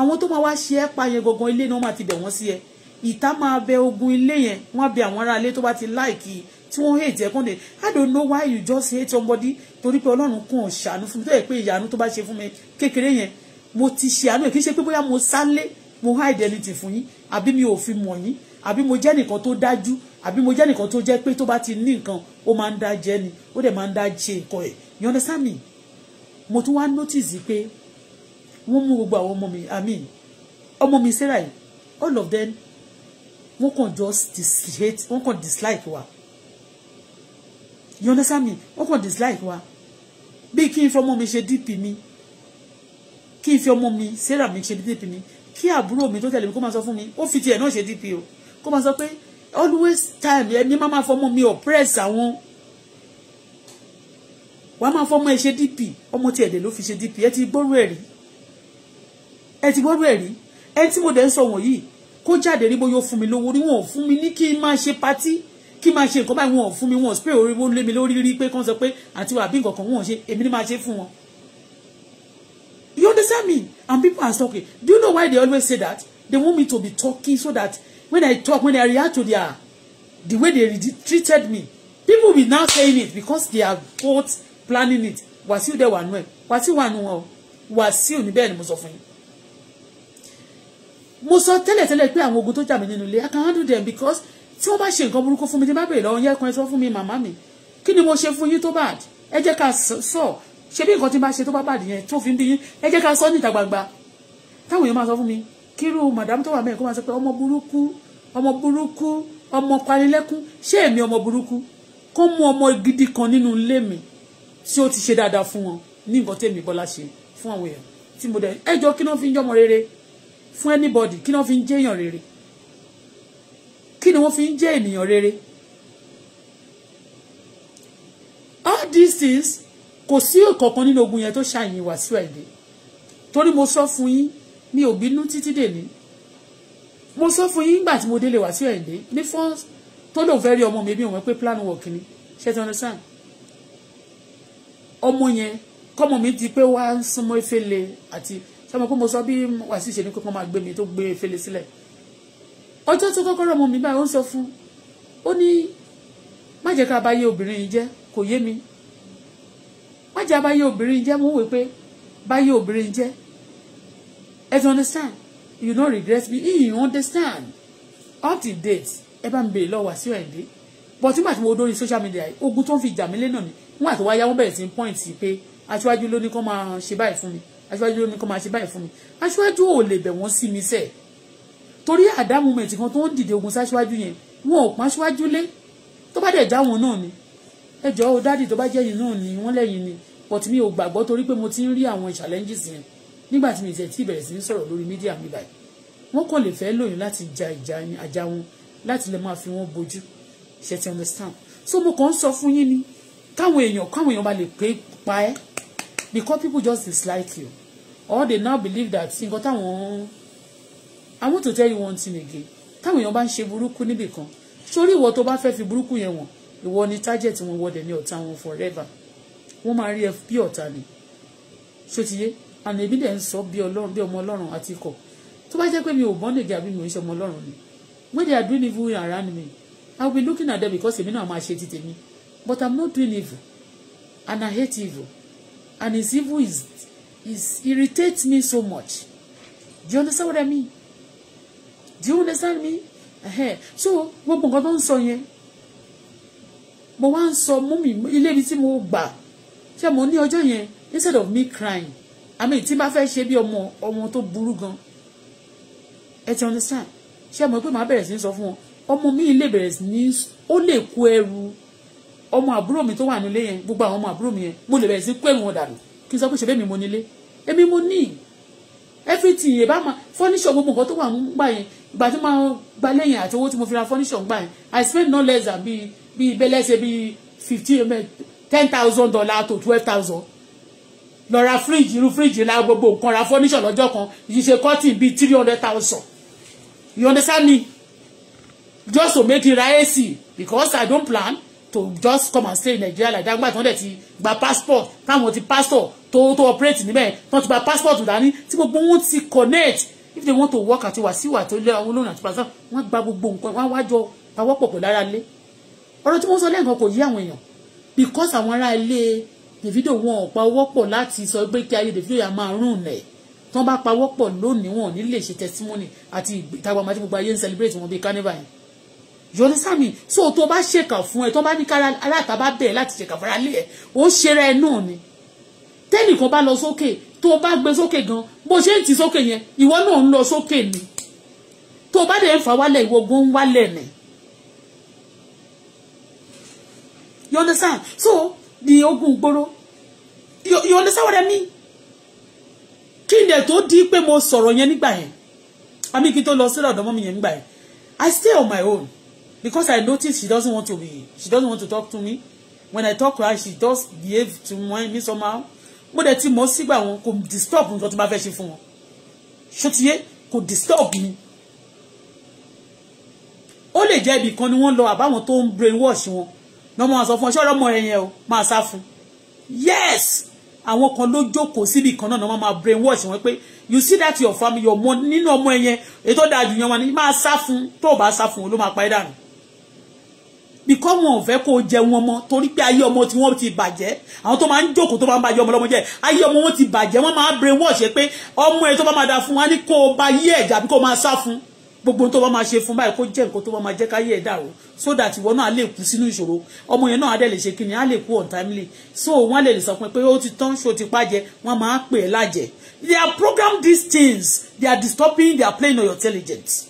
àwọn tó máa wá ṣe é pa yẹn gangan ilé náà máa ti bẹ̀ wọ́n sí ẹ ìta máa bẹ ogun ilé yẹn wọ́n bẹ àwọn ará ilé tó bá ti láìkì tí wọ́n hate ẹ̀kọ́ de I don't know why you just hate somebody torí pé ọlọ́run kàn ṣàánú fún mi tó yẹ pé ìyànú tó bá ṣe fún mi kékeré yẹn mo ti ṣàánú ẹ̀ kì í ṣe pé bóyá mo sálé mo hide anything fún yín àbí mi ò fi mọ̀ yín àbí mo jẹ́ nìkan tó dájú àbí mo jẹ́ nìkan tó jẹ́ pé tó bá ti ní nǹkan ó máa ń dá jẹ ni ó dẹ̀ máa ń dá ṣe nǹkan ẹ̀ you understand me mo tún wá notice pé wọ́n mú gbogbo àwọn ọmọ mi àmì ọmọ mi Sarah all of them wọ́n kàn just dislike wọ́n kàn dislike wa you understand me wọ́n kàn dislike wa bíi kí n fọmọ mi ṣe dp mi kí n fi ọmọ mi sarah mi ṣe dp mi kí àbúrò mi tó tẹ̀lé mi kó máa sọ fún mi ó fi tiẹ̀ náà ṣe dp o kó máa sọ pé always time ẹni máa máa fọmọ mi oppress àwọn wàá máa fọmọ ẹ ṣe dp ọmọ tiẹ̀ dẹ̀ ló fi ṣe dp ẹ ti gbọ́rú ẹ̀ rí ẹ ti gbọ́rú ẹ̀ rí ẹ tí mo dẹ̀ ń sọ wọ̀nyí kó jáde rí bóyá ó fún mi lówó rí wọn ò fún mi ní kí n máa ṣe patí kí n máa ṣe nǹkan báyìí wọn ò fún mi wọn ò spray orí wọn lé mi lórí rí pé kán sọ pé àti wà bí nǹkan wọn ò ṣe èmi ni máa ṣe fún wọn. you understand me and people are talking do you know why they always say that they want me to be talking so that when I talk when I react to their the way they treated me people be now saying it because they are both planning it Wasiu dẹ̀ wà nù ẹ̀ Wasiu wà nù wọn o Wasiu ní bẹ́ẹ̀ ni mo sọ fún yín mo sọ tẹ́lẹ̀tẹ́lẹ̀ pé àwọn ogun tó jà mí nínú ilé I can handle them because tí wọ́n bá ṣe nǹkan burúkú fún mi tí n bá bèrè lọ́wọ́ yẹ́ kan ẹ sọ fún mi màmá mi kí ni mo ṣe fún yín tó bad ẹ jẹ́ ká sọ ṣe bí nǹkan tí n bá ṣe tó bá bad yẹn tó fi ń bí yín ẹ jẹ́ ká sọ níta gbangba táwọn èèyàn máa sọ fún mi kírú màdàm tó wà mẹ́rin kó máa sọ pé ọmọ burúkú ọmọ burúkú ọmọ panilẹ́kún ṣé èmi ọmọ burúkú kó mú ọmọ gidi kan nínú ilé mi tí ó ti ṣe dáadáa fún wọn ní nǹkan tèmi Bọ́lá ṣe fún àwọn èèyàn tí mo dẹ̀ ẹjọ́ kí ló fi ń jọmọ rere fún anybody kí ni wọ́n fi ń jẹ́ èèyàn rere kí ni wọ́n fi ń jẹ́ ènìyàn rere all these things kò sí ọ̀kọ̀ọ̀kan nínú ogun yẹn tó ṣàyìn Wàsíù Àyìndé torí mo sọ fún yín mi ò bínú títí dèní mo sọ fún yín nígbà tí mo délé Wàsíù Àyìndé ní fún tó lòun fẹ́ rí ọmọ mi bí òun pé plan work ni ṣé ti understand ọmọ yẹn kọ́mọ mi di pé wá ń súnmọ́ efele àti ṣọmọ pé mo sọ bí wàásù ṣe ni pé kó máa gbé mi tó gbé fèlè sílẹ̀ ọjọ́ tó kọ́kọ́ rọmọ mi báyìí ó ń sọ fún ó ní má jẹ́ ká bá obìnrin yìí jẹ́ kò yé mi má jẹ́ bá yé obìnrin jẹ́ mo wò pé bá yé obìnrin jẹ́ ẹ ti understand you no regret me If you understand up to date ẹ bá ń bèrè lọ́wọ́ sí ẹ̀ǹdẹ́ but nígbà tí mo dórí social media ogun tó ń fi jà mí lẹ́nà mi wọ́n àti wáyá wọ́n bẹ̀rẹ̀ sí point pé aṣíwájú ló ní kó máa ṣe báyìí fún mi aṣíwájú lómi kan máa ṣe báyìí fún mi aṣíwájú ò lè bẹ̀ wọ́n sí mi sẹ́ẹ̀ torí àdá moment kan tó ń dìde ogun sáṣíwájú yẹn wọn ò pọ́n aṣíwájú lé tó bá dẹ̀ já wọn náà ni ẹjọ́ o dádì tó bá jẹ́ yìí náà ni wọ́n lẹ́yìn ni but mi ò gbàgbọ́ torí pé mo ti ń rí àwọn challenges yẹn nígbà tí mi ìṣẹ̀ tí ìbẹ̀rẹ̀ sí ń sọ̀rọ̀ lórí mídíà mi báyìí wọ́n kàn lè fẹ́ lòyìn láti ja ìjà ajá wọn láti lè máa fi wọn bojú ṣe ti understand so mo kàn ń sọ fún yín ni káwọn èèyàn káwọn èèyàn bá lè pé pa ẹ́ because people just dislike you or they now believe that nǹkan táwọn I want to tell you one thing again táwọn èèyàn bá ń ṣe burúkú níbì kan sórí ìwọ tó bá fẹ́ fi burúkú yẹn wọ̀n ìwọ ni target wọn ìwọ dẹ̀ ni ọ̀tá wọn forever wọ́n máa rí ẹ bí ọ̀tá ni ṣòtìyé àná èmi dẹ̀ ń sọ bí ọlọ́run bí ọmọ ọlọ́run àti ikọ̀ tó bá jẹ́ pé mi ò bọ́ nìgẹ̀ àbí mi ò ń ṣe ọmọ ọlọ́run ni when they are doing evil around me I will be looking at them because èmi náà máa ṣe ti tèmi but I'm not doing evil and I hate evil and his evil is, is irritates me so much. Do you understand what I mean? Do you understand me? Uh-huh. So gbogbo nǹkan tó ń sọ yẹn mo wá ń sọ mú mi ilé ibi tí mo gbà ṣé mo ní ọjọ́ yẹn instead of me crying I mean tí bá fẹ́ ṣe bí ọmọ ọmọ tó burú gan ẹ ti understand ṣé mo pé màá bẹ̀rẹ̀ sí ní sọ fún wọn ọmọ mi ilé bẹ̀rẹ̀ sí ní ó lè kó ẹrù ọmọ àbúrò mi tó wà nílé yẹn gbogbo àwọn ọmọ àbúrò mi yẹn mo lè bẹ̀rẹ̀ sí pé wọn dànù kí n sọ pé ṣe bẹ́ẹ̀ mi mo nílé èmi mo ní everything yẹn bá ma furniture gbogbo nǹkan tó wà ń gbà yẹn ìgbà tó máa gba lẹ́yìn àti owó tí mo fi ra furniture ń gbà yẹn I spend no less than bíi bíi bẹ́lẹ́ ṣe bíi fifteen eh, ten thousand dollars to twelve thousand lọ ra fridge irú fridge la gbogbo nǹkan ra furniture lọ́jọ́ kan yìí ṣe cotton bíi three hundred thousand you understand me just to make it ra AC because I don't plan to just come and stay in Nigeria like that nígbà tí wọ́n dẹ̀ ti gba passport táwọn ti pastor tó tó operate níbẹ̀ wọ́n ti gba passport dání tí gbogbo wọn ti connect if they want to work àti wàsíù àti olè àwọn olóòrùn àti pàṣẹ wọ́n gba gbogbo nǹkan wọ́n wá jọ pawọ́pọ̀ pẹ̀lú ara lé ọ̀rọ̀ tí wọ́n sọ lẹ́ẹ̀kan kò yí àwọn èèyàn because àwọn ará ilé Davido wọn ò pawọ́pọ̀ láti sọ pé kí ayé Davido yà máa rún nẹ̀ tí wọ́n bá pawọ́pọ̀ lónìí wọn ò ní lè ṣe testimony àti ìgbìtàgbàmájú gbogbo ayé ń celebrate wọn bíi carnival yìí you understand me so tó bá ṣèkà fún ẹ tó bá ní kára aláta bá bẹ̀ẹ̀ láti ṣèkà fara lé ẹ ó ń ṣera ẹ náà ni tẹ́nìkan bá lọ sókè tó bá gbé sókè gan bó ṣe ń ti sókè yẹn ìwọ náà ń lọ sókè ni tó bá dẹ̀ ń fà wálẹ̀ ìwọ gan ń wálẹ̀ ni you understand so ni ogun gbòòrò you, you understand what I mean kí ni ẹ̀ tó di pé mo sọ̀rọ̀ yẹn nígbà yẹn àmì kí n tó lọ sílẹ̀ ọ̀dọ́mọ́ mi yẹn nígbà yẹn I stay on my own because I notice she doesn't want to be she doesn't want to talk to me when I talk to her she just behave to me somehow mo dẹ̀ ti mọ̀ sígbà wọn kò disturb nǹkan to ma fẹ́ ṣe fún wọn ṣótiyé kò disturb me. ó lè jẹ́ ibì kan ni wọ́n lọ àbáwọn tó ń brainwash wọn ní ọmọ àsọ fún ọ ṣọ́ọ́rọ́ ọmọ rẹ yẹn o máa sá fún yes àwọn kan ló jókòó síbì kan náà ni wọ́n máa brainwash wọn pé you see that your family your mom nínú ọmọ yẹn èyí tó dáa jù yẹn wọn ni máa sá fún tó o bá sá fún ló máa pa dànù bìkọ́ wọn ò fẹ́ kó jẹun ọmọ torí pé ayé ọmọ tí wọ́n ti bàjẹ́ àwọn tó máa ń jókòó tó máa ń bàjẹ́ ọmọ lọ́mọ jẹ́ ayé ọmọ wọn ti bàjẹ́ wọ́n máa brain wash pé ọmọ ẹ tó bá máa da fún wa ní kó o bá yé ẹ̀jà bí kó máa sá fún gbogbo tó bá máa ṣe fún báyìí kó jẹ́ nǹkan tó bá máa jẹ́ káyé ẹ̀dá o so that ìwọ náà lè kú sínú ìṣòro ọmọ yẹn náà á dẹ̀ lè ṣe kíni á lè kú on timely so wọ́n lè lè sọ pé ó ti tán ṣo ti pàjẹ́ wọ́n máa pè é lájẹ́ they are program these things they are disturbing they are playing on your intelligence.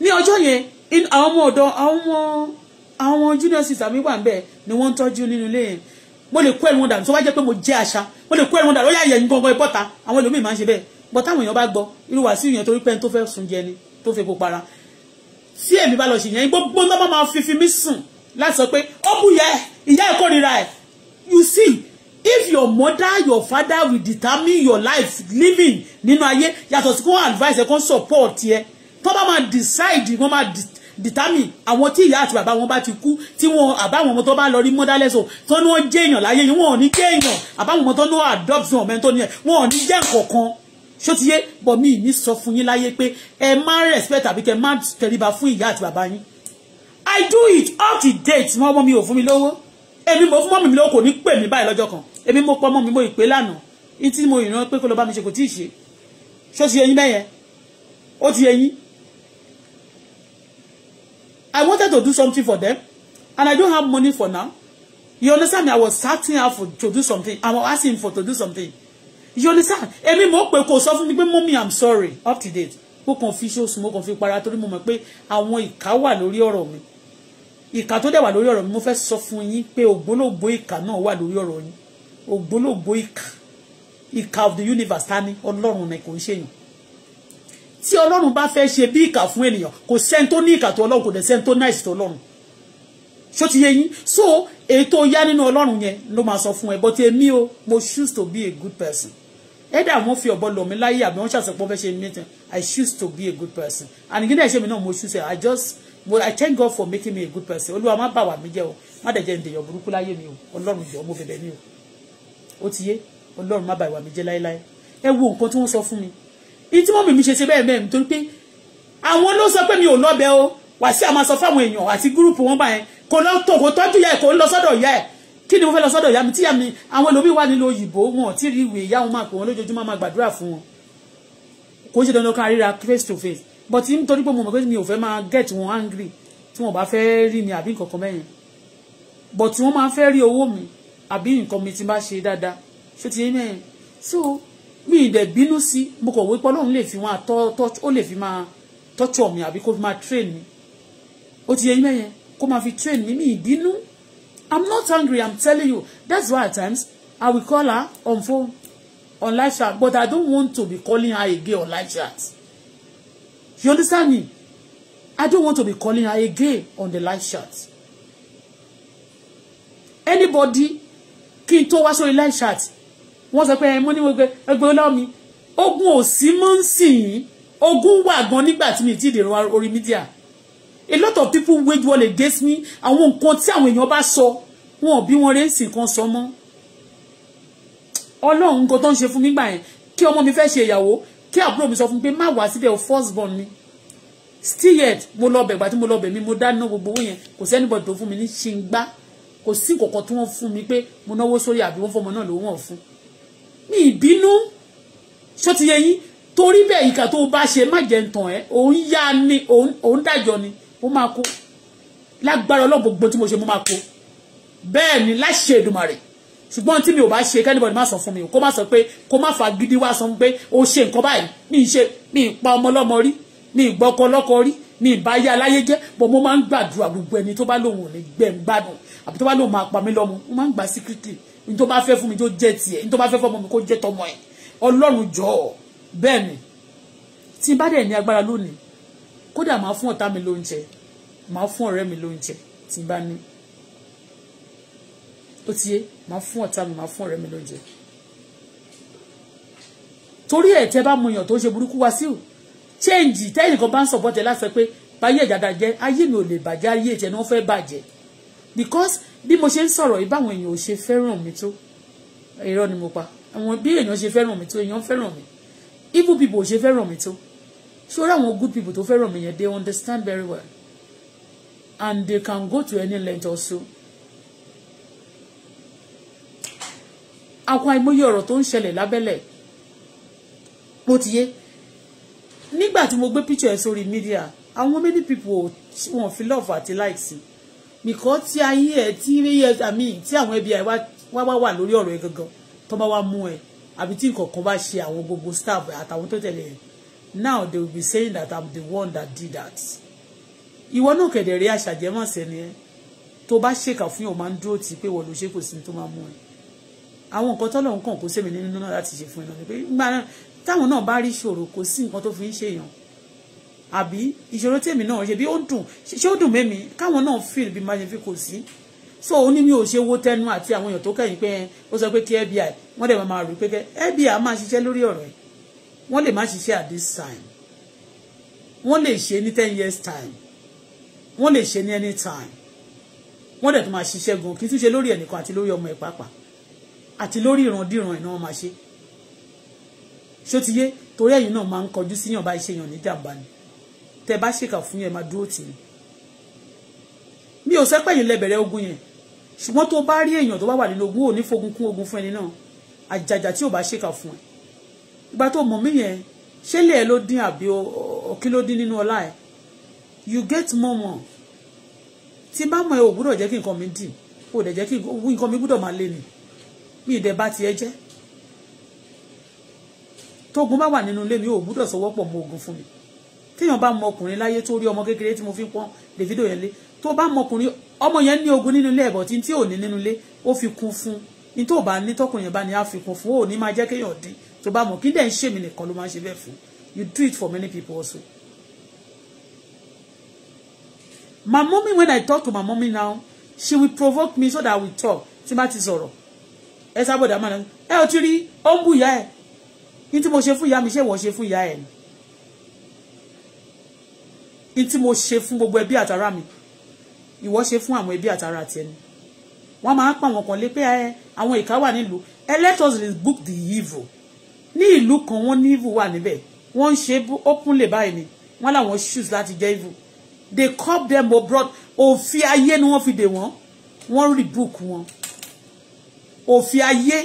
ní ọjọ́ yẹn àwọn ọmọ ọ̀dọ́ àwọn ọmọ àwọn ọmọ junior sister mi wà ń bẹ̀ ni wọ́n ń tọ́jú nínú ilé yẹn mo lè kó ẹ̀rù wọn dànù tó bá jẹ́ pé mo jẹ́ àṣà mo lè kó ẹ̀rù wọn dànù ó yà yẹ̀yìn gangan ìbọ̀ta àwọn ẹlòmíì máa ń ṣe bẹ́ẹ̀ bọ́ táwọn èèyàn bá gbọ́ irú Wàsíù yẹn torí pé ẹni tó fẹ́ sùn jẹ ni tó fẹ́ popara tí èmi bá lọ ṣe yẹn gbogbo náà bá máa fi fi mí sùn láti sọ pé ó bù yẹ ìyá ẹ̀ kórìíra ẹ̀ you see if your mother your father will determine your life living nínú ayé yàtọ̀ sí kó advice ẹ̀ kó support yẹ tó bá máa decide wọ́n máa determine àwọn tí ìyá àti bàbá wọn bá ti kú tí wọn àbáwọn ọmọ tó bá lọ rí mọ́dálẹ́sọ̀ tó ní wọ́n jẹ́ èèyàn láyé yìí wọn ò ní jẹ́ èèyàn àbáwọn ọmọ tó ní wọ́n adopt wọn mẹ́tọ́ ni ẹ̀ wọn ò ní jẹ́ nǹkankan ṣó ti yé bọ̀ mí ní sọ fún yín láyé pé ẹ má respect àbí kẹ má tẹríba fún ìyá àti bàbá yín I do it up to date mọ́ ọmọ mi ò fún mi lówó èmi mo fún mọ́mì mi lówó kò ní pè mí báyìí lọ́jọ́ kan èmi mo pọ́ mọ́mì mo ìpè lánàá ní tí mo ìran pé kó lọ bá mi ṣe kò tí ì ṣe ṣó ti yé yín bẹ́yẹn ó ti yé yín I wanted to do something for them, and I don't have money for now. You understand me? I was starting out for, to do something. I was asking for to do something. You understand? Èmi mo pé kò sọ fún mi pé mommy I'm sorry up to date. Mo kàn fi ṣe oṣù mo kàn fi para torí mo mọ̀ pé àwọn ìka wà lórí ọ̀rọ̀ mi. Ìka tó dẹ̀ wà lórí ọ̀rọ̀ mi mo fẹ́ sọ fún yín pé ògbólógbó ìka náà wà lórí ọ̀rọ̀ yín. Ògbólógbó ìka. Ìka of the universe ta ni Ọlọ́run ni kò ń ṣèyàn tí ọlọ́run bá fẹ́ ṣe bí ìkà fún ènìyàn kò sẹ́ni tó ní ìkà tó ọlọ́run kò dẹ̀ sẹ́ni tó náìsì tó ọlọ́run ṣó ti yé yín so èyí tó yá nínú ọlọ́run yẹn ló máa sọ fún ẹ but èmi o mo choose to be a good person ẹ̀dá wọn fi ọ̀bọ lọ̀ mí láyé àbí wọ́n ṣàṣepọ̀ fẹ́ ṣe mí tán I choose to be a good person and nígbà ìṣe mi náà mo choose I just mo I thank God for making me a good person olúwa má bà wá mi jẹ́ o má dẹ̀ jẹ́ ǹdẹ̀yọ̀ burúkú láyé mi o ọlọ́run jọ̀ọ́ mo bẹ̀bẹ̀ ní o ó ti yé ọlọ́run má bà wá mi jẹ́ láéláé ẹ wo nǹkan tí wọ́n sọ fún mi ìtí mọ́mì mi ṣe ṣe bẹ́ẹ̀ bẹ́ẹ̀ nítorí pé àwọn ló sọ pé mi ò lọ́bẹ̀ o wà sí àmọ́ sọ fáwọn èèyàn àti gúrùpù wọn bá yẹn kò lọ tó kò tọ́jú ìyá ẹ̀ kò ń lọ sọ́dọ̀ ìyá ẹ̀ kí ni mo fẹ́ lọ sọ́dọ̀ ìyá mi tíyà mi àwọn ẹlòmíì wà nílò òyìnbó wọn tí rí ìwé ìyá wọn máa pè wọn lójoojúmọ́ máa gbàdúrà fún wọn kò ṣe dandan kan ríra face to face but nítorí pé mo mọ̀ pé mi ò fẹ́ máa get wọn angry tí wọn bá fẹ́ rí mi àbí nǹkan kan mẹ́yìn but wọn máa fẹ́ rí owó mi àbí nǹkan mi tí bá ṣe dáadáa ṣé ti yé mẹ́yìn so mi ì dẹ̀ bínú sí mo kàn wípé ọlọ́run lè fi máa tọ́ ó lè fi máa tọ́jú ọ̀mì àbí kó fi máa train mi ó ti yẹ yín mẹ́yẹn kó máa fi train mi mi ì i'm not angry i'm telling you that's why at times i will call her on phone on live chat but i don't want to be calling her again on live chat you understand me i don't want to be calling her again on the live chat anybody kí n tó wá sórí live chat wọ́n sọ pé mo ní ẹgbẹ́ ọlọ́mi ogun ò sí mọ́ ń sìn yín ogun wà gan nígbà tí mi ti dèrò orí mídíà a lot of people wage war against me àwọn nǹkan tí àwọn èèyàn bá sọ wọn ò bí wọn rẹ̀ ń sìn kan sọ mọ́ ọlọ́run nǹkan tó ń ṣe fún mi gbà yẹn kí ọmọ mi fẹ́ ṣe ìyàwó kí àbúrò mi sọ fún mi pé má wá sílẹ̀ o first born mi still yet mo lọ bẹ̀gbà tí mo lọ bẹ̀ mi mo dáná gbogbo owó yẹn kò sẹ́nìbọ̀dì tó fún mi ní ṣe ń gbá kò sí nǹkan tí wọ́n fún mi pé mo náwó sórí àbí wọ́n fọmọ náà lówó wọn fún mi ìbínú ṣó ti yẹ yín torí bẹ́ẹ̀ ìkà tó bá ṣe má jẹ́ ntàn ẹ́ òun yá ni òun dájọ́ ni ó máa kó lágbára ọlọ́run gbogbo tí mo ṣe mo máa kó bẹ́ẹ̀ ni láṣẹ Èdùmàrè ṣùgbọ́n tí mi ò bá ṣe kẹ́nìbọ̀dì má sọ fún mi kó má sọ pé kó má fa gidi wá sọ pé ó ṣe nǹkan báyìí mi ṣe mi pa ọmọ ọlọ́mọ rí mi gbọ́kọ ọlọ́kọ rí mi bá yá aláyé jẹ́ bọ́ mo máa ń gbàdúrà gbogbo ẹni tó bá lòun ò ní gbẹ̀ ń gbádùn àbí tó bá lòun máa pa mí lọ́mọ mo máa ń gbà secretly ní tó bá fẹ́ fún mi tó jẹ́ tiẹ̀ ní tó bá fẹ́ fọmọ mi kó jẹ́ tọmọ ẹ̀ ọlọ́run jọ̀ọ́ bẹ́ẹ̀ ni tí n bá dẹ̀ ní agbára lónìí kódà máa fún ọ̀tá mi lóúnjẹ máa fún ọ̀rẹ́ mi lóúnjẹ tí n bá ní ó ti yé máa fún ọ̀tá mi máa fún ọ̀rẹ́ mi lóúnjẹ torí ẹ̀ tẹ́ bá mọ èèyàn tó ń ṣe burúkú wá sí ò change tẹ́nìkan bá ń sọ̀bọ̀tẹ̀ láti sọ pé báyé ìjàdá jẹ́ ayé mi ò lè bàjẹ́ ayé ìtẹ̀ ni wọ́n fẹ́ bàjẹ́ because bí mo ṣe ń sọ̀rọ̀ yìí báwọn èèyàn ò ṣe fẹ́ràn mi tó irọ́ ni mo pa àwọn bí èèyàn ṣe fẹ́ràn mi tó èèyàn fẹ́ràn mi evil people ò ṣe fẹ́ràn mi tó ṣọ́ra àwọn good people tó fẹ́ràn mi yẹn they understand very well and they can go to any length also. àwọn àìmọye ọ̀rọ̀ tó ń ṣẹlẹ̀ lábẹ́lẹ̀ bó ti yé nígbà tí mo gbé picture ẹ̀ sórí media àwọn many people wọn fi love àti like sí i nìkan tí ayé ẹ tí yẹ àmì tí àwọn ẹbí ẹ wá wá wà lórí ọ̀rọ̀ ẹ gangan tó bá wá mú ẹ àbí tí nǹkan kan bá ṣe àwọn gbogbo staff àtàwọn tó tẹ̀lé ẹ now they will be saying that i'm the one that did that ìwọ náà kẹ̀dẹ̀ rí àṣàjẹmọ̀sẹ̀ ni ẹ tó bá ṣèkà fún yàn máa ń dúró tì í pé wọ́n ló ṣe kò sí ní tó máa mú ẹ àwọn nǹkan tọ́lọ̀ nǹkan kò sẹ́mi nínú náà láti ṣe fún ẹ náà ni pé táwọn náà bá rí ìṣòro kò sí nǹkan tó fi ń ṣèyàn àbí ìṣòro tèmi náà ṣe bí ó dùn ṣé ó dùn mẹ́mi káwọn náà fìlì bí máa ṣe fi kò sí so ó ní mi ò ṣe wo tẹnu àti àwọn èèyàn tó kẹ́yìn pé ó sọ pé kí FBI wọ́n dẹ̀ máa rò pé kẹ́ FBI máa ṣiṣẹ́ lórí ọ̀rọ̀ ẹ̀ wọ́n lè má ṣiṣẹ́ at this time wọ́n lè ṣe ní ten years time wọ́n lè ṣe ní any time wọ́n dẹ̀ tún máa ṣiṣẹ́ gan kì í tún ṣe lórí ẹnìkan àti lórí ọmọ ẹ̀ pàápàá àti lórí ìrandíran ẹ̀ náà wọ́n máa ṣe ṣó ti yé torí ẹ̀yìn náà máa ń kọjú síyàn bá ṣe yàn ní jàǹbá ni tẹ́ bá ṣèkà fún yẹn máa dúró tì í mi ò sẹ́pẹ́ yìí lẹ́bẹ̀rẹ̀ ogun yẹn ṣùgbọ́n tó bá rí èèyàn tó bá wà nínú ogun ò ní fogun kún ogun fún ẹni náà àjàjà tí ò bá ṣèkà fún ẹ ìgbà tó mọ̀ mí yẹn ṣé lè ẹ ló dín àbí ọkí ló dín nínú ọlá ẹ you get more more tí bá mọ̀ ẹ ò gbúdọ̀ jẹ́ kí nǹkan mi dì ò dẹ̀ jẹ́ kí nǹkan mi gbúdọ̀ máa lé ni mi ì dẹ̀ bá tiẹ̀ jẹ́ tógun bá wà nínú ilé mi ò gbúdọ̀ sọwọ́pọ̀ mọ́ ogun fún mi téèyàn bá mọ ọkùnrin láyé tó rí ọmọ kékeré tí mo fi ń pọ́n Davido yẹn lé tó bá mọ ọkùnrin ọmọ yẹn ní ogun nínú ilé ẹ̀bọ̀ tí tí ò ní nínú ilé ó fi kún fún ní tó bá ní tọkùnrin bá ní á fi kún fún ó ní máa jẹ́ kéèyàn dín tó bá mọ̀ kí dẹ̀ ń ṣèmi nìkan ló máa ń ṣe bẹ́ẹ̀ fún you do it for many people also. my mommy when i talk to my mommy now she will provoke me so that we talk tí bá ti sọ̀rọ̀ ẹ sábọ̀dà máa ń ẹ ò rí ó ń bù ìyá ẹ̀ ní tí mo ṣe fún ìyá mi ṣé ìwọ ṣe fún ìyá ẹ̀ ni tí mo ṣe fún gbogbo ẹbí àtàrà mi ìwọ ṣe fún àwọn ẹbí àtàrà tiẹ̀ ni wọ́n máa pa àwọn kan lé pé àwọn ìka wà nílùú ẹ let us book the evil ní ìlú kan wọ́n ní evil wà níbẹ̀ wọ́n ń open openly báyìí ni wọ́n làwọn choose láti jẹ́ evil they call them abroad òfin ayé ni wọ́n fi dè wọ́n wọ́n rebook wọn òfin ayé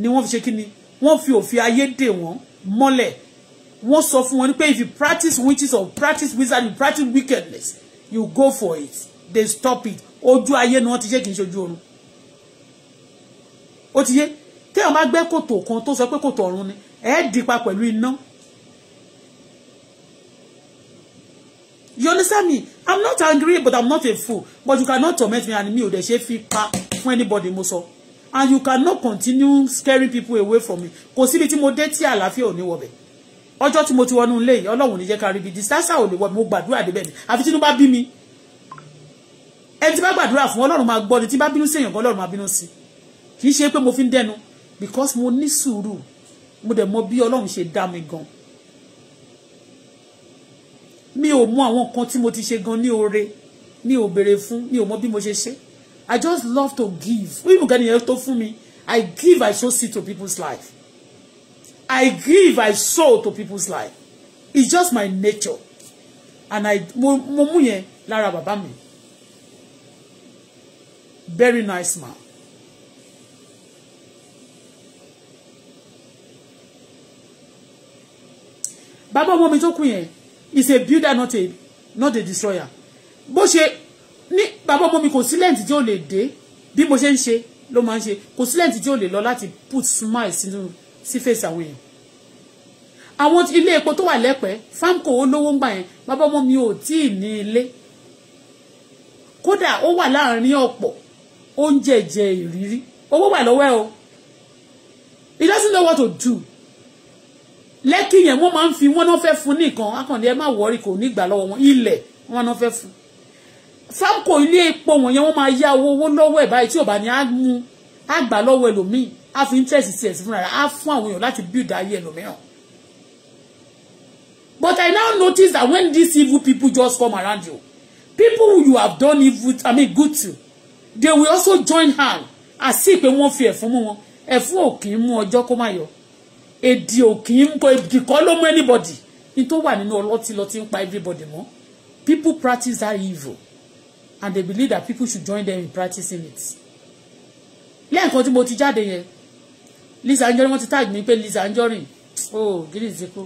ni wọ́n fi ṣe kí ni wọ́n fi òfin ayé dè wọ́n mọ́lẹ̀ wọ́n sọ fún wọn pé if you practice witches or practice wizard you practice wickedness you go for it they stop it ojú ayé ni wọ́n ti ṣe kì í ṣojú ọ̀run ó ti yé téèyàn bá gbẹ́ kòtò kan tó sọ pé kòtò ọ̀run ni ẹ̀ dìpa pẹ̀lú iná you understand me i'm not angry but i'm not a fool but you cannot torment me and me ò dẹ̀ ṣe fi pa fún anybody mo sọ and you cannot continue scaring people away from me kò síbi tí mo dé tí àlàáfíà ò ní wọbẹ̀ ọjọ́ tí mo ti wọnú ilé yìí ọlọ́run ní jẹ́ ká rí ibi disaster ò lè wọ mi mo gbàdúrà débẹ̀ ni àfi tí inú bá bí mi ẹni tí bá gbàdúrà fún ọlọ́run máa gbọ́ ni tí bá bínú sí èèyàn gan ọlọ́run máa bínú sí kì í ṣe pé mo fi ń dẹnu because mo ní sùúrù mo dẹ̀ mọ bí ọlọ́run ṣe dá mi gan mi ò mọ àwọn nǹkan tí mo ti ṣe gan ní oore mi ò béèrè fún mi ò mọ bí mo ṣe ṣe I just love to give wíwù gẹ́niyẹn tó fún mi I give I show see to people's life I give, I sow to people's life. It's just my nature. And I, mo mú yẹn lára bàbá Very nice man. Baba ọmọ mi tó kú is a builder not a not a destroyer bó ni baba bàbá consilient mi kò sí lẹ́ǹtì tí ó lè dé bí mo lola ń put smile sínú sí fèsì àwọn èèyàn àwọn ilé epo tó wà lẹ́pẹ́ famco olówó ń gbà yẹn bàbá ọmọ mi ò tí ì ní ilé kódà ó wà láàrin ọ̀pọ̀ oúnjẹ jẹ ìrírí owó wà lọ́wọ́ ẹ̀ o he doesn't know what to do lẹ́kì yẹn wọ́n máa ń fi wọ́n náà fẹ́ fún nìkan akànnì ẹ má wọ́ọ̀rì kò ní gbà lọ́wọ́ wọn ilẹ̀ wọ́n náà fẹ́ fún famco ilé epo wọ̀nyẹn wọ́n máa yá owó lọ́wọ́ ẹ̀ báyìí tí ò bá ní á mú á gbà lọ́wọ́ ẹlòmíì á fi interest sí ẹ̀sìn fúnra rẹ̀ á fún àwọn èèyàn láti build ayé ẹlòmíràn but I now notice that when these evil people just come around you people who you have done evil I mean good to they will also join hand àti pé wọ́n fi ẹ̀fún mú wọn ẹ̀fún ò kì í mú ọjọ́ kó má yọ èdè ò kì í kọ èdè kọ́ ló mú anybody ní tó wà nínú ọlọ́tí lọ ń pa everybody mọ́ people practice that evil and they believe that people should join them in practicing it lẹ́ẹ̀kan tí mo ti jáde yẹn Lizzy Anjorin wọ́n ti tag mi pé Lizzy Anjorin oh gírí ti kú.